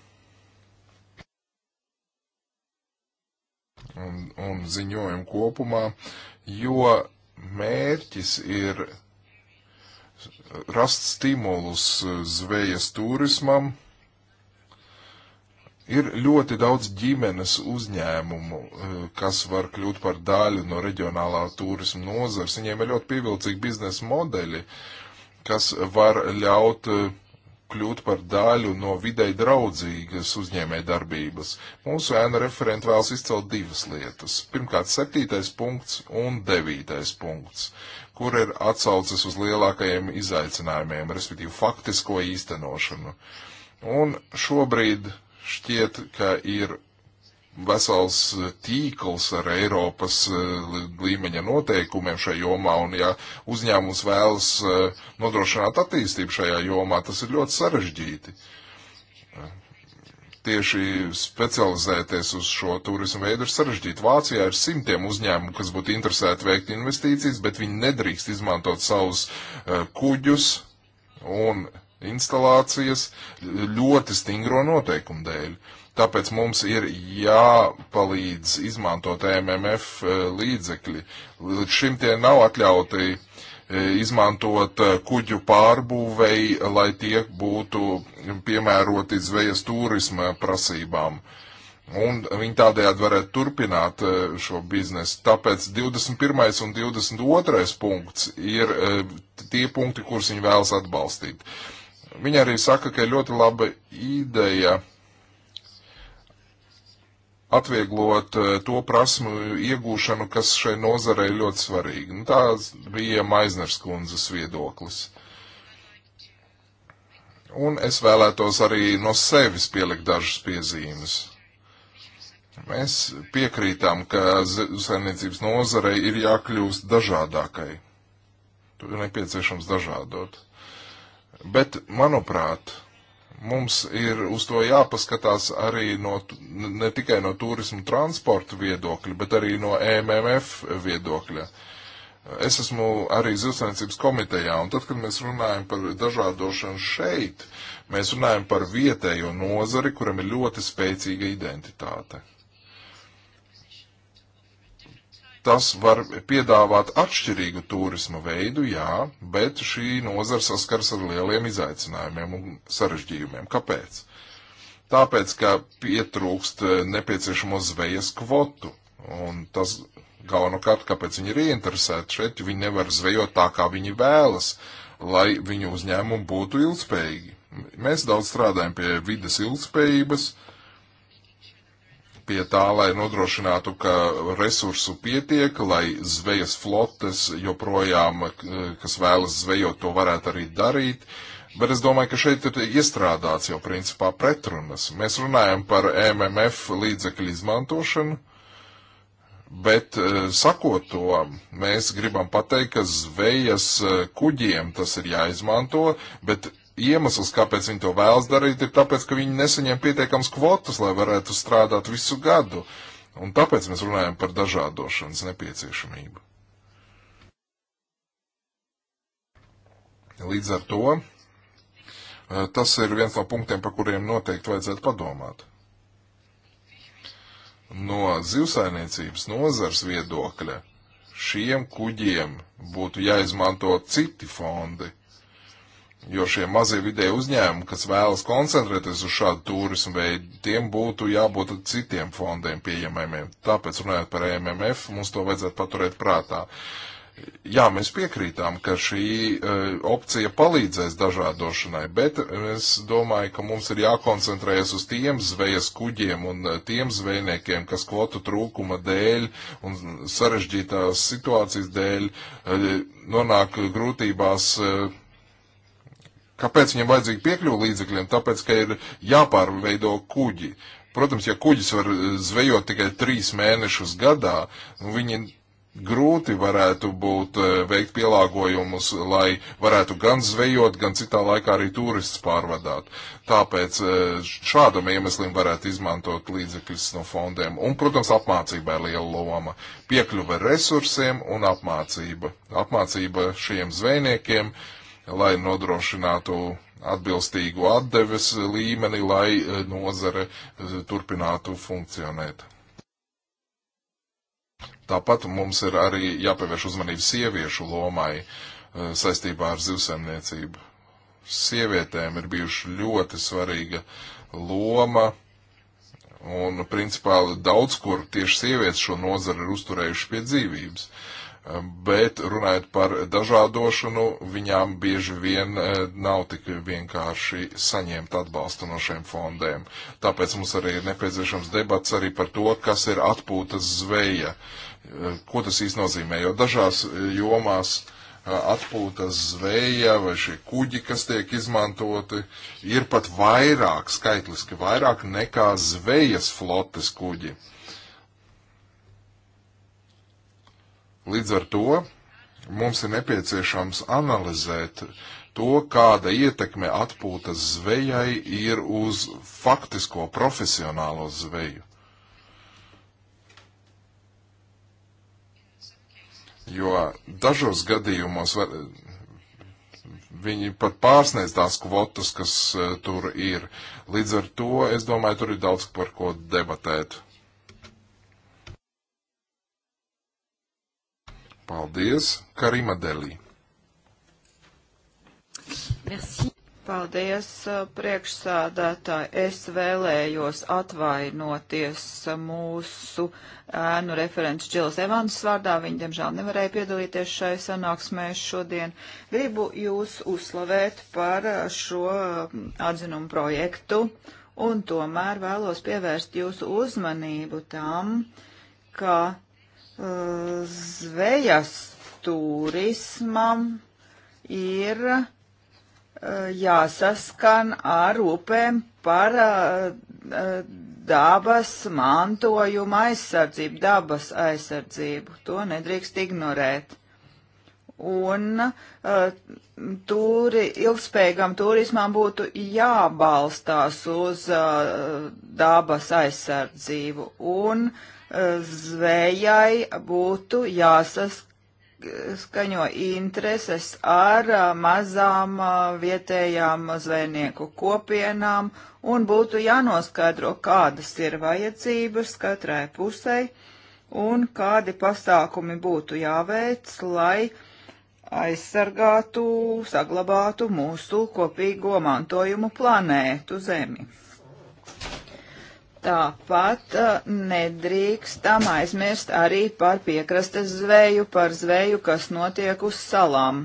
un, un ziņojumu kopumā, jo mērķis ir rast stimulus zvejas turismam. Ir ļoti daudz ģimenes uzņēmumu, eh, kas var kļūt par daļu no reģionālā turisma nozars. Viņiem ir ļoti pievilcīgi biznesa modeļi, kas var ļaut uh, kļūt par daļu no videi draudzīgas uzņēmē darbības. Mūsu ēna referenti vēlas izcelt divas lietas. Pirmkārt, septītais punkts un devītais punkts, kur ir atsauces uz lielākajiem izaicinājumiem, respektīvi faktisko īstenošanu. Un šobrīd šķiet, ka ir vesels eh, tīkls ar Eiropas eh, līmeņa noteikumiem šajā jomā, un ja uzņēmums vēlas eh, nodrošināt attīstību šajā jomā, tas ir ļoti sarežģīti. Tieši specializēties uz šo turismu veidu ir sarežģīti. Vācijā ir simtiem uzņēmumu, kas būtu interesēti veikt investīcijas, bet viņi nedrīkst izmantot savus kuģus un instalācijas ļoti stingro noteikumu dēļ. Uh, Tāpēc mums ir jāpalīdz izmantot MMF eh, līdzekļi. Līdz šim tie nav atļauti eh, izmantot eh, kuģu pārbūvei, lai tie būtu piemēroti zvejas turisma prasībām. Un viņi tādējādi varētu turpināt šo biznesu. Tāpēc 21. un 22. punkts ir tie punkti, kurus viņi vēlas atbalstīt. Viņi arī saka, ka ļoti laba ideja atvieglot eh, to prasmu iegūšanu, kas šai nozarei ļoti svarīgi. Nu, tāds bija Maizners kundzes viedoklis. Un es vēlētos arī no sevis pielikt dažas piezīmes. Mēs piekrītām, ka saimniecības nozarei ir jākļūst dažādākai. Tur ir nepieciešams dažādot. Bet, manuprāt, mums ir uz to jāpaskatās arī no, ne tikai no turismu transporta viedokļa, bet arī no MMF viedokļa. Es esmu arī zilsainicības komitejā, un tad, kad mēs runājam par dažādošanu šeit, mēs runājam par vietējo nozari, kuram ir ļoti spēcīga identitāte tas var piedāvāt atšķirīgu turismu veidu, jā, bet šī nozara saskars ar lieliem izaicinājumiem un sarežģījumiem. Kāpēc? Tāpēc, ka pietrūkst eh, nepieciešamo zvejas kvotu, un tas galvenokārt, kāpēc viņi ir ieinteresēti šeit, viņi nevar zvejot tā, kā viņi vēlas, lai viņu uzņēmumi būtu ilgspējīgi. Mēs daudz strādājam pie vides ilgspējības, uh, pie tā, lai nodrošinātu, ka resursu pietiek, lai zvejas flotes joprojām, eh, kas vēlas zvejot, to varētu arī darīt. Bet es domāju, ka šeit ir iestrādāts jau principā pretrunas. Mēs runājam par MMF līdzekļu izmantošanu, bet eh, sakot to, mēs gribam pateikt, ka zvejas eh, kuģiem tas ir jāizmanto, bet iemesls, kāpēc viņi to vēlas darīt, ir tāpēc, ka viņi nesaņem pietiekams kvotas, lai varētu strādāt visu gadu. Un tāpēc mēs runājam par dažādošanas nepieciešamību. Līdz ar to eh, tas ir viens no punktiem, par kuriem noteikti vajadzētu padomāt. No zivsainiecības nozars viedokļa šiem kuģiem būtu jāizmanto citi fondi, Jo šie mazie vidēji uzņēmumi, kas vēlas koncentrēties uz šādu turismu veidu, tiem būtu jābūt citiem fondiem pieejamiem. Tāpēc, runājot par EMMF, mums to vajadzētu paturēt prātā. Jā, mēs piekrītām, ka šī uh, opcija palīdzēs dažādošanai, bet es domāju, ka mums ir jākoncentrējas uz tiem zvejas kuģiem un e, tiem zvejniekiem, kas kvotu trūkuma dēļ un sarežģītās situācijas dēļ uh, nonāk grūtībās. Uh, Kāpēc viņam vajadzīgi piekļuvu līdzekļiem? Tāpēc, ka ir jāpārveido kuģi. Protams, ja kuģis var zvejot tikai trīs mēnešus gadā, nu viņi grūti varētu būt eh, veikt pielāgojumus, lai varētu gan zvejot, gan citā laikā arī turistus pārvadāt. Tāpēc eh, šādam iemeslim varētu izmantot līdzekļus no fondiem. Un, protams, apmācībai ir liela loma. Piekļuve resursiem un apmācība. Apmācība šiem zvejniekiem. Uh, lai nodrošinātu atbilstīgu atdeves līmeni, lai e, nozare e, turpinātu funkcionēt. Tāpat mums ir arī jāpievērš uzmanība sieviešu lomai e, saistībā ar zivsaimniecību. Sievietēm ir bijuši ļoti svarīga loma, un principāli daudz kur tieši sievietes šo nozaru ir uzturējuši pie dzīvības. Uh, bet runājot par dažādošanu, viņām bieži vien eh, nav tik vienkārši saņemt atbalstu no šiem fondiem. Tāpēc mums arī ir nepieciešams debats arī par to, kas ir atpūtas zveja, eh, ko tas īsti nozīmē, jo dažās eh, jomās atpūtas zveja vai šie kuģi, kas tiek izmantoti, ir pat vairāk, skaitliski vairāk nekā zvejas flotes kuģi. Uh, Līdz ar to mums ir nepieciešams analizēt to, kāda ietekme atpūtas zvejai ir uz faktisko profesionālo zveju. Jo dažos gadījumos var, viņi pat pārsniedz tās kvotas, kas uh, tur ir. Līdz ar to, es domāju, tur ir daudz par ko debatēt. Paldies, Karima Delī. Merci. Paldies, uh, priekšsādātāji. Es vēlējos atvainoties uh, mūsu ēnu referents Džils Evans vārdā. Viņa, diemžēl, nevarēja piedalīties šai sanāksmē šodien. Gribu jūs uzslavēt par uh, šo atzinumu projektu un tomēr vēlos pievērst jūsu uzmanību tam, ka Eh, zvejas turismam ir eh, jāsaskan ar upēm par eh, dabas mantojuma aizsardzību, dabas aizsardzību. To nedrīkst ignorēt. Un turi, ilgspējīgam turismam būtu jābalstās uz dabas aizsardzību. Un uh, zvejai būtu jāsaskaņo intereses ar mazām vietējām zvejnieku kopienām un būtu jānoskaidro, kādas ir vajadzības katrai pusei un kādi pasākumi būtu jāveic, lai aizsargātu, saglabātu mūsu kopīgo mantojumu planētu Zemi. Tāpat uh, nedrīkstam aizmirst arī par piekrastes zveju, par zveju, kas notiek uz salām.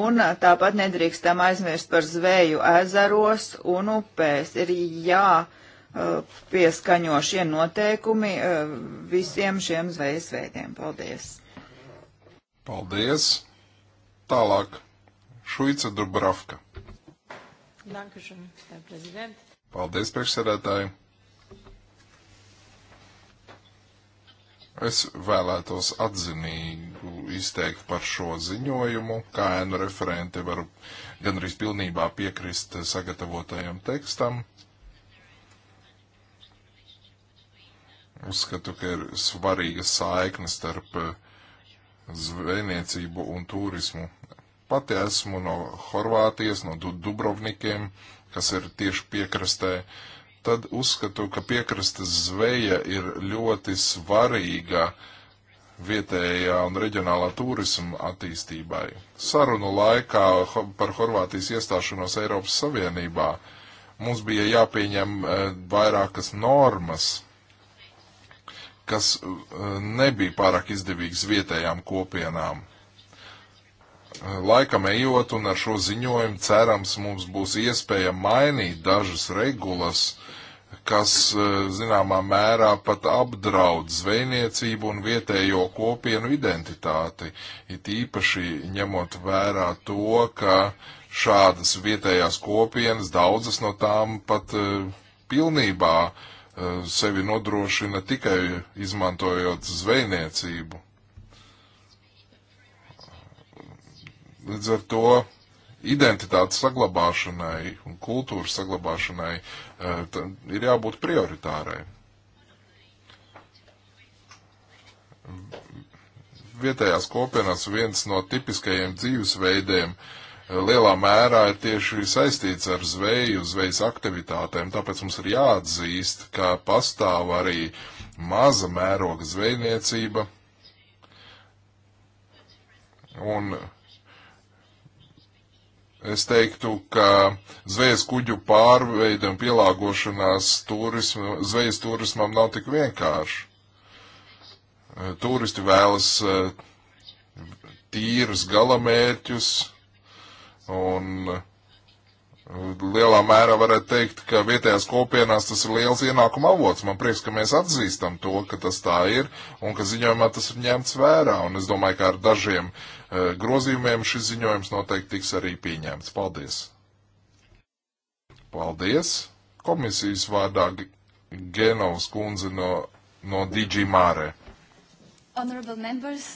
Un uh, tāpat nedrīkstam aizmirst par zveju ezeros un upēs. Ir jāpieskaņo uh, šie noteikumi visiem šiem zvejas veidiem. Paldies! Paldies! Tālāk. Šuica Dubravka. Dankušan, prezident. Paldies, priekšsēdētāji! Es vēlētos atzinīgu izteikt par šo ziņojumu, kā ēnu referente varu gan arī pilnībā piekrist sagatavotajam tekstam. Uzskatu, ka ir svarīga saikne starp eh, zvejniecību un turismu. Pati esmu no Horvātijas, no Dubrovnikiem. Du kas ir tieši piekrastē, tad uzskatu, ka piekrastes zveja ir ļoti svarīga vietējā un reģionālā turisma attīstībai. Sarunu laikā par Horvātijas iestāšanos Eiropas Savienībā mums bija jāpieņem e, vairākas normas, kas e, nebija pārāk izdevīgas vietējām kopienām laikam ejot un ar šo ziņojumu cerams mums būs iespēja mainīt dažas regulas, kas eh, zināmā mērā pat apdraud zvejniecību un vietējo kopienu identitāti. It īpaši ņemot vērā to, ka šādas vietējās kopienas, daudzas no tām pat eh, pilnībā eh, sevi nodrošina tikai izmantojot zvejniecību. Līdz ar to identitātes saglabāšanai un kultūras saglabāšanai e, ir jābūt prioritārai. Vietējās kopienās viens no tipiskajiem dzīvesveidiem e, lielā mērā ir tieši saistīts ar zveju, zvejas aktivitātēm, tāpēc mums ir jāatzīst, ka pastāv arī maza mēroga zvejniecība, un Es teiktu, ka zvejas kuģu pārveide un pielāgošanās turismu, zvejas turismam nav tik vienkārši. Eh, turisti vēlas eh, tīras galamērķus un Lielā mērā varētu teikt, ka vietējās kopienās tas ir liels ienākuma avots. Man prieks, ka mēs atzīstam to, ka tas tā ir un ka ziņojumā tas ir ņemts vērā. Un es domāju, ka ar dažiem uh, grozījumiem šis ziņojums noteikti tiks arī pieņemts. Paldies! Paldies! Komisijas vārdā Genovs kundze no, no Digimāre. Honorable members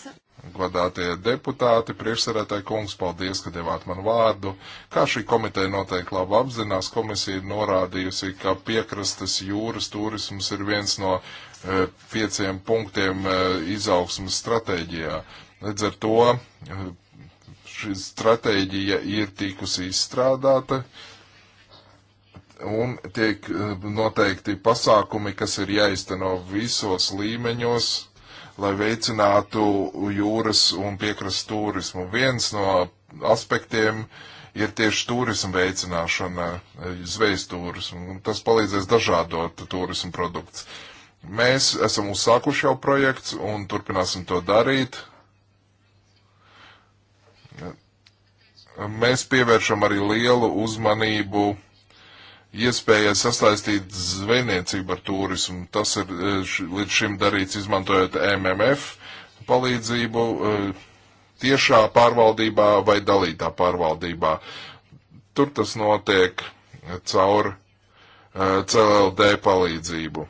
godātie deputāti, priekšsarētāji kungs, paldies, ka devāt man vārdu. Kā šī komiteja noteikti labi apzinās, komisija ir norādījusi, ka piekrastes jūras turisms ir viens no e, pieciem punktiem e, izaugsmas stratēģijā. Līdz ar to e, šī stratēģija ir tikusi izstrādāta. Un tiek e, noteikti pasākumi, kas ir jāizteno visos līmeņos, lai veicinātu jūras un piekrastu turismu. Viens no aspektiem ir tieši turismu veicināšana, eh, zvejas turismu. Tas palīdzēs dažādot turismu produkts. Mēs esam uzsākuši jau projekts un turpināsim to darīt. Mēs pievēršam arī lielu uzmanību iespējai sasaistīt zvejniecību ar turismu. Tas ir e, līdz šim darīts izmantojot MMF palīdzību e, tiešā pārvaldībā vai dalītā pārvaldībā. Tur tas notiek caur e, CLD palīdzību.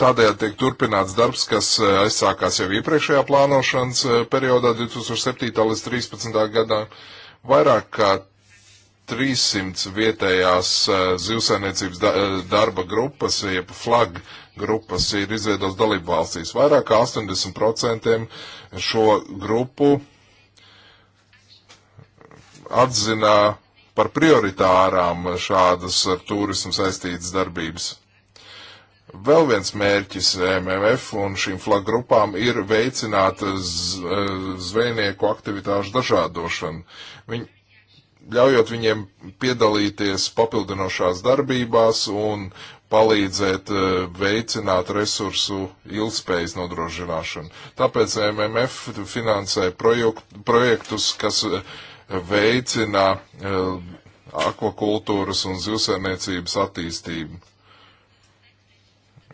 Tādējādi tiek turpināts darbs, kas aizsākās jau iepriekšējā plānošanas periodā 2007. līdz 2013. gadā. Vairāk kā 300 vietējās eh, zivsainiecības da eh, darba grupas, jeb flag grupas ir izveidotas dalību valstīs. Vairāk kā 80% šo grupu atzina par prioritārām šādas ar turismu saistītas darbības. Vēl viens mērķis MMF un šīm flag grupām ir veicināt eh, zvejnieku aktivitāšu dažādošanu. Viņi ļaujot viņiem piedalīties papildinošās darbībās un palīdzēt eh, veicināt resursu ilgspējas nodrošināšanu. Tāpēc MMF finansē projektus, kas eh, veicina eh, akvakultūras un zivsērniecības attīstību.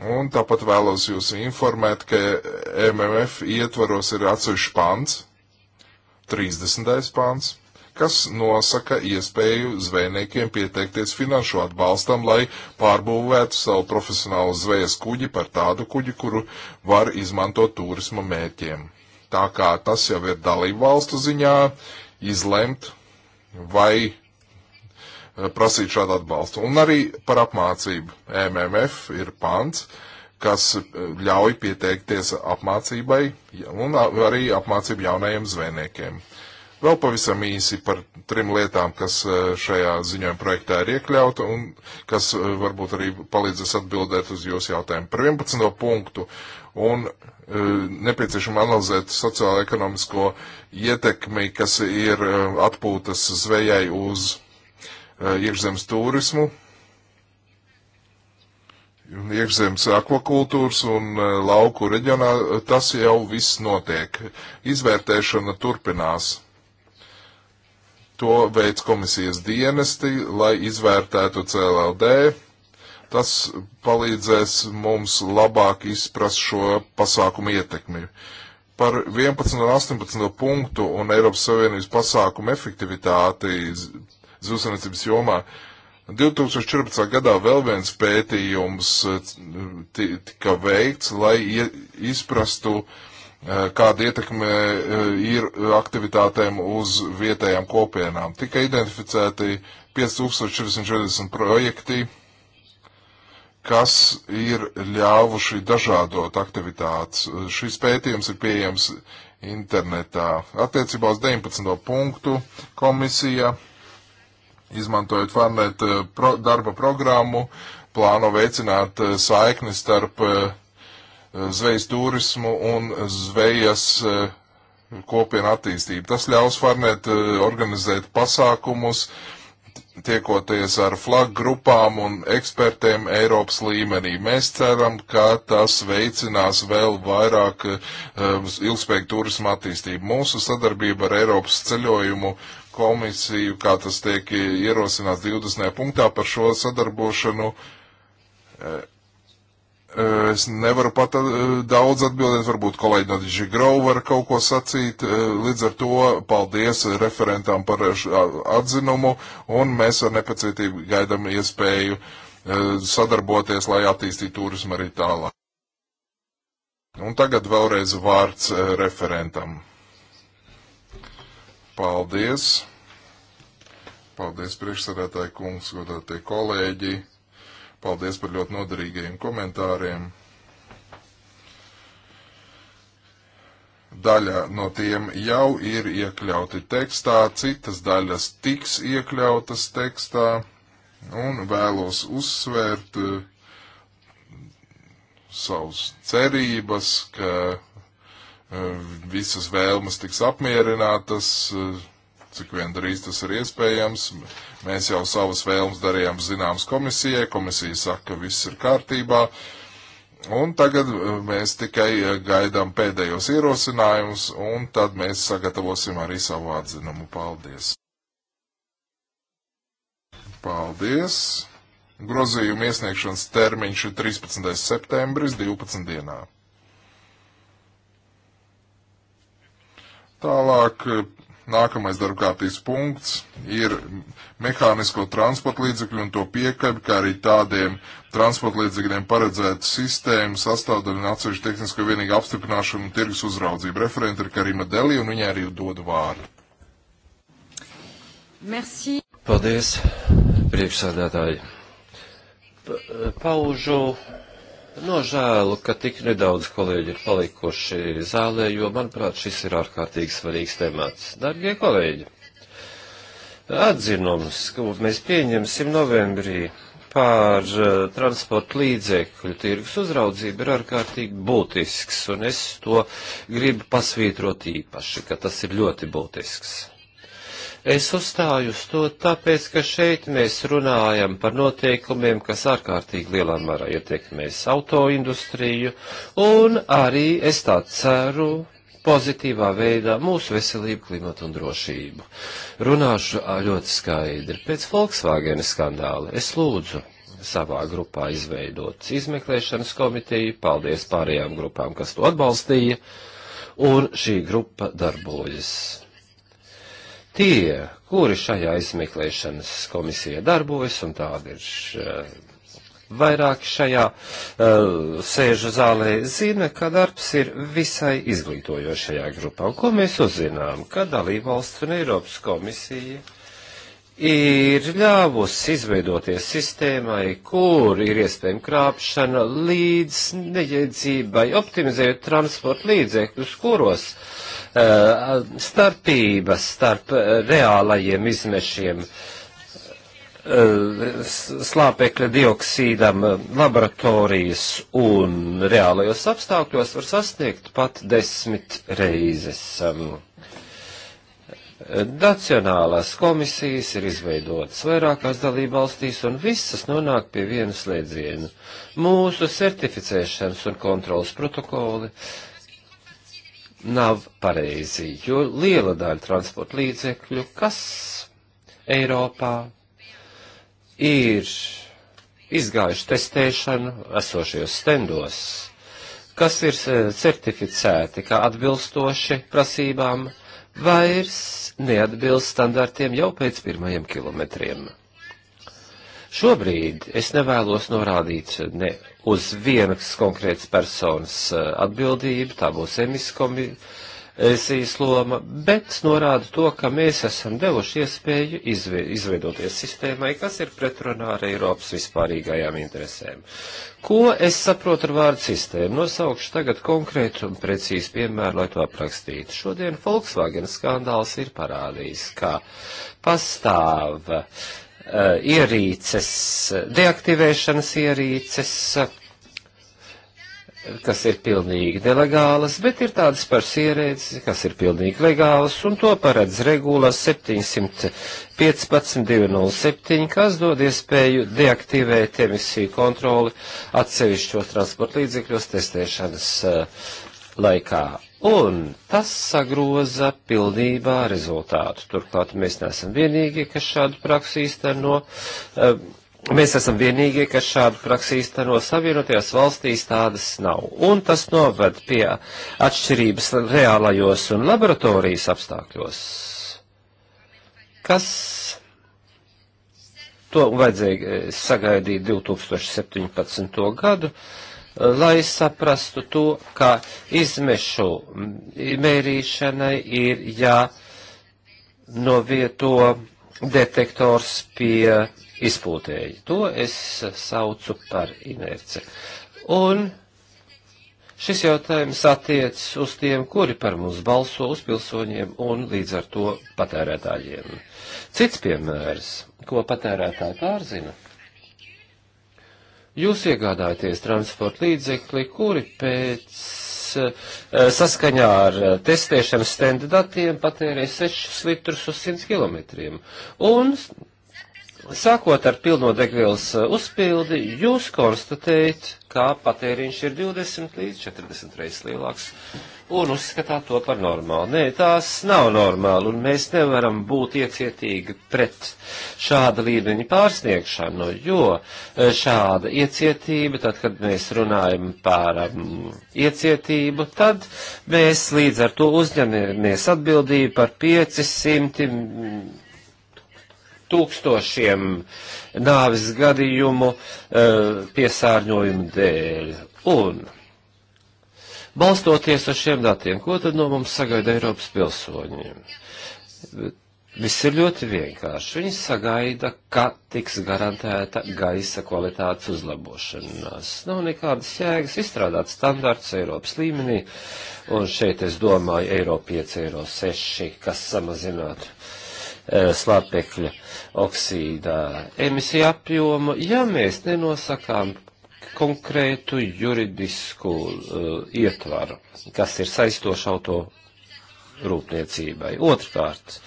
Un tāpat vēlos jūs informēt, ka MMF ietvaros ir atsevišķi pants, 30. pants, kas nosaka iespēju zvejniekiem pieteikties finanšu atbalstam, lai pārbūvētu savu profesionālu zvejas kuģi par tādu kuģi, kuru var izmantot turisma mērķiem. Tā kā tas jau ir dalību valstu ziņā izlemt, vai eh, prasīt šādu atbalstu. Un arī par apmācību. MMF ir pants, kas eh, ļauj pieteikties apmācībai un arī apmācību jaunajiem zvejniekiem. Uh, Vēl pavisam īsi par trim lietām, kas eh, šajā ziņojuma projektā ir iekļauta un kas eh, varbūt arī palīdzēs atbildēt uz jūsu jautājumu. Par 11. punktu un eh, nepieciešam analizēt sociālo-ekonomisko ietekmi, kas ir atpūtas zvejai uz iekšzemes turismu, iekšzemes akvakultūras un lauku reģionā, tas jau viss notiek. Izvērtēšana turpinās To veids komisijas dienesti, lai izvērtētu CLLD. Tas palīdzēs mums labāk izprast šo pasākumu ietekmi. Par 11 un 18 punktu un Eiropas Savienības pasākumu efektivitāti zivsainicības jomā 2014. gadā vēl viens pētījums eh, tika veikts, lai izprastu uh, Eh, kāda ietekme eh, ir aktivitātēm uz vietējām kopienām. Tika identificēti 5440 projekti, kas ir ļāvuši dažādot aktivitātes. Eh, šis pētījums ir pieejams internetā. Attiecībā uz 19. punktu komisija, izmantojot Farnet pro, darba programmu, plāno veicināt saikni starp uh, zvejas turismu un zvejas e, kopienu attīstību. Tas ļaus Farnet e, organizēt pasākumus, tiekoties ar flag grupām un ekspertiem Eiropas līmenī. Mēs ceram, ka tas veicinās vēl vairāk uh, ilgspējīgu turismu attīstību. Mūsu sadarbība ar Eiropas ceļojumu komisiju, kā tas tiek ierosināts 20. punktā par šo sadarbošanu, uh, Es nevaru pat uh, daudz atbildēt, varbūt kolēģi no Digigro var kaut ko sacīt. Uh, līdz ar to paldies referentām par atzinumu, un mēs ar nepacietību gaidam iespēju uh, sadarboties, lai attīstītu turismu arī tālāk. Un tagad vēlreiz vārds referentam. Paldies! Paldies priekšsarētāji kungs, godātie kolēģi! Paldies par ļoti noderīgajiem komentāriem. Daļa no tiem jau ir iekļauti tekstā, citas daļas tiks iekļautas tekstā, un vēlos uzsvērt uh, savus cerības, ka uh, visas vēlmes tiks apmierinātas, uh, cik vien drīz tas ir iespējams. Mēs jau savas vēlmes darījām zināmas komisijai, komisija saka, ka viss ir kārtībā. Un tagad uh, mēs tikai uh, gaidām pēdējos ierosinājumus, un tad mēs sagatavosim arī savu atzinumu. Paldies! Paldies! Grozījuma iesniegšanas termiņš ir 13. septembris 12. dienā. Tālāk uh, Nākamais darbkārtības punkts ir mehānisko transporta līdzekļu un to piekabi, kā arī tādiem transporta līdzekļiem paredzētu sistēmu sastāvdaļu un atsevišķu tehnisko vienīgu apstiprināšanu un tirgus uzraudzību. Referenta ir Karima Delī un viņa arī dod vārdu. Merci. Paldies, priekšsādātāji. Pa, paužu Nožēlu, ka tik nedaudz kolēģi ir palikuši zālē, jo, manuprāt, šis ir ārkārtīgi svarīgs temats. Darbie kolēģi, atzinums, ko mēs pieņemsim novembrī par uh, eh, transporta līdzekļu tirgus uzraudzību ir ārkārtīgi būtisks, un es to gribu pasvītrot īpaši, ka tas ir ļoti būtisks. Es uzstāju uz to tāpēc, ka šeit mēs runājam par noteikumiem, kas ārkārtīgi lielā mērā ietekmēs autoindustriju, un arī es tā ceru pozitīvā veidā mūsu veselību, klimatu un drošību. Runāšu ļoti skaidri. Pēc Volkswagen skandāla es lūdzu savā grupā izveidot izmeklēšanas komiteju, paldies pārējām grupām, kas to atbalstīja, un šī grupa darbojas tie, kuri šajā izmeklēšanas komisijā darbojas, un tādi ir eh, vairāk šajā uh, sēžu zālē, zina, ka darbs ir visai izglītojošajā grupā. Un ko mēs uzzinām? Ka dalībvalsts un Eiropas komisija ir ļāvusi izveidoties sistēmai, kur ir iespējama krāpšana līdz neiedzībai, optimizējot transporta līdzekļus, kuros uh, Eh, starpības starp eh, reālajiem izmešiem eh, slāpekļa dioksīdam laboratorijas un reālajos apstākļos var sasniegt pat desmit reizes. Nacionālās komisijas ir izveidotas vairākās dalībvalstīs un visas nonāk pie vienas slēdziena. Mūsu certificēšanas un kontrolas protokoli uh, nav pareizi, jo liela daļa transporta līdzekļu, kas Eiropā ir izgājuši testēšanu esošajos stendos, kas ir certificēti kā atbilstoši prasībām, vairs neatbilst standartiem jau pēc pirmajiem kilometriem. Šobrīd es nevēlos norādīt ne uz vienas konkrētas personas eh, atbildību, tā būs emisijas loma, bet norāda to, ka mēs esam devuši iespēju izve izveidoties sistēmai, kas ir pretrunā ar Eiropas vispārīgajām interesēm. Ko es saprotu ar vārdu sistēmu? Nosaukšu tagad konkrētu un precīzu piemēru, lai to aprakstītu. Šodien Volkswagen skandāls ir parādījis, ka pastāv uh, Eh, ierīces, eh, deaktivēšanas ierīces, eh, kas ir pilnīgi nelegālas, bet ir tādas par sierēdzi, kas ir pilnīgi legālas, un to paredz regulā 715.207, kas dod iespēju deaktivēt emisiju kontroli atsevišķos transporta līdzekļos testēšanas laikā. Un tas sagroza pilnībā rezultātu. Turklāt mēs neesam vienīgie, kas šādu praksi īsteno. Eh, mēs esam vienīgie, kas šādu praksi īsteno savienotajās valstīs tādas nav. Un tas noved pie atšķirības reālajos un laboratorijas apstākļos. Kas to vajadzēja eh, sagaidīt 2017. gadu? lai saprastu to, ka izmešu mērīšanai ir jānovieto detektors pie izpūtēji. To es saucu par inerci. Un šis jautājums attiecas uz tiem, kuri par mums balso, uz pilsoņiem un līdz ar to patērētājiem. Cits piemērs, ko patērētāji pārzina Jūs iegādājaties transporta līdzekli, kuri pēc eh, saskaņā ar eh, testēšanas stenda datiem patērē 6 litrus uz 100 km. Un sākot ar pilno degvielas eh, uzpildi, jūs konstatējat, ka patēriņš ir 20 līdz 40 reizes lielāks un uzskatāt to par normālu. Nē, tās nav normāli, un mēs nevaram būt iecietīgi pret šāda līmeņa pārsniegšanu, jo e, šāda iecietība, tad, kad mēs runājam par um, iecietību, tad mēs līdz ar to uzņemamies atbildību par 500 mm, tūkstošiem nāvis gadījumu uh, piesārņojumu dēļ. Un balstoties uz šiem datiem, ko tad no mums sagaida Eiropas pilsoņiem? Viss ir ļoti vienkārši. Viņi sagaida, ka tiks garantēta gaisa kvalitātes uzlabošanās. Nav nekādas jēgas izstrādāt standarts Eiropas līmenī, un šeit es domāju Eiro 5, Eiro 6, kas samazinātu eh, slāpekļa oksīda emisija apjomu, ja mēs nenosakām konkrētu juridisku uh, ietvaru, kas ir saistoši auto rūpniecībai. Otrkārt,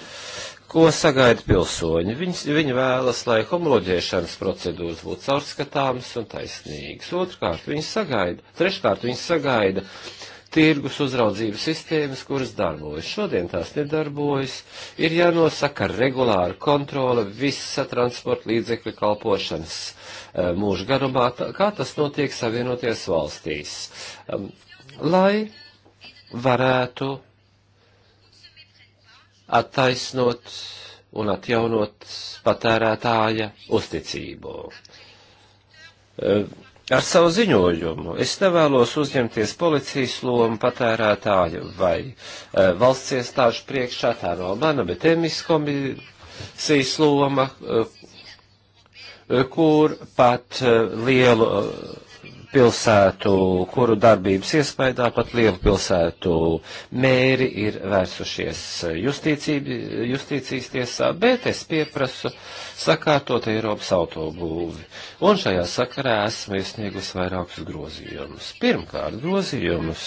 ko sagaida pilsoņi? Viņs, viņi vēlas, lai homoloģēšanas procedūras būtu caurskatāmas un taisnīgas. Otrkārt, viņi sagaida, treškārt, viņi sagaida uh, tirgus uzraudzības sistēmas, kuras darbojas. Šodien tās nedarbojas, ir jānosaka regulāra kontrole visa transporta līdzekļu kalpošanas eh, mūža garumā, kā tas notiek savienoties valstīs, lai varētu attaisnot un atjaunot patērētāja uzticību ar savu ziņojumu. Es nevēlos uzņemties policijas lomu patērētāju vai e, valsts iestāžu priekšā, tā nav mana, bet emis komisijas loma, e, kur pat e, lielu. E, pilsētu, kuru darbības iespaidā pat lielu pilsētu mēri ir vērsušies justīcijas tiesā, bet es pieprasu sakārtot Eiropas autobūvi. Un šajā sakarā esmu iesniegus vairākus grozījumus. Pirmkārt, grozījumus,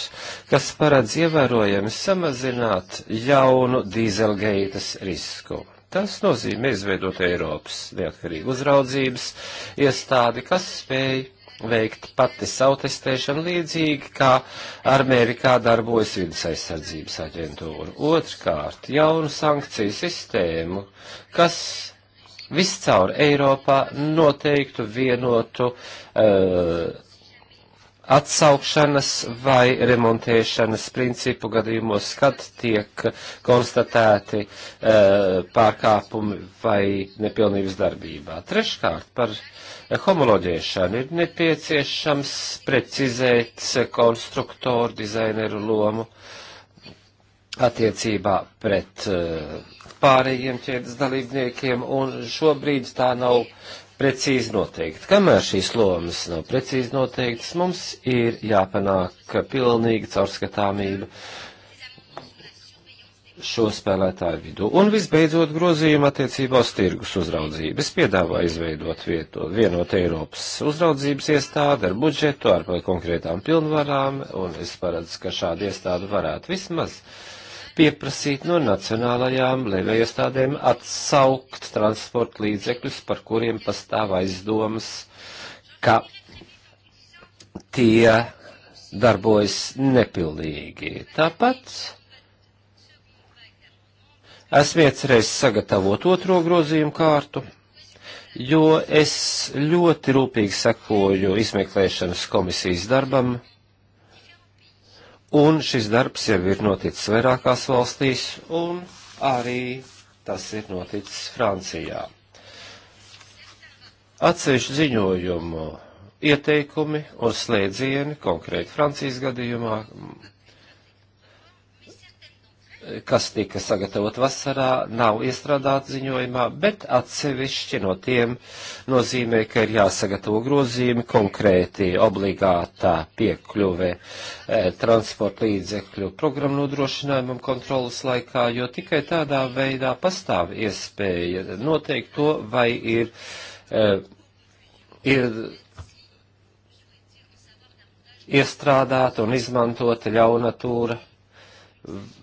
kas paredz ievērojami samazināt jaunu dīzelgeitas risku. Tas nozīmē izveidot Eiropas neatkarīgu uzraudzības iestādi, kas spēj veikt pati savu testēšanu līdzīgi, kā Armērikā darbojas vidas aizsardzības aģentūra. Otrkārt, jaunu sankciju sistēmu, kas viscaur Eiropā noteiktu vienotu uh, atsaukšanas vai remontēšanas principu gadījumos, kad tiek konstatēti uh, pārkāpumi vai nepilnības darbībā. Treškārt, par uh, homoloģēšanu, ir nepieciešams precizēt konstruktoru dizaineru lomu attiecībā pret eh, pārējiem ķēdes dalībniekiem, un šobrīd tā nav precīzi noteikti. Kamēr šīs lomas nav precīzi noteiktas, mums ir jāpanāk pilnīga caurskatāmība šo spēlētāju vidū. Un visbeidzot grozījuma attiecībā uz tirgus uzraudzību. Es piedāvāju izveidot vieto, vienot Eiropas uzraudzības iestādi ar budžetu, ar konkrētām pilnvarām, un es paredzu, ka šāda iestāde varētu vismaz pieprasīt no nacionālajām lēvējiestādēm atsaukt transporta līdzekļus, par kuriem pastāv aizdomas, ka tie darbojas nepilnīgi. Tāpat Esmu iecerējis sagatavot otro grozījumu kārtu, jo es ļoti rūpīgi sekoju izmeklēšanas komisijas darbam, un šis darbs jau ir noticis vairākās valstīs, un arī tas ir noticis Francijā. Atsevišķu ziņojumu ieteikumi un slēdzieni konkrēti Francijas gadījumā kas tika sagatavot vasarā, nav iestrādāti ziņojumā, bet atsevišķi no tiem nozīmē, ka ir jāsagatavo grozījumi konkrēti obligātā piekļuve eh, transporta līdzekļu programmu nodrošinājumam kontrolas laikā, jo tikai tādā veidā pastāv iespēja noteikt to, vai ir, eh, ir iestrādāta un izmantota ļaunatūra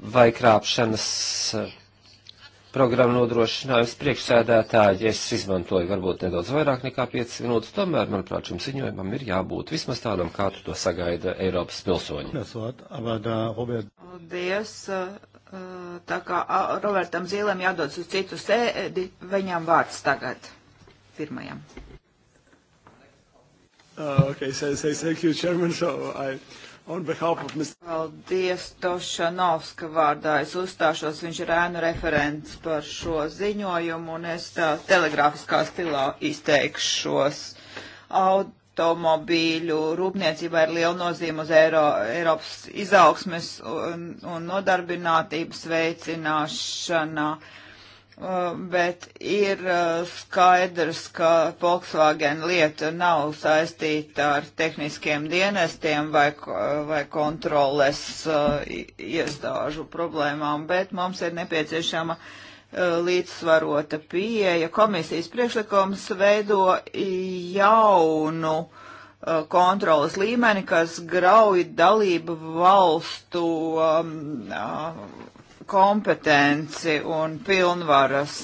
vai krāpšanas eh, programmu nodrošinājums priekšsēdētāji, es izmantoju varbūt nedaudz vairāk nekā 5 minūtes, tomēr, manuprāt, šim ziņojumam ir jābūt vismaz tādam, kā tu to sagaida Eiropas pilsoņi. Paldies! Eh, tā kā Robertam Zīlēm jādodas uz citu sēdi, viņam vārds tagad pirmajam. Uh, okay, so, so thank you, Chairman. So I, On behalf of Mr. Paldies, Tošanovska vārdā. Es uzstāšos, viņš ir ēnu referents par šo ziņojumu, un es tā, telegrāfiskā stilā izteikšos. Automobīļu rūpniecībā ir liela nozīme uz Eiro, Eiropas izaugsmes un, un nodarbinātības veicināšanā. Uh, Uh, bet ir uh, skaidrs, ka Volkswagen lieta nav saistīta ar tehniskiem dienestiem vai, uh, vai kontroles iestāžu problēmām, bet mums ir nepieciešama līdzsvarota pieeja. Komisijas priekšlikums veido jaunu kontrolas līmeni, kas grauj dalību valstu um, kompetenci un pilnvaras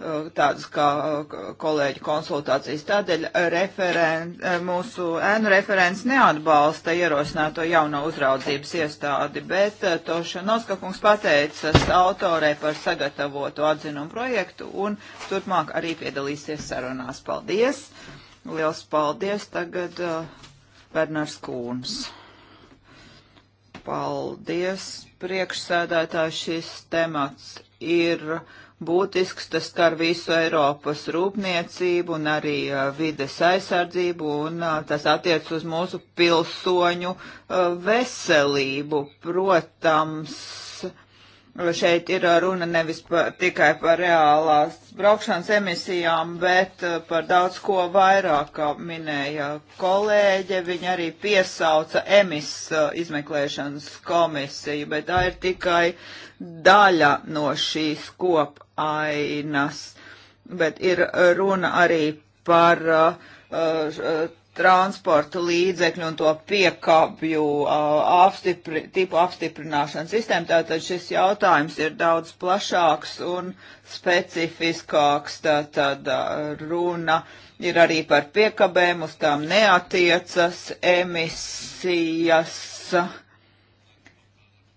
eh, tādas kā eh, kolēģi konsultācijas. Tādēļ referen, eh, mūsu ēnu referents neatbalsta ierosināto jauno uzraudzības iestādi, bet Tošanovska kungs pateicas autorē par sagatavotu atzinumu projektu un turpmāk arī piedalīsies sarunās. Paldies! Liels paldies! Tagad Bernārs Kūns. Paldies, priekšsēdētāji, šis temats ir būtisks, tas skar visu Eiropas rūpniecību un arī uh, vides aizsardzību, un uh, tas attiec uz mūsu pilsoņu uh, veselību. Protams, Šeit ir uh, runa nevis par, tikai par reālās braukšanas emisijām, bet uh, par daudz ko vairāk, kā minēja kolēģe. Viņa arī piesauca emis uh, izmeklēšanas komisiju, bet tā ir tikai daļa no šīs kopainas. Bet ir runa arī par uh, transporta līdzekļu un to piekāpju apstipri, tipu apstiprināšanas sistēmu, tātad šis jautājums ir daudz plašāks un specifiskāks, tātad runa ir arī par piekabēm, uz tām neatiecas emisijas.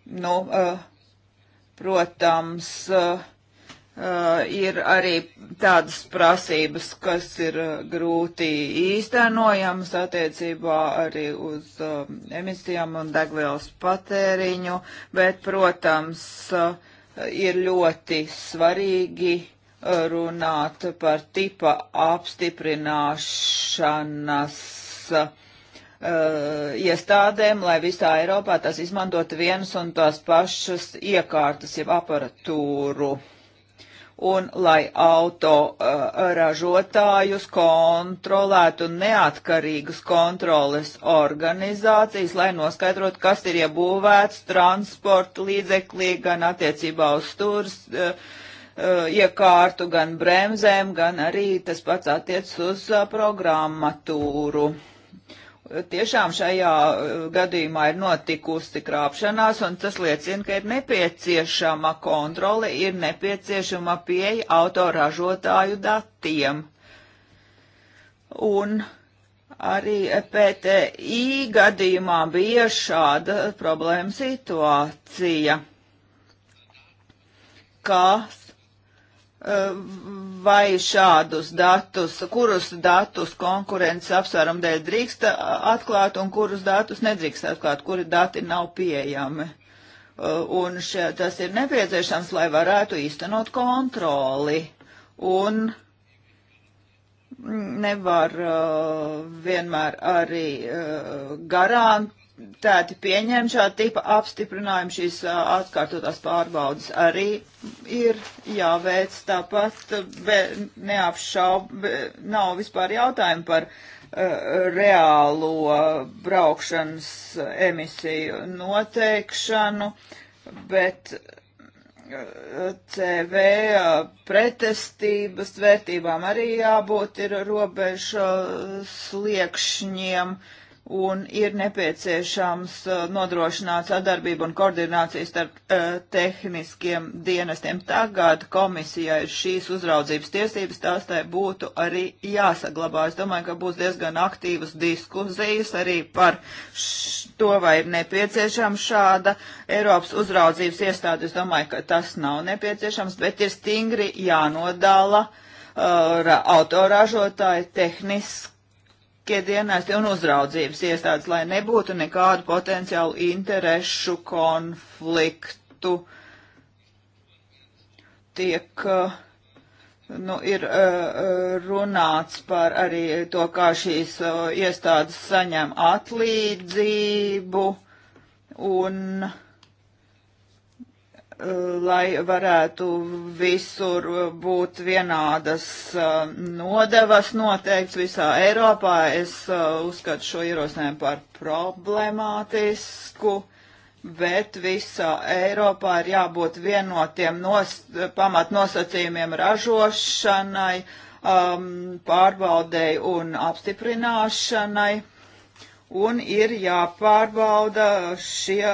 Nu, protams, uh, Uh, ir arī tādas prasības, kas ir eh, grūti īstenojamas attiecībā arī uz uh, emisijām un degvielas patēriņu, bet, protams, uh, ir ļoti svarīgi runāt par tipa apstiprināšanas iestādēm, lai visā Eiropā tas izmantot vienas un tās pašas iekārtas, jeb aparatūru. Uh, un lai auto uh, ražotājus kontrolētu neatkarīgas kontroles organizācijas, lai noskaidrot, kas ir iebūvēts transporta līdzeklī, gan attiecībā uz stūrs uh, uh, iekārtu, gan bremzēm, gan arī tas pats attiec uz uh, programmatūru. Tiešām šajā uh, gadījumā ir notikusi krāpšanās, un tas liecina, ka ir nepieciešama kontrole, ir nepieciešama pieeja autoražotāju datiem. Un arī PTI gadījumā bija šāda problēma situācija, ka vai šādus datus, kurus datus konkurences apsvērumu dēļ drīkst atklāt un kurus datus nedrīkst atklāt, kuri dati nav pieejami. Uh, un še, tas ir nepieciešams, lai varētu īstenot kontroli. Un nevar uh, vienmēr arī uh, garantēt Tātad pieņemt šādu tipu apstiprinājumu šīs atkārtotās pārbaudas arī ir jāveic tāpat, neapšaub, be, nav vispār jautājumu par uh, reālo braukšanas emisiju noteikšanu, bet CV pretestības vērtībām arī jābūt ir robeža sliekšņiem. Uh, un ir nepieciešams uh, nodrošināt sadarbību un koordināciju starp uh, tehniskiem dienestiem. Tagad komisijai ir šīs uzraudzības tiesības, tās tai būtu arī jāsaglabā. Es domāju, ka būs diezgan aktīvas diskusijas arī par to, vai ir nepieciešama šāda Eiropas uzraudzības iestāde. Es domāju, ka tas nav nepieciešams, bet ir stingri jānodala uh, autorāžotāji tehniski tiesiskie dienesti un uzraudzības iestādes, lai nebūtu nekādu potenciālu interešu konfliktu. Tiek, eh, nu, ir eh, runāts par arī to, kā šīs eh, iestādes saņem atlīdzību un lai varētu visur būt vienādas uh, nodevas noteikts visā Eiropā. Es uh, uzskatu šo ierosinājumu par problemātisku, bet visā Eiropā ir jābūt vienotiem nos, pamatnosacījumiem ražošanai, um, pārbaudēji un apstiprināšanai un ir jāpārbauda šie,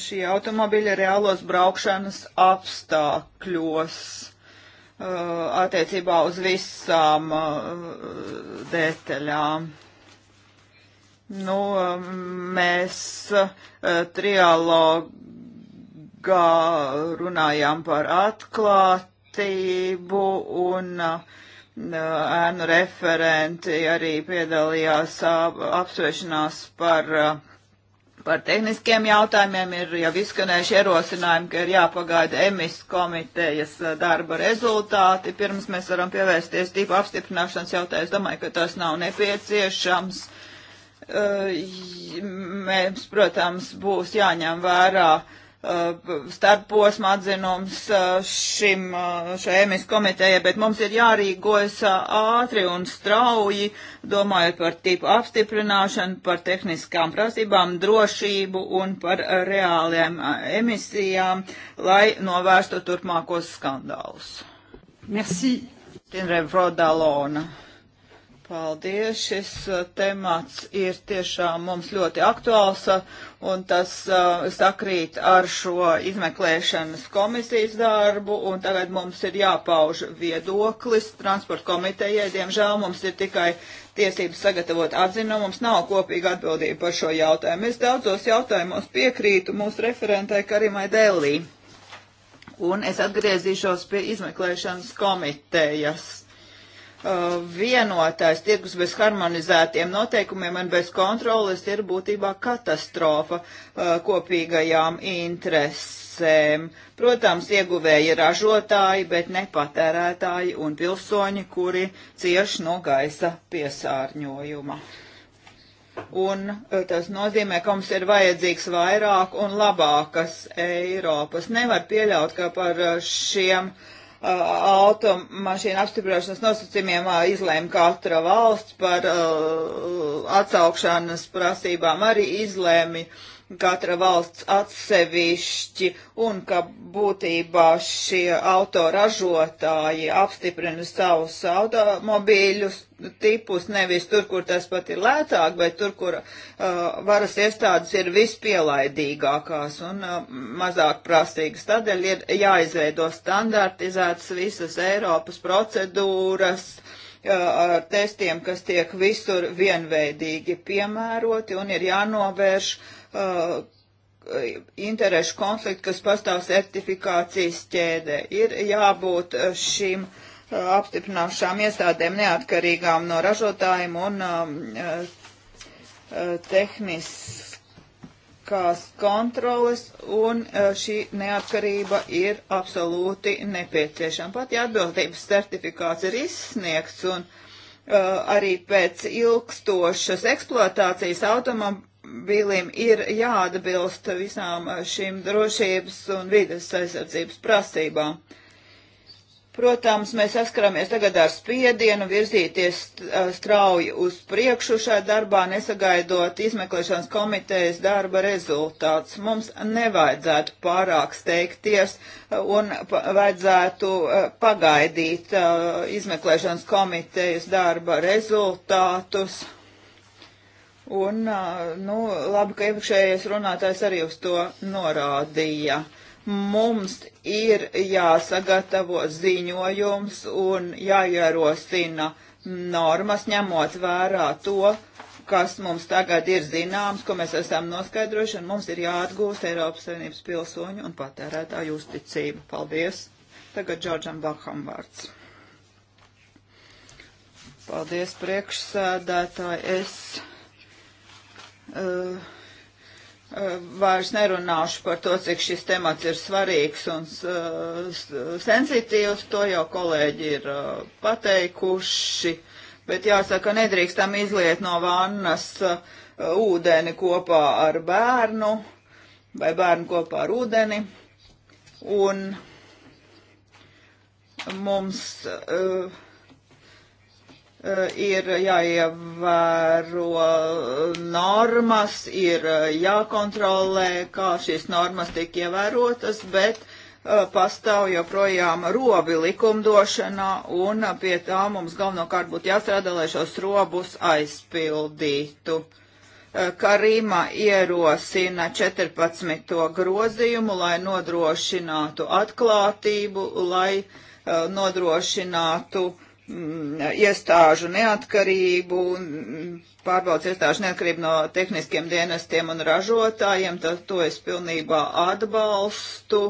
šie automobiļi reālos braukšanas apstākļos uh, attiecībā uz visām uh, detaļām. Nu, um, mēs uh, trialogā runājām par atklātību un uh, ēnu referenti arī piedalījās apsvēršanās par, par tehniskiem jautājumiem. Ir jau izskanējuši ierosinājumi, ka ir jāpagaida emis komitejas darba rezultāti. Pirms mēs varam pievērsties tīpa apstiprināšanas jautājumu. Es domāju, ka tas nav nepieciešams. Mēs, protams, būs jāņem vērā uh, Uh, starposma atzinums uh, šim, uh, šai emis komitejai, bet mums ir jārīkojas ātri un strauji, domājot par tipu apstiprināšanu, par tehniskām prasībām, drošību un par reāliem emisijām, lai novērstu turpmākos skandālus. Merci. Tinre Vrodalona. Paldies, šis temats ir tiešām mums ļoti aktuāls un tas uh, sakrīt ar šo izmeklēšanas komisijas darbu, un tagad mums ir jāpauž viedoklis transporta komitejai. Diemžēl mums ir tikai tiesības sagatavot atzinumu, mums nav kopīga atbildība par šo jautājumu. Es daudzos jautājumos piekrītu mūsu referentai Karimai Delī, un es atgriezīšos pie izmeklēšanas komitejas Uh, vienotais tirgus bez harmonizētiem noteikumiem un bez kontroles ir būtībā katastrofa uh, kopīgajām interesēm. Protams, ieguvēji ir ražotāji, bet ne patērētāji un pilsoņi, kuri cieši no gaisa piesārņojuma. Un uh, tas nozīmē, ka mums ir vajadzīgs vairāk un labākas Eiropas. Nevar pieļaut, ka par šiem uh, Uh, automašīnu apstiprināšanas nosacījumiem uh, izlēma katra valsts par uh, atsaukšanas prasībām arī izlēmi katra valsts atsevišķi un ka būtībā šie autoražotāji apstiprina savus automobīļus tipus nevis tur, kur tas pat ir lētāk, bet tur, kur uh, varas iestādes ir vispielaidīgākās un uh, mazāk prasīgas. Tādēļ ir jāizveido standartizētas visas Eiropas procedūras, uh, ar testiem, kas tiek visur vienveidīgi piemēroti un ir jānovērš uh, interešu konfliktu, kas pastāv certifikācijas ķēdē. Ir jābūt uh, šīm uh, apstiprināšām iestādēm neatkarīgām no ražotājiem un um, uh, uh, tehniskās kontroles, un uh, šī neatkarība ir absolūti nepieciešama. Pat ja atbildības certifikāts ir izsniegts un arī pēc ilgstošas eksploatācijas automobiļu bilim ir jāatbilst visām šīm drošības un vides aizsardzības prasībām. Protams, mēs saskaramies tagad ar spiedienu virzīties strauji uz priekšu šajā darbā, nesagaidot izmeklēšanas komitejas darba rezultāts. Mums nevajadzētu pārāk steigties un vajadzētu pagaidīt izmeklēšanas komitejas darba rezultātus Un, nu, labi, ka iepriekšējais runātājs arī uz to norādīja. Mums ir jāsagatavo ziņojums un jāierostina normas, ņemot vērā to, kas mums tagad ir zināms, ko mēs esam noskaidrojuši, un mums ir jāatgūst Eiropas Savienības pilsoņu un patērētāju uzticību. Paldies! Tagad Džordžam Bakam vārds. Paldies, priekšsēdētāji. Es Uh, vairs nerunāšu par to, cik šis temats ir svarīgs un eh, sensitīvs, to jau kolēģi ir pateikuši, bet jāsaka, nedrīkstam izliet no vannas ūdeni kopā ar bērnu vai bērnu kopā ar ūdeni. Un mums uh, Eh, ir jāievēro normas, ir eh, jākontrolē, kā šīs normas tiek ievērotas, bet uh, pastāv joprojām robi likumdošanā, un pie tā mums galvenokārt būtu jāstrādā, lai šos robus aizpildītu. Uh, Karīma ierosina 14. grozījumu, lai nodrošinātu atklātību, lai uh, nodrošinātu uh, Mm, iestāžu neatkarību, pārbaudas iestāžu neatkarību no tehniskiem dienestiem un ražotājiem, tad to es pilnībā atbalstu.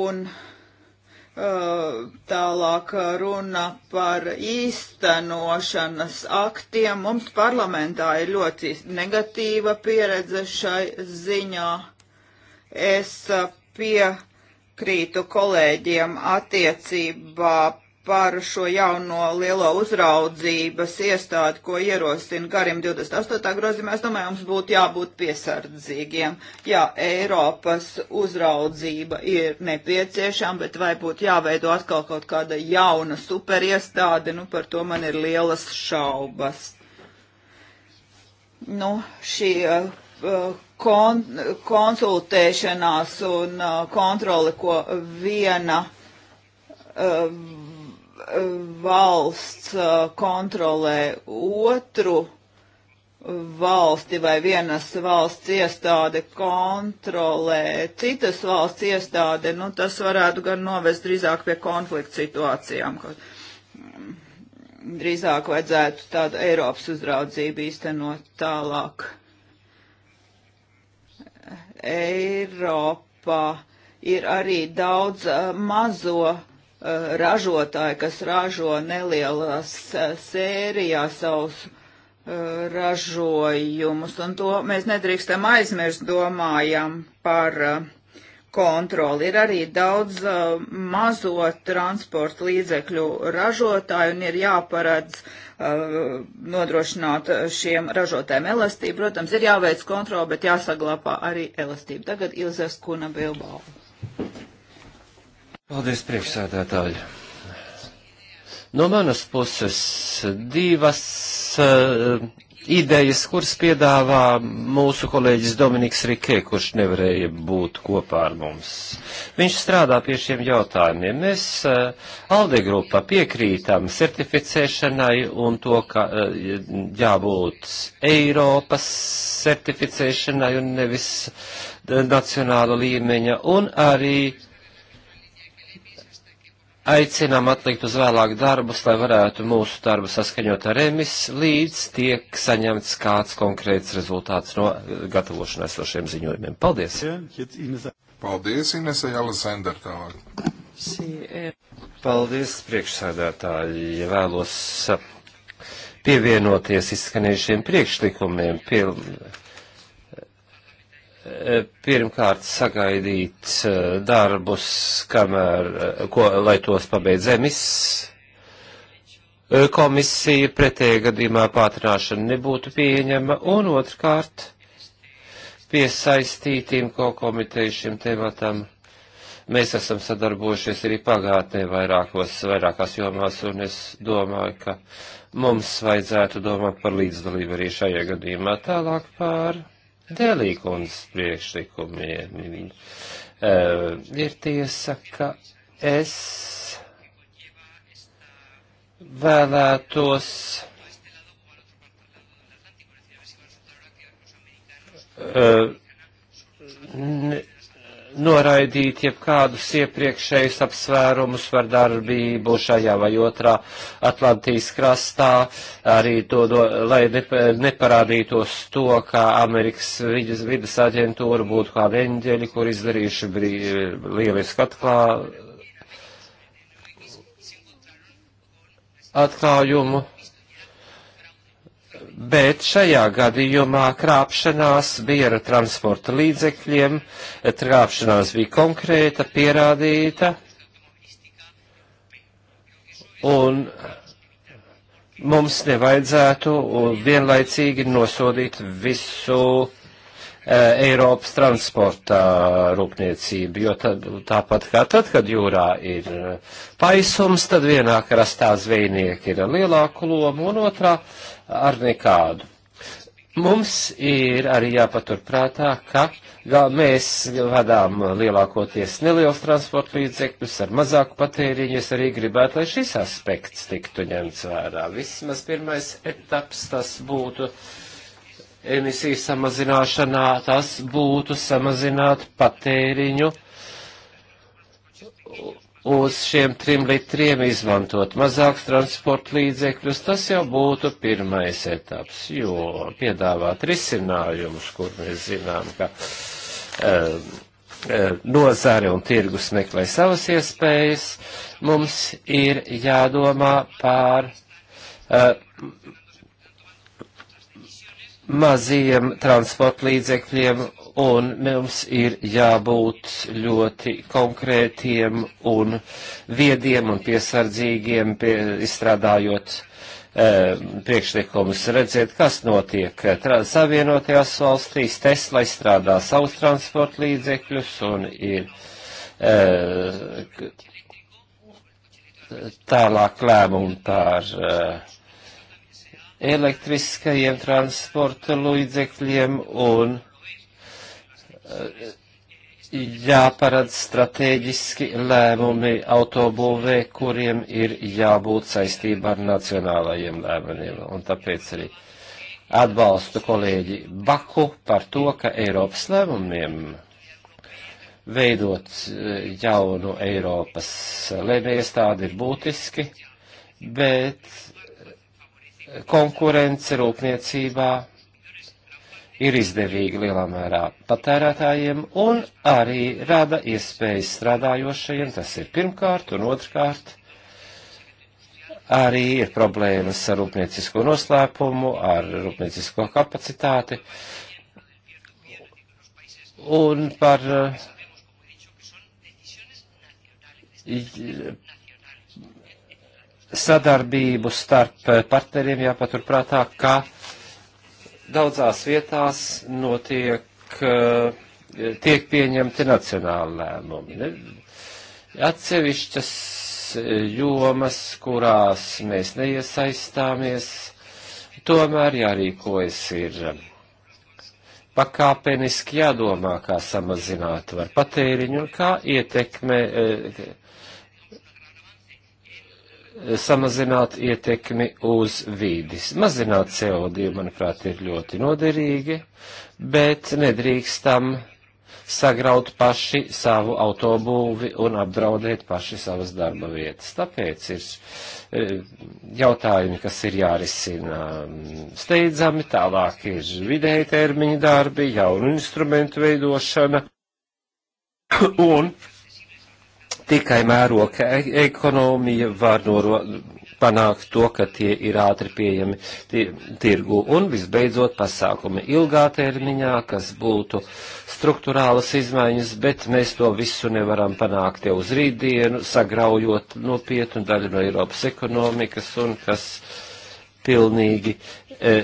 Un uh, tālāk runa par īstenošanas aktiem. Mums parlamentā ir ļoti negatīva pieredze šai ziņā. Es uh, piekrītu kolēģiem attiecībā par šo jauno lielo uzraudzības iestādi, ko ierosina Garim 28. grozījumā, es domāju, mums būtu jābūt piesardzīgiem. Jā, Eiropas uzraudzība ir nepieciešama, bet vai būtu jāveido atkal kaut kāda jauna superiestāde, nu par to man ir lielas šaubas. Nu, šī uh, kon konsultēšanās un uh, kontrole, ko viena uh, valsts kontrolē otru valsti vai vienas valsts iestāde kontrolē citas valsts iestāde, nu tas varētu gan novest drīzāk pie konflikta situācijām. Mm, drīzāk vajadzētu tādu Eiropas uzraudzību īstenot tālāk. Eiropā ir arī daudz mazo Eh, ražotāji, kas ražo nelielās eh, sērijā savus eh, ražojumus, un to mēs nedrīkstam aizmirst, domājam par kontroli. Ir arī daudz mazo transporta līdzekļu ražotāju, un ir jāparedz nodrošināt šiem ražotājiem elastību. Protams, ir jāveic kontroli, bet jāsaglabā arī elastība. Tagad Ilzes Kuna Bilbao. Paldies, priekšsēdētāji. No manas puses divas uh, idejas, kuras piedāvā mūsu kolēģis Dominiks Rikē, kurš nevarēja būt kopā ar mums. Viņš strādā pie šiem jautājumiem. Mēs uh, Alde grupā piekrītam certificēšanai un to, ka uh, jābūt Eiropas certificēšanai un nevis nacionāla līmeņa un arī aicinām atlikt uz vēlāk darbus, lai varētu mūsu darbu saskaņot ar remis, līdz tiek saņemts kāds konkrēts rezultāts no gatavošanā esošiem ziņojumiem. Paldies! Paldies, Inese Jālasender tālāk. Eh. Paldies, priekšsēdētāji, vēlos eh, pievienoties izskanējušiem priekšlikumiem. Pie Eh, pirmkārt sagaidīt eh, darbus, kamēr, eh, ko, lai tos pabeidz emis. Komisija pretējā gadījumā pātrināšana nebūtu pieņema, un otrkārt piesaistītiem kokomiteju šim tematam. Mēs esam sadarbojušies arī pagātnē vairākos, vairākās jomās, un es domāju, ka mums vajadzētu domāt par līdzdalību arī šajā gadījumā tālāk pār. Telīkundas priekšlikumi uh, ir tiesa, ka es vēlētos uh, eh, ne, noraidīt jebkādus iepriekšējus apsvērumus par darbību šajā vai otrā Atlantijas krastā, arī to, do, lai ne, neparādītos to, ka Amerikas vidas, vidas aģentūra būtu kādi eņģeļi, kur izdarījuši brī, lielisku atklā, atklājumu bet šajā gadījumā krāpšanās bija ar transporta līdzekļiem, krāpšanās bija konkrēta, pierādīta, un mums nevajadzētu vienlaicīgi nosodīt visu Eh, Eiropas transporta rūpniecību, jo tad, tāpat kā tad, kad jūrā ir eh, paisums, tad vienā krastā zvejnieki ir ar lielāku lomu un otrā ar nekādu. Mums ir arī jāpaturprātā, ka gal, mēs vadām lielākoties nelielus transporta līdzekļus ar mazāku patēriņu. Es arī gribētu, lai šis aspekts tiktu ņemts vērā. Vismaz pirmais etaps tas būtu. Uh, emisiju samazināšanā, tas būtu samazināt patēriņu uz šiem trim litriem izmantot mazāks transporta līdzekļus, tas jau būtu pirmais etaps, jo piedāvāt risinājumus, kur mēs zinām, ka um, um nozare un tirgus meklē savas iespējas, mums ir jādomā pār uh, um, maziem transporta līdzekļiem, un mums ir jābūt ļoti konkrētiem un viediem un piesardzīgiem, pie, izstrādājot eh, priekšlikumus redzēt, kas notiek. Tra savienotajās valstīs Tesla izstrādā savus transporta līdzekļus un ir e, tālāk lēmumi par e, elektriskajiem transporta līdzekļiem un eh, jāparad strateģiski lēmumi autobūvē, kuriem ir jābūt saistībā ar nacionālajiem lēmumiem. Un tāpēc arī atbalstu kolēģi Baku par to, ka Eiropas lēmumiem veidot eh, jaunu Eiropas lēmējiestādi ir būtiski, bet konkurence rūpniecībā ir izdevīga lielā mērā patērētājiem un arī rada iespējas strādājošajiem, tas ir pirmkārt, un otrkārt arī ir problēmas ar rūpniecisko noslēpumu, ar rūpniecisko kapacitāti. Un par sadarbību starp eh, partneriem jāpaturprātā, ka daudzās vietās notiek, eh, tiek pieņemti nacionāli lēmumi. Atsevišķas eh, jomas, kurās mēs neiesaistāmies, tomēr jārīkojas ir pakāpeniski jādomā, kā samazināt var patēriņu un kā ietekme, samazināt ietekmi uz vīdis. Mazināt CO2, manuprāt, ir ļoti noderīgi, bet nedrīkstam sagraut paši savu autobūvi un apdraudēt paši savas darba vietas. Tāpēc ir e, jautājumi, kas ir jārisina steidzami, tālāk ir vidēji termiņa darbi, jaunu instrumentu veidošana un tikai mēroka e- ekonomija var noro, panākt to, ka tie ir ātri pieejami tirgu. Un visbeidzot pasākumi ilgā termiņā, kas būtu struktūrālas izmaiņas, bet mēs to visu nevaram panākt jau uz rītdienu, sagraujot nopietnu daļu no Eiropas ekonomikas un kas pilnīgi e, e,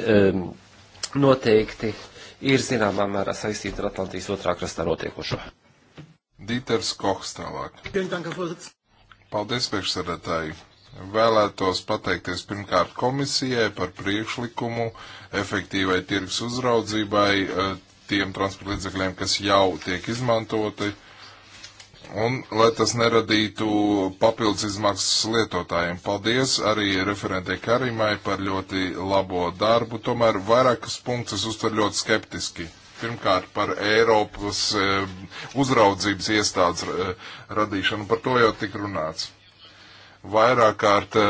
noteikti ir zināmā mērā saistīta ar Atlantijas otrā krastā notiekošo. Dīters Kochs tālāk. Paldies, priekšsēdētāji! Vēlētos pateikties pirmkārt komisijai par priekšlikumu efektīvai tirgus uzraudzībai eh, tiem transporta līdzekļiem, kas jau tiek izmantoti, un lai tas neradītu papildus izmaksas lietotājiem. Paldies arī referentē Karimai par ļoti labo darbu, tomēr vairākas punktus uztver ļoti skeptiski. Pirmkārt, par Eiropas e, uzraudzības iestādes e, radīšanu. Par to jau tik runāts. Vairāk kārt e,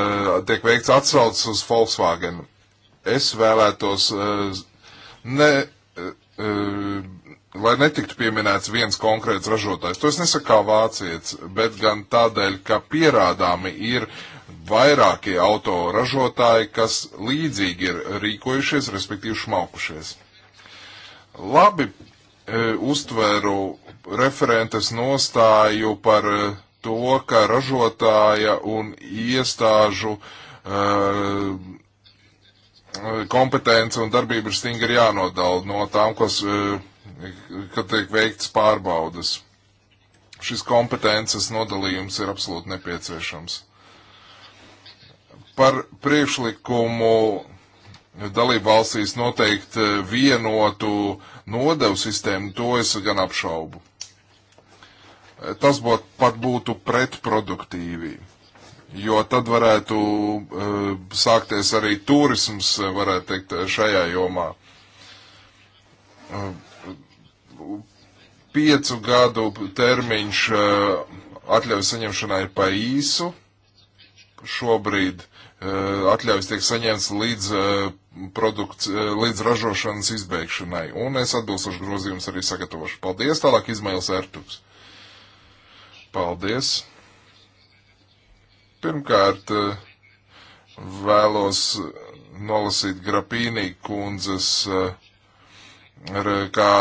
tiek veikts atsaucis uz Volkswagen. Es vēlētos ne lai netiktu pieminēts viens konkrēts ražotājs. To es nesaku kā vācietis, bet gan tādēļ, ka pierādāmi ir vairākie autoražotāji, kas līdzīgi ir rīkojušies, respektīvi šmaukušies labi e, uztveru referentes nostāju par e, to, ka ražotāja un iestāžu e, kompetence un darbība ir stingri jānodala no tām, kas, kad tiek veikts pārbaudas. Šis kompetences nodalījums ir absolūti nepieciešams. Par priekšlikumu dalību valstīs noteikt eh, vienotu nodevu sistēmu, to es gan apšaubu. Eh, tas būt, pat būtu pretproduktīvi, jo tad varētu uh, sākties arī turisms, varētu teikt, šajā jomā. Uh, piecu gadu termiņš uh, atļauju saņemšanai pa īsu šobrīd Eh, atļaujas tiek saņemts līdz, eh, produkts, eh, līdz ražošanas izbeigšanai. Un es atbilstošu grozījumus arī sagatavošu. Paldies, tālāk Izmails Ertuks. Paldies. Pirmkārt, vēlos nolasīt Grapīnī kundzes kā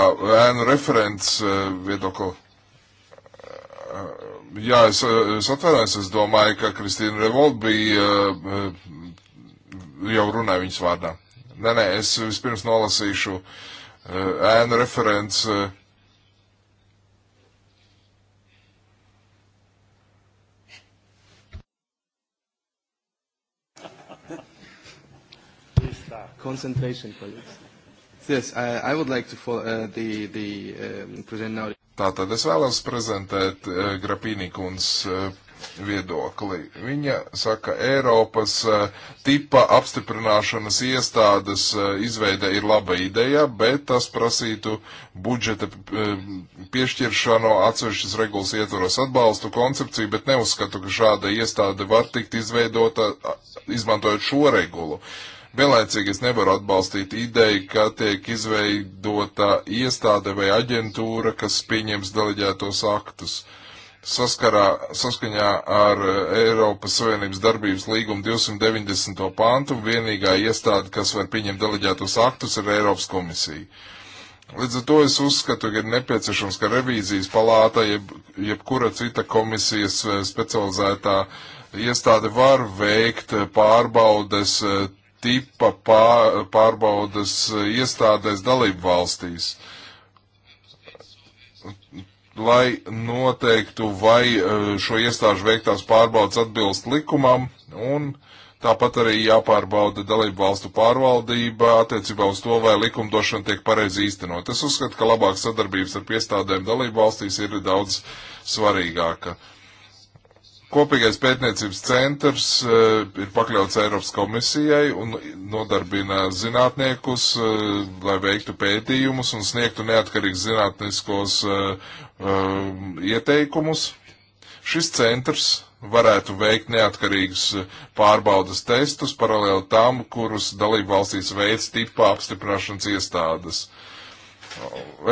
ēnu referents viedokli Jā, es, es atvainojos, es domāju, ka Kristīna Revolt bija eh, jau runāja viņas vārdā. Nē, nē, es vispirms nolasīšu eh, ēnu referents. Eh. Concentration, colleagues. Yes, I, I would like to follow uh, the, the um, present now. Tātad es vēlos prezentēt uh, Grapīnī kundas uh, viedokli. Viņa saka, Eiropas uh, tipa apstiprināšanas iestādes uh, izveide ir laba ideja, bet tas prasītu budžeta uh, piešķiršanu atsevišķas regulas ietvaros atbalstu koncepciju, bet neuzskatu, ka šāda iestāde var tikt izveidota uh, izmantojot šo regulu. Uh, Vienlaicīgi es nevaru atbalstīt ideju, ka tiek izveidota iestāde vai aģentūra, kas pieņems deleģētos aktus. Saskarā, saskaņā ar Eiropas Savienības darbības līgumu 290. pantu vienīgā iestāde, kas var pieņemt deleģētos aktus, ir Eiropas komisija. Līdz ar to es uzskatu, ka ir nepieciešams, ka revīzijas palāta, jeb, jebkura cita komisijas eh, specializētā iestāde var veikt eh, pārbaudes eh, tipa pārbaudas iestādēs dalību valstīs, lai noteiktu, vai eh, šo iestāžu veiktās pārbaudas atbilst likumam un Tāpat arī jāpārbauda dalību valstu pārvaldība attiecībā uz to, vai likumdošana tiek pareizi īstenot. Es uzskatu, ka labāk sadarbības ar piestādēm dalību valstīs ir daudz svarīgāka. Kopīgais pētniecības centrs eh, ir pakļauts Eiropas komisijai un nodarbina zinātniekus, eh, lai veiktu pētījumus un sniegtu neatkarīgus zinātniskos eh, ieteikumus. Šis centrs varētu veikt neatkarīgus pārbaudas testus paralēli tam, kurus dalību valstīs veids tipa apstiprināšanas iestādes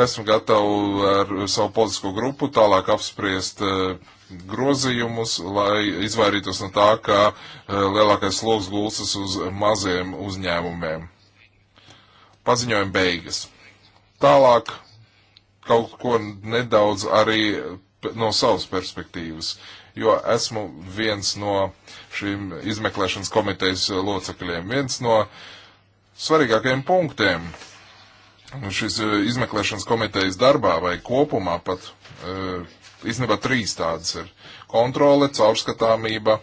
esmu gatavs ar savu politisko grupu tālāk apspriest uh, grozījumus, lai izvairītos no tā, ka e, lielākais sloks gulstas uz maziem uzņēmumiem. Paziņojumi beigas. Tālāk kaut ko nedaudz arī no savas perspektīvas, jo esmu viens no šīm izmeklēšanas komitejas locekļiem. Viens no svarīgākajiem punktiem šīs e, izmeklēšanas komitejas darbā vai kopumā pat e, Īstenībā trīs tādas ir. Kontrole, caurskatāmība.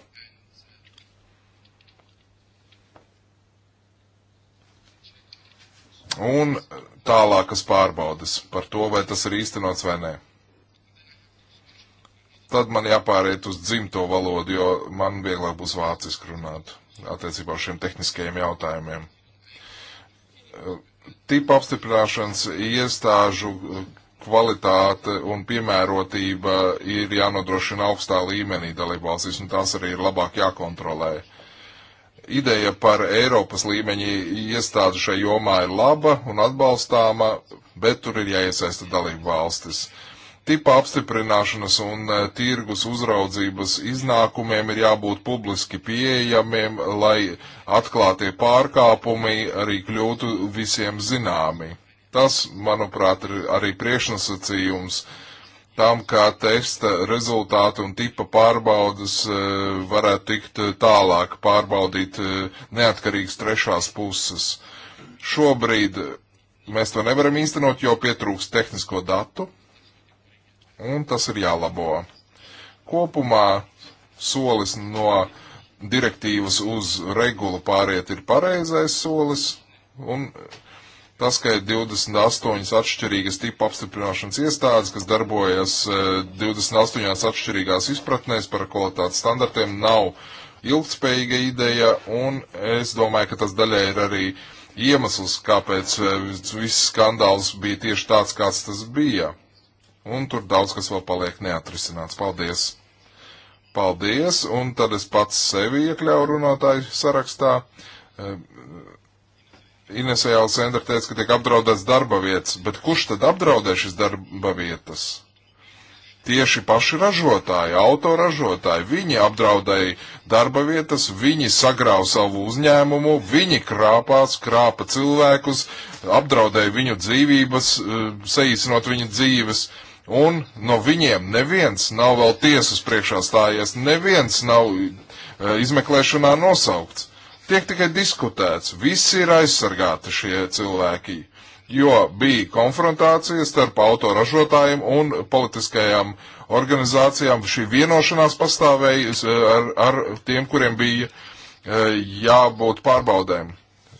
Un tālākas pārbaudas par to, vai tas ir īstenots vai nē. Tad man jāpāriet uz dzimto valodu, jo man vieglāk būs vāciski runāt attiecībā uz šiem tehniskajiem jautājumiem. Tipa apstiprināšanas iestāžu kvalitāte un piemērotība ir jānodrošina augstā līmenī dalībvalstīs, un tās arī ir labāk jākontrolē. Ideja par Eiropas līmeņa iestādi šai jomā ir laba un atbalstāma, bet tur ir jāiesaista dalībvalstis. Tipa apstiprināšanas un eh, tirgus uzraudzības iznākumiem ir jābūt publiski pieejamiem, lai atklātie pārkāpumi arī kļūtu visiem zināmi Tas, manuprāt, ir arī priekšnosacījums tam, kā testa rezultāti un tipa pārbaudas e, varētu tikt tālāk pārbaudīt e, neatkarīgas trešās puses. Šobrīd mēs to nevaram īstenot, jo pietrūks tehnisko datu, un tas ir jālabo. Kopumā solis no direktīvas uz regulu pāriet ir pareizais solis, un Tas, ka ir 28 atšķirīgas tipu apstiprināšanas iestādes, kas darbojas 28 e, atšķirīgās izpratnēs par kvalitātes standartiem, nav ilgspējīga ideja, un es domāju, ka tas daļai ir arī iemesls, kāpēc e, viss skandāls bija tieši tāds, kāds tas bija. Un tur daudz kas vēl paliek neatrisināts. Paldies! Paldies! Un tad es pats sevi iekļauju runātāju sarakstā. E, Inesē Alsendra teica, ka tiek apdraudēts darba vietas, bet kurš tad apdraudē šis darba vietas? Tieši paši ražotāji, autoražotāji, viņi apdraudēja darba vietas, viņi sagrāva savu uzņēmumu, viņi krāpās, krāpa cilvēkus, apdraudēja viņu dzīvības, eh, saīsinot viņu dzīves. Un no viņiem neviens nav vēl tiesas priekšā stājies, neviens nav eh, izmeklēšanā nosaukts tiek tikai diskutēts. Visi ir aizsargāti šie cilvēki, jo bija konfrontācija starp autoražotājiem un politiskajām organizācijām. Šī vienošanās pastāvēja eh, ar, ar tiem, kuriem bija eh, jābūt pārbaudēm.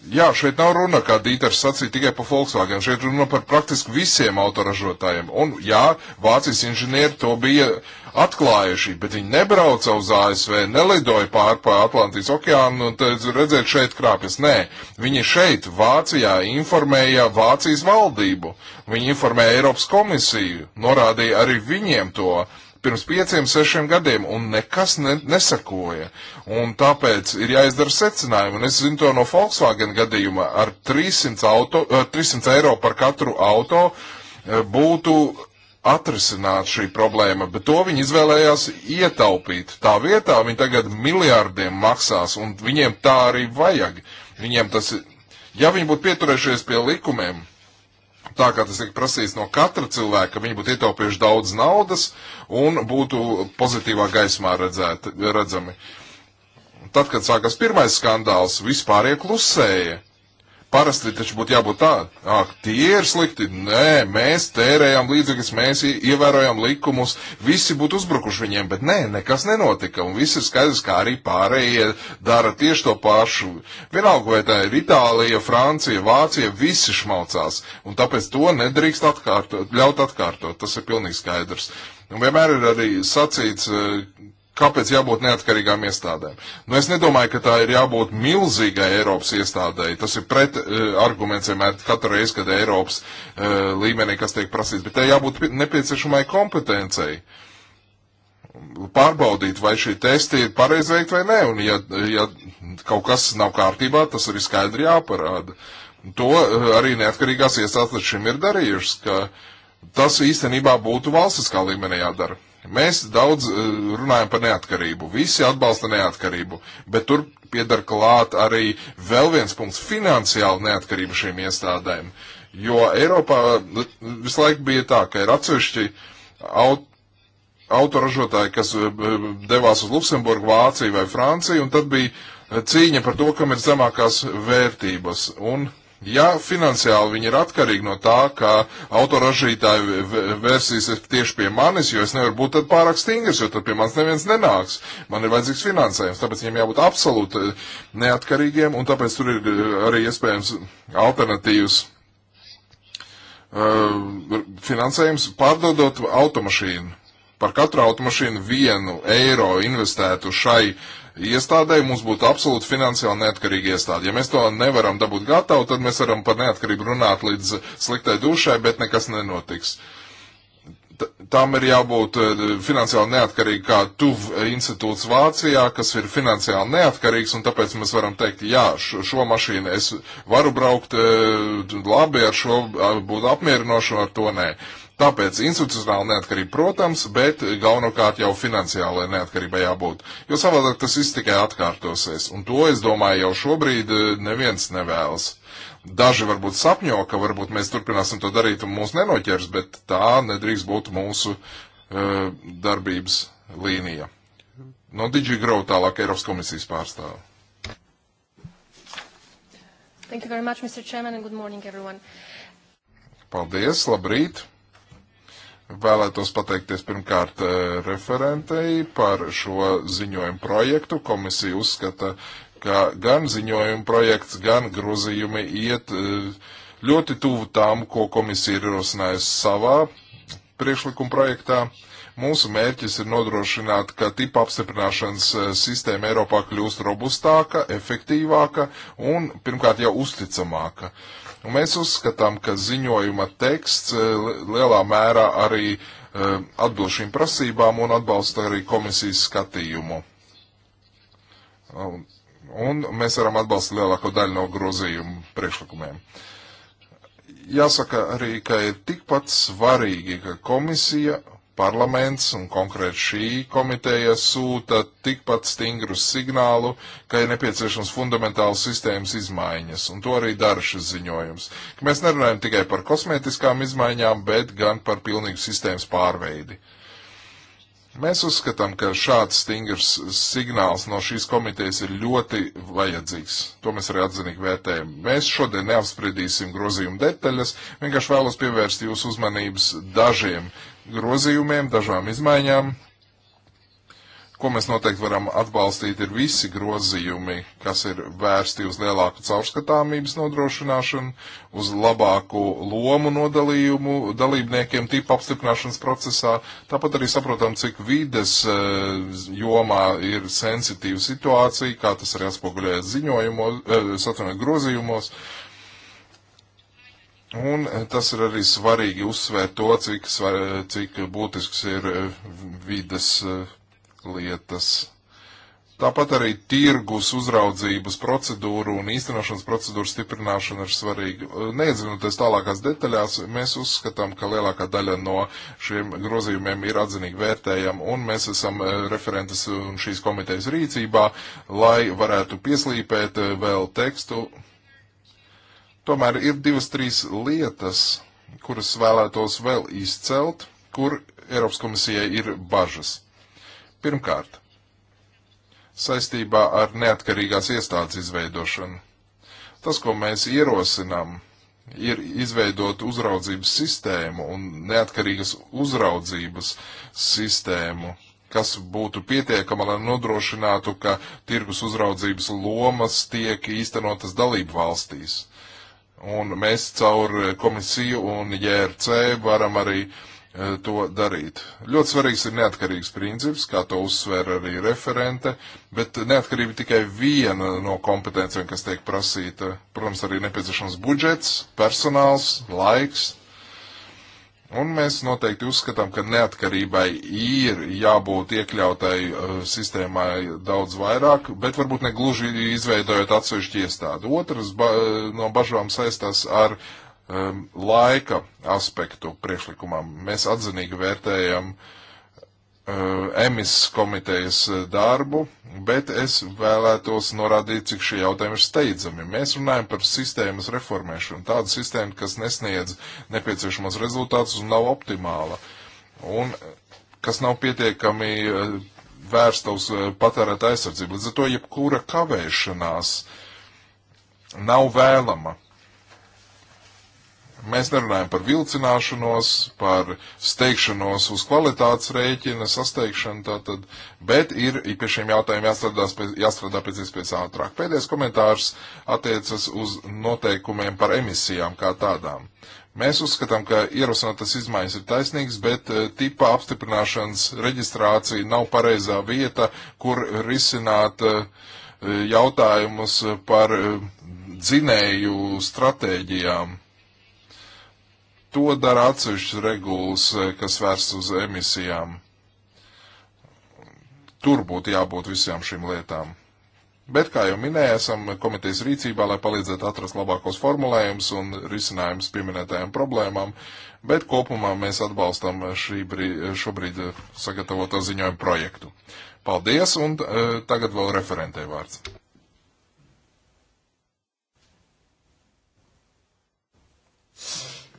Jā, šeit nav runa, kā Dīters sacīja, tikai par Volkswagen. Šeit runa par praktiski visiem autoražotājiem. Un jā, Vācijas inženieri to bija atklājuši, bet viņi nebrauca uz ASV, nelidoja pār pa Atlantijas okeānu un redzēt šeit krāpjas. Nē, viņi šeit, Vācijā, informēja Vācijas valdību. Viņi informēja Eiropas komisiju, norādīja arī viņiem to pirms pieciem, sešiem gadiem, un nekas ne, nesakoja. Un tāpēc ir jāizdara secinājumi, un es zinu to no Volkswagen gadījuma, ar 300, auto, 300 eh, eiro par katru auto eh, būtu atrisināt šī problēma, bet to viņi izvēlējās ietaupīt. Tā vietā viņi tagad miljārdiem maksās, un viņiem tā arī vajag. Viņiem tas, ja viņi būtu pieturējušies pie likumiem, tā kā tas tika prasīts no katra cilvēka, ka viņi būtu ietaupījuši daudz naudas un būtu pozitīvā gaismā redzēt, redzami. Tad, kad sākās pirmais skandāls, vispār ieklusēja. Parasti taču būtu jābūt tā, ak, tie ir slikti, nē, mēs tērējām līdzekļus, mēs ievērojām likumus, visi būtu uzbrukuši viņiem, bet nē, nekas nenotika, un viss ir skaidrs, kā arī pārējie dara tieši to pašu. Vienalga, vai tā ir Itālija, Francija, Vācija, visi šmalcās, un tāpēc to nedrīkst atkārtot, ļaut atkārtot, tas ir pilnīgi skaidrs. Un vienmēr ir arī sacīts, kāpēc jābūt neatkarīgām iestādēm? Nu, es nedomāju, ka tā ir jābūt milzīgai Eiropas iestādēji. Tas ir pret uh, arguments vienmēr katru reizi, kad Eiropas uh, līmenī kas tiek prasīts, bet tai jābūt nepieciešamai kompetencei. Pārbaudīt, vai šī testi ir pareizi veikt vai nē, un ja, ja kaut kas nav kārtībā, tas arī skaidri jāparāda. To uh, arī neatkarīgās iestādes šim ir darījušas, ka tas īstenībā būtu valstiskā līmenī jādara. Mēs daudz eh, runājam par neatkarību, visi atbalsta neatkarību, bet tur piedar klāt arī vēl viens punkts - finansiāla neatkarība šīm iestādēm. Jo Eiropā eh, visu laiku bija tā, ka ir atsevišķi aut autoražotāji, kas eh, devās uz Luksemburgu, Vāciju vai Franciju, un tad bija cīņa par to, kam ir zemākās vērtības. Un Ja finansiāli viņi ir atkarīgi no tā, ka autoražītāji vērsīsies tieši pie manis, jo es nevaru būt tad pārāk stingrs, jo tad pie manis neviens nenāks. Man ir vajadzīgs finansējums, tāpēc viņiem jābūt absolūti eh, neatkarīgiem, un tāpēc tur ir eh, arī iespējams alternatīvas uh, finansējums pārdodot automašīnu par katru automašīnu vienu eiro investētu šai iestādēji, mums būtu absolūti finansiāli neatkarīga iestāde. Ja mēs to nevaram dabūt gatavu, tad mēs varam par neatkarību runāt līdz sliktai dušai, bet nekas nenotiks. T Tām ir jābūt eh, finansiāli neatkarīgi kā tuv institūts Vācijā, kas ir finansiāli neatkarīgs, un tāpēc mēs varam teikt, jā, šo, šo mašīnu es varu braukt eh, labi, ar šo būtu apmierinoši, ar to nē. Tāpēc institucionāla neatkarība, protams, bet galvenokārt jau finansiālai neatkarībai jābūt. Jo savādāk tas viss tikai atkārtosies. Un to, es domāju, jau šobrīd e, neviens nevēlas. Daži varbūt sapņo, ka varbūt mēs turpināsim to darīt un mūs nenoķers, bet tā nedrīkst būt mūsu uh, darbības līnija. No Digi Grow tālāk Eiropas komisijas pārstāvu. Thank you very much, Mr. Chairman, and good morning, everyone. Paldies, labrīt! Vēlētos pateikties pirmkārt e, referentei par šo ziņojumu projektu. Komisija uzskata, ka gan ziņojuma projekts, gan grozījumi iet e, ļoti tuvu tām, ko komisija ir ierosinājusi savā priekšlikuma projektā. Mūsu mērķis ir nodrošināt, ka tipa apstiprināšanas e, sistēma Eiropā kļūst robustāka, efektīvāka un, pirmkārt, jau uzticamāka. Uh, Un mēs uzskatām, ka ziņojuma teksts eh, lielā mērā arī eh, atbilst šīm prasībām un atbalsta arī komisijas skatījumu. Un, un mēs varam atbalstīt lielāko daļu no grozījumu priekšlikumiem. Jāsaka arī, ka ir tikpat svarīgi, ka komisija Parlaments un konkrēti šī komiteja sūta tikpat stingru signālu, ka ir nepieciešams fundamentāls sistēmas izmaiņas, un to arī dara šis ziņojums. Ka mēs nerunājam tikai par kosmētiskām izmaiņām, bet gan par pilnīgu sistēmas pārveidi. Mēs uzskatām, ka šāds stingrs signāls no šīs komitejas ir ļoti vajadzīgs. To mēs arī atzinīgi vērtējam. Mēs šodien neapspriedīsim grozījumu detaļas, vienkārši vēlos pievērst jūsu uzmanības dažiem grozījumiem, dažām izmaiņām. Ko mēs noteikti varam atbalstīt, ir visi grozījumi, kas ir vērsti uz lielāku caurskatāmības nodrošināšanu, uz labāku lomu nodalījumu dalībniekiem tipu apstiprināšanas procesā. Tāpat arī saprotam, cik vides eh, jomā ir sensitīva situācija, kā tas arī atspoguļojas ziņojumos, eh, satuniet grozījumos. Uh, Un eh, tas ir arī svarīgi uzsvērt to, cik, svar, cik būtisks ir eh, vides eh, lietas. Tāpat arī tirgus uzraudzības procedūru un īstenošanas procedūru stiprināšana ir svarīga. Neiedzinoties tālākās detaļās, mēs uzskatām, ka lielākā daļa no šiem grozījumiem ir atzinīgi vērtējama, un mēs esam referentes un šīs komitejas rīcībā, lai varētu pieslīpēt vēl tekstu Tomēr ir divas, trīs lietas, kuras vēlētos vēl izcelt, kur Eiropas komisijai ir bažas. Pirmkārt, saistībā ar neatkarīgās iestādes izveidošanu. Tas, ko mēs ierosinām, ir izveidot uzraudzības sistēmu un neatkarīgas uzraudzības sistēmu, kas būtu pietiekama, lai nodrošinātu, ka tirgus uzraudzības lomas tiek īstenotas dalību valstīs. Un mēs caur eh, komisiju un JRC varam arī eh, to darīt. Ļoti svarīgs ir neatkarīgs princips, kā to uzsver arī referente, bet neatkarība tikai viena no kompetencijām, kas tiek prasīta. Protams, arī nepieciešams budžets, personāls, laiks Un mēs noteikti uzskatām, ka neatkarībai ir jābūt iekļautai uh, sistēmai daudz vairāk, bet varbūt ne gluži izveidojot atsevišķu iestādi. Otras ba uh, no bažām saistās ar um, laika aspektu priekšlikumam. Mēs atzinīgi vērtējam uh, Eh, emis komitejas eh, darbu, bet es vēlētos norādīt, cik šie jautājumi ir steidzami. Mēs runājam par sistēmas reformēšanu, tādu sistēmu, kas nesniedz nepieciešamos rezultātus un nav optimāla, un eh, kas nav pietiekami vērsta uz patērēta aizsardzību. Līdz ar to jebkura kavēšanās nav vēlama. Mēs nerunājam par vilcināšanos, par steigšanos uz kvalitātes rēķina, sasteigšanu tātad, bet ir pie šiem jautājumiem jāstrādā, jāstrādā pēc iespējas ātrāk. Pēdējais komentārs attiecas uz noteikumiem par emisijām kā tādām. Mēs uzskatām, ka ierosinātas izmaiņas ir taisnīgas, bet eh, tipa apstiprināšanas reģistrācija nav pareizā vieta, kur risināt eh, jautājumus par eh, dzinēju stratēģijām To dara atsevišķas regulas, eh, kas vērsts uz emisijām. Tur būtu jābūt visām šīm lietām. Bet, kā jau minēju, esam komitejas rīcībā, lai palīdzētu atrast labākos formulējumus un risinājumus pieminētajām problēmām, bet kopumā mēs atbalstam šī brīd, šobrīd eh, sagatavoto ziņojumu projektu. Paldies, un e, tagad vēl referentē vārds.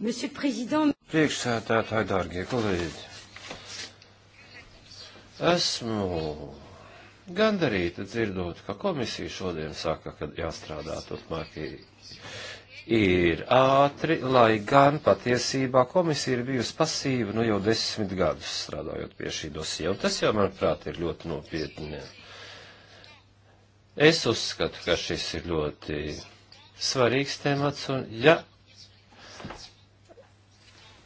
Priekšsētātāji, dārgie kolēģi, esmu gandarīta dzirdot, ka komisija šodien saka, ka jāstrādā turpmāk ir ātri, lai gan patiesībā komisija ir bijusi pasīva nu jau desmit gadus strādājot pie šī dosija, un tas jau, manuprāt, ir ļoti nopietni. Es uzskatu, ka šis ir ļoti svarīgs temats, un ja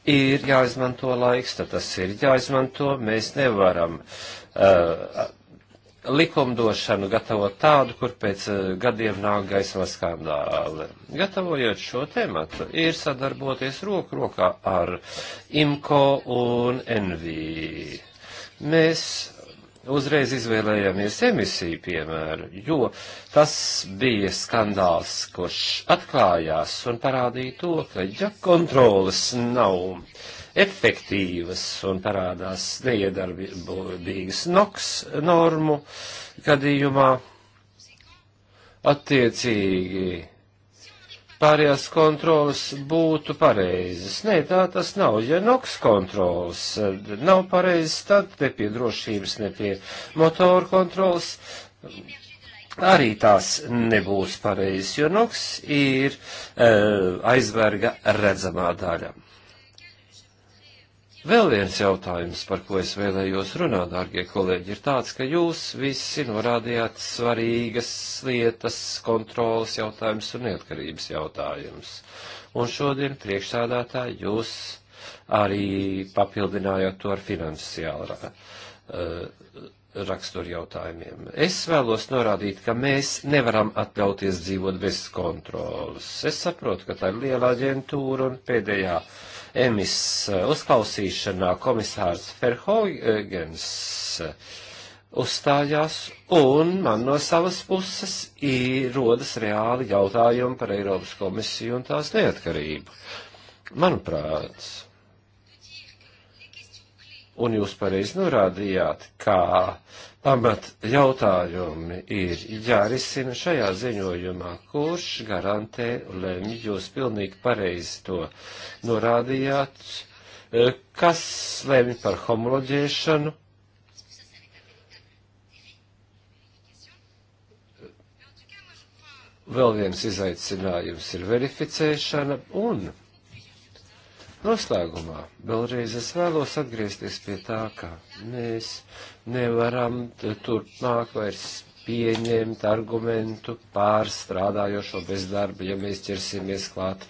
ir jāizmanto laiks, tad tas ir jāizmanto. Mēs nevaram uh, likumdošanu gatavot tādu, kur pēc uh, gadiem nāk gaisma skandāli. Gatavojot šo tematu, ir sadarboties roku rokā ar IMCO un NV. Mēs uzreiz izvēlējāmies emisiju piemēru, jo tas bija skandāls, kurš atklājās un parādīja to, ka ja kontrolas nav efektīvas un parādās neiedarbīgas NOX normu gadījumā, attiecīgi pārējās kontrolas būtu pareizas. Nē, tā tas nav. Ja NOX kontrolas eh, nav pareizas, tad ne pie drošības, ne pie motoru kontrolas arī tās nebūs pareizas, jo NOX ir e, aizverga redzamā daļa. Vēl viens jautājums, par ko es vēlējos runāt, dārgie kolēģi, ir tāds, ka jūs visi norādījāt svarīgas lietas, kontrolas jautājums un neatkarības jautājums. Un šodien priekšsādātā jūs arī papildinājāt to ar finansiālu uh, eh, raksturu jautājumiem. Es vēlos norādīt, ka mēs nevaram atļauties dzīvot bez kontrolas. Es saprotu, ka tā ir liela aģentūra un pēdējā. Uh, emis eh, uzklausīšanā komisārs Ferhogens eh, uzstājās, un man no savas puses ir rodas reāli jautājumi par Eiropas komisiju un tās neatkarību. Manuprāt, un jūs pareizi norādījāt, kā amat jautājumi ir jārisina šajā ziņojumā, kurš garantē lemj, jūs pilnīgi pareizi to norādījāt, e, kas lemj par homoloģēšanu. Vēl viens izaicinājums ir verificēšana un Noslēgumā vēlreiz es vēlos atgriezties pie tā, ka mēs nevaram turpmāk vairs pieņemt argumentu pār strādājošo bezdarbu, ja mēs ķersimies klāt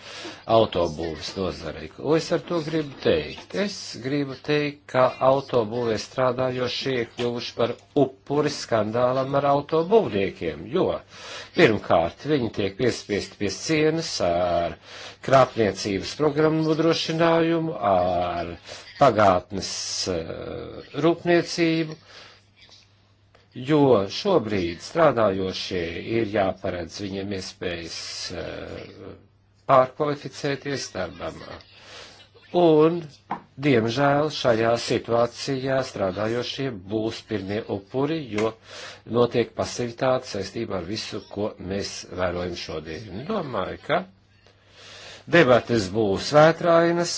autobūves nozarei. Ko es ar to gribu teikt? Es gribu teikt, ka autobūvē strādājošie kļuvuši par upuri skandālam ar autobūvniekiem, jo pirmkārt viņi tiek piespiesti pie cienas ar krāpniecības programmu nodrošinājumu, ar pagātnes uh, rūpniecību, uh, jo šobrīd strādājošie ir jāparedz viņiem iespējas eh, pārkvalificēties darbam. Un, diemžēl, šajā situācijā strādājošie būs pirmie upuri, jo notiek pasivitāte saistībā ar visu, ko mēs vērojam šodien. Domāju, ka debates būs vētrainas,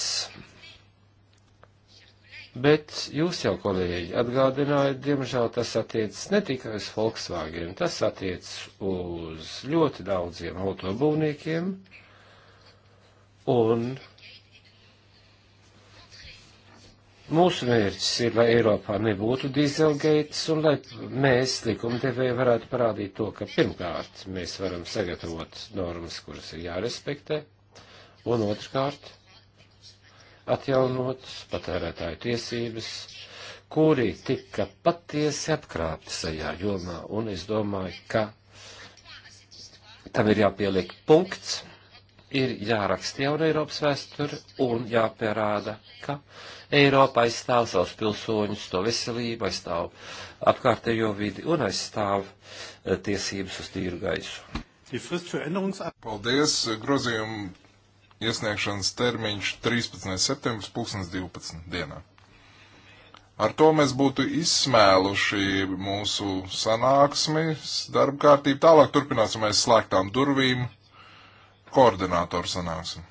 Bet jūs jau, kolēģi, atgādinājāt, diemžēl tas attiecas ne tikai uz Volkswagen, tas attiecas uz ļoti daudziem autobūvniekiem. Un mūsu mērķis ir, lai Eiropā nebūtu dizelgeitas un lai mēs likumdevēji varētu parādīt to, ka pirmkārt mēs varam sagatavot normas, kuras ir jārespektē, un otrkārt atjaunot patērētāju tiesības, kuri tika patiesi apkrāpti šajā jomā, un es domāju, ka tam ir jāpieliek punkts, ir jāraksta jauna Eiropas vēsture un jāpierāda, ka Eiropa aizstāv savus pilsoņus, to veselību, aizstāv apkārtējo vidi un aizstāv eh, tiesības uz tīru gaisu. Paldies, eh, grozījumu Iesniegšanas termiņš 13. septembris 2012. dienā. Ar to mēs būtu izsmēluši mūsu sanāksmi, darba kārtību. Tālāk turpināsim aiz slēgtām durvīm koordinātoru sanāksmi.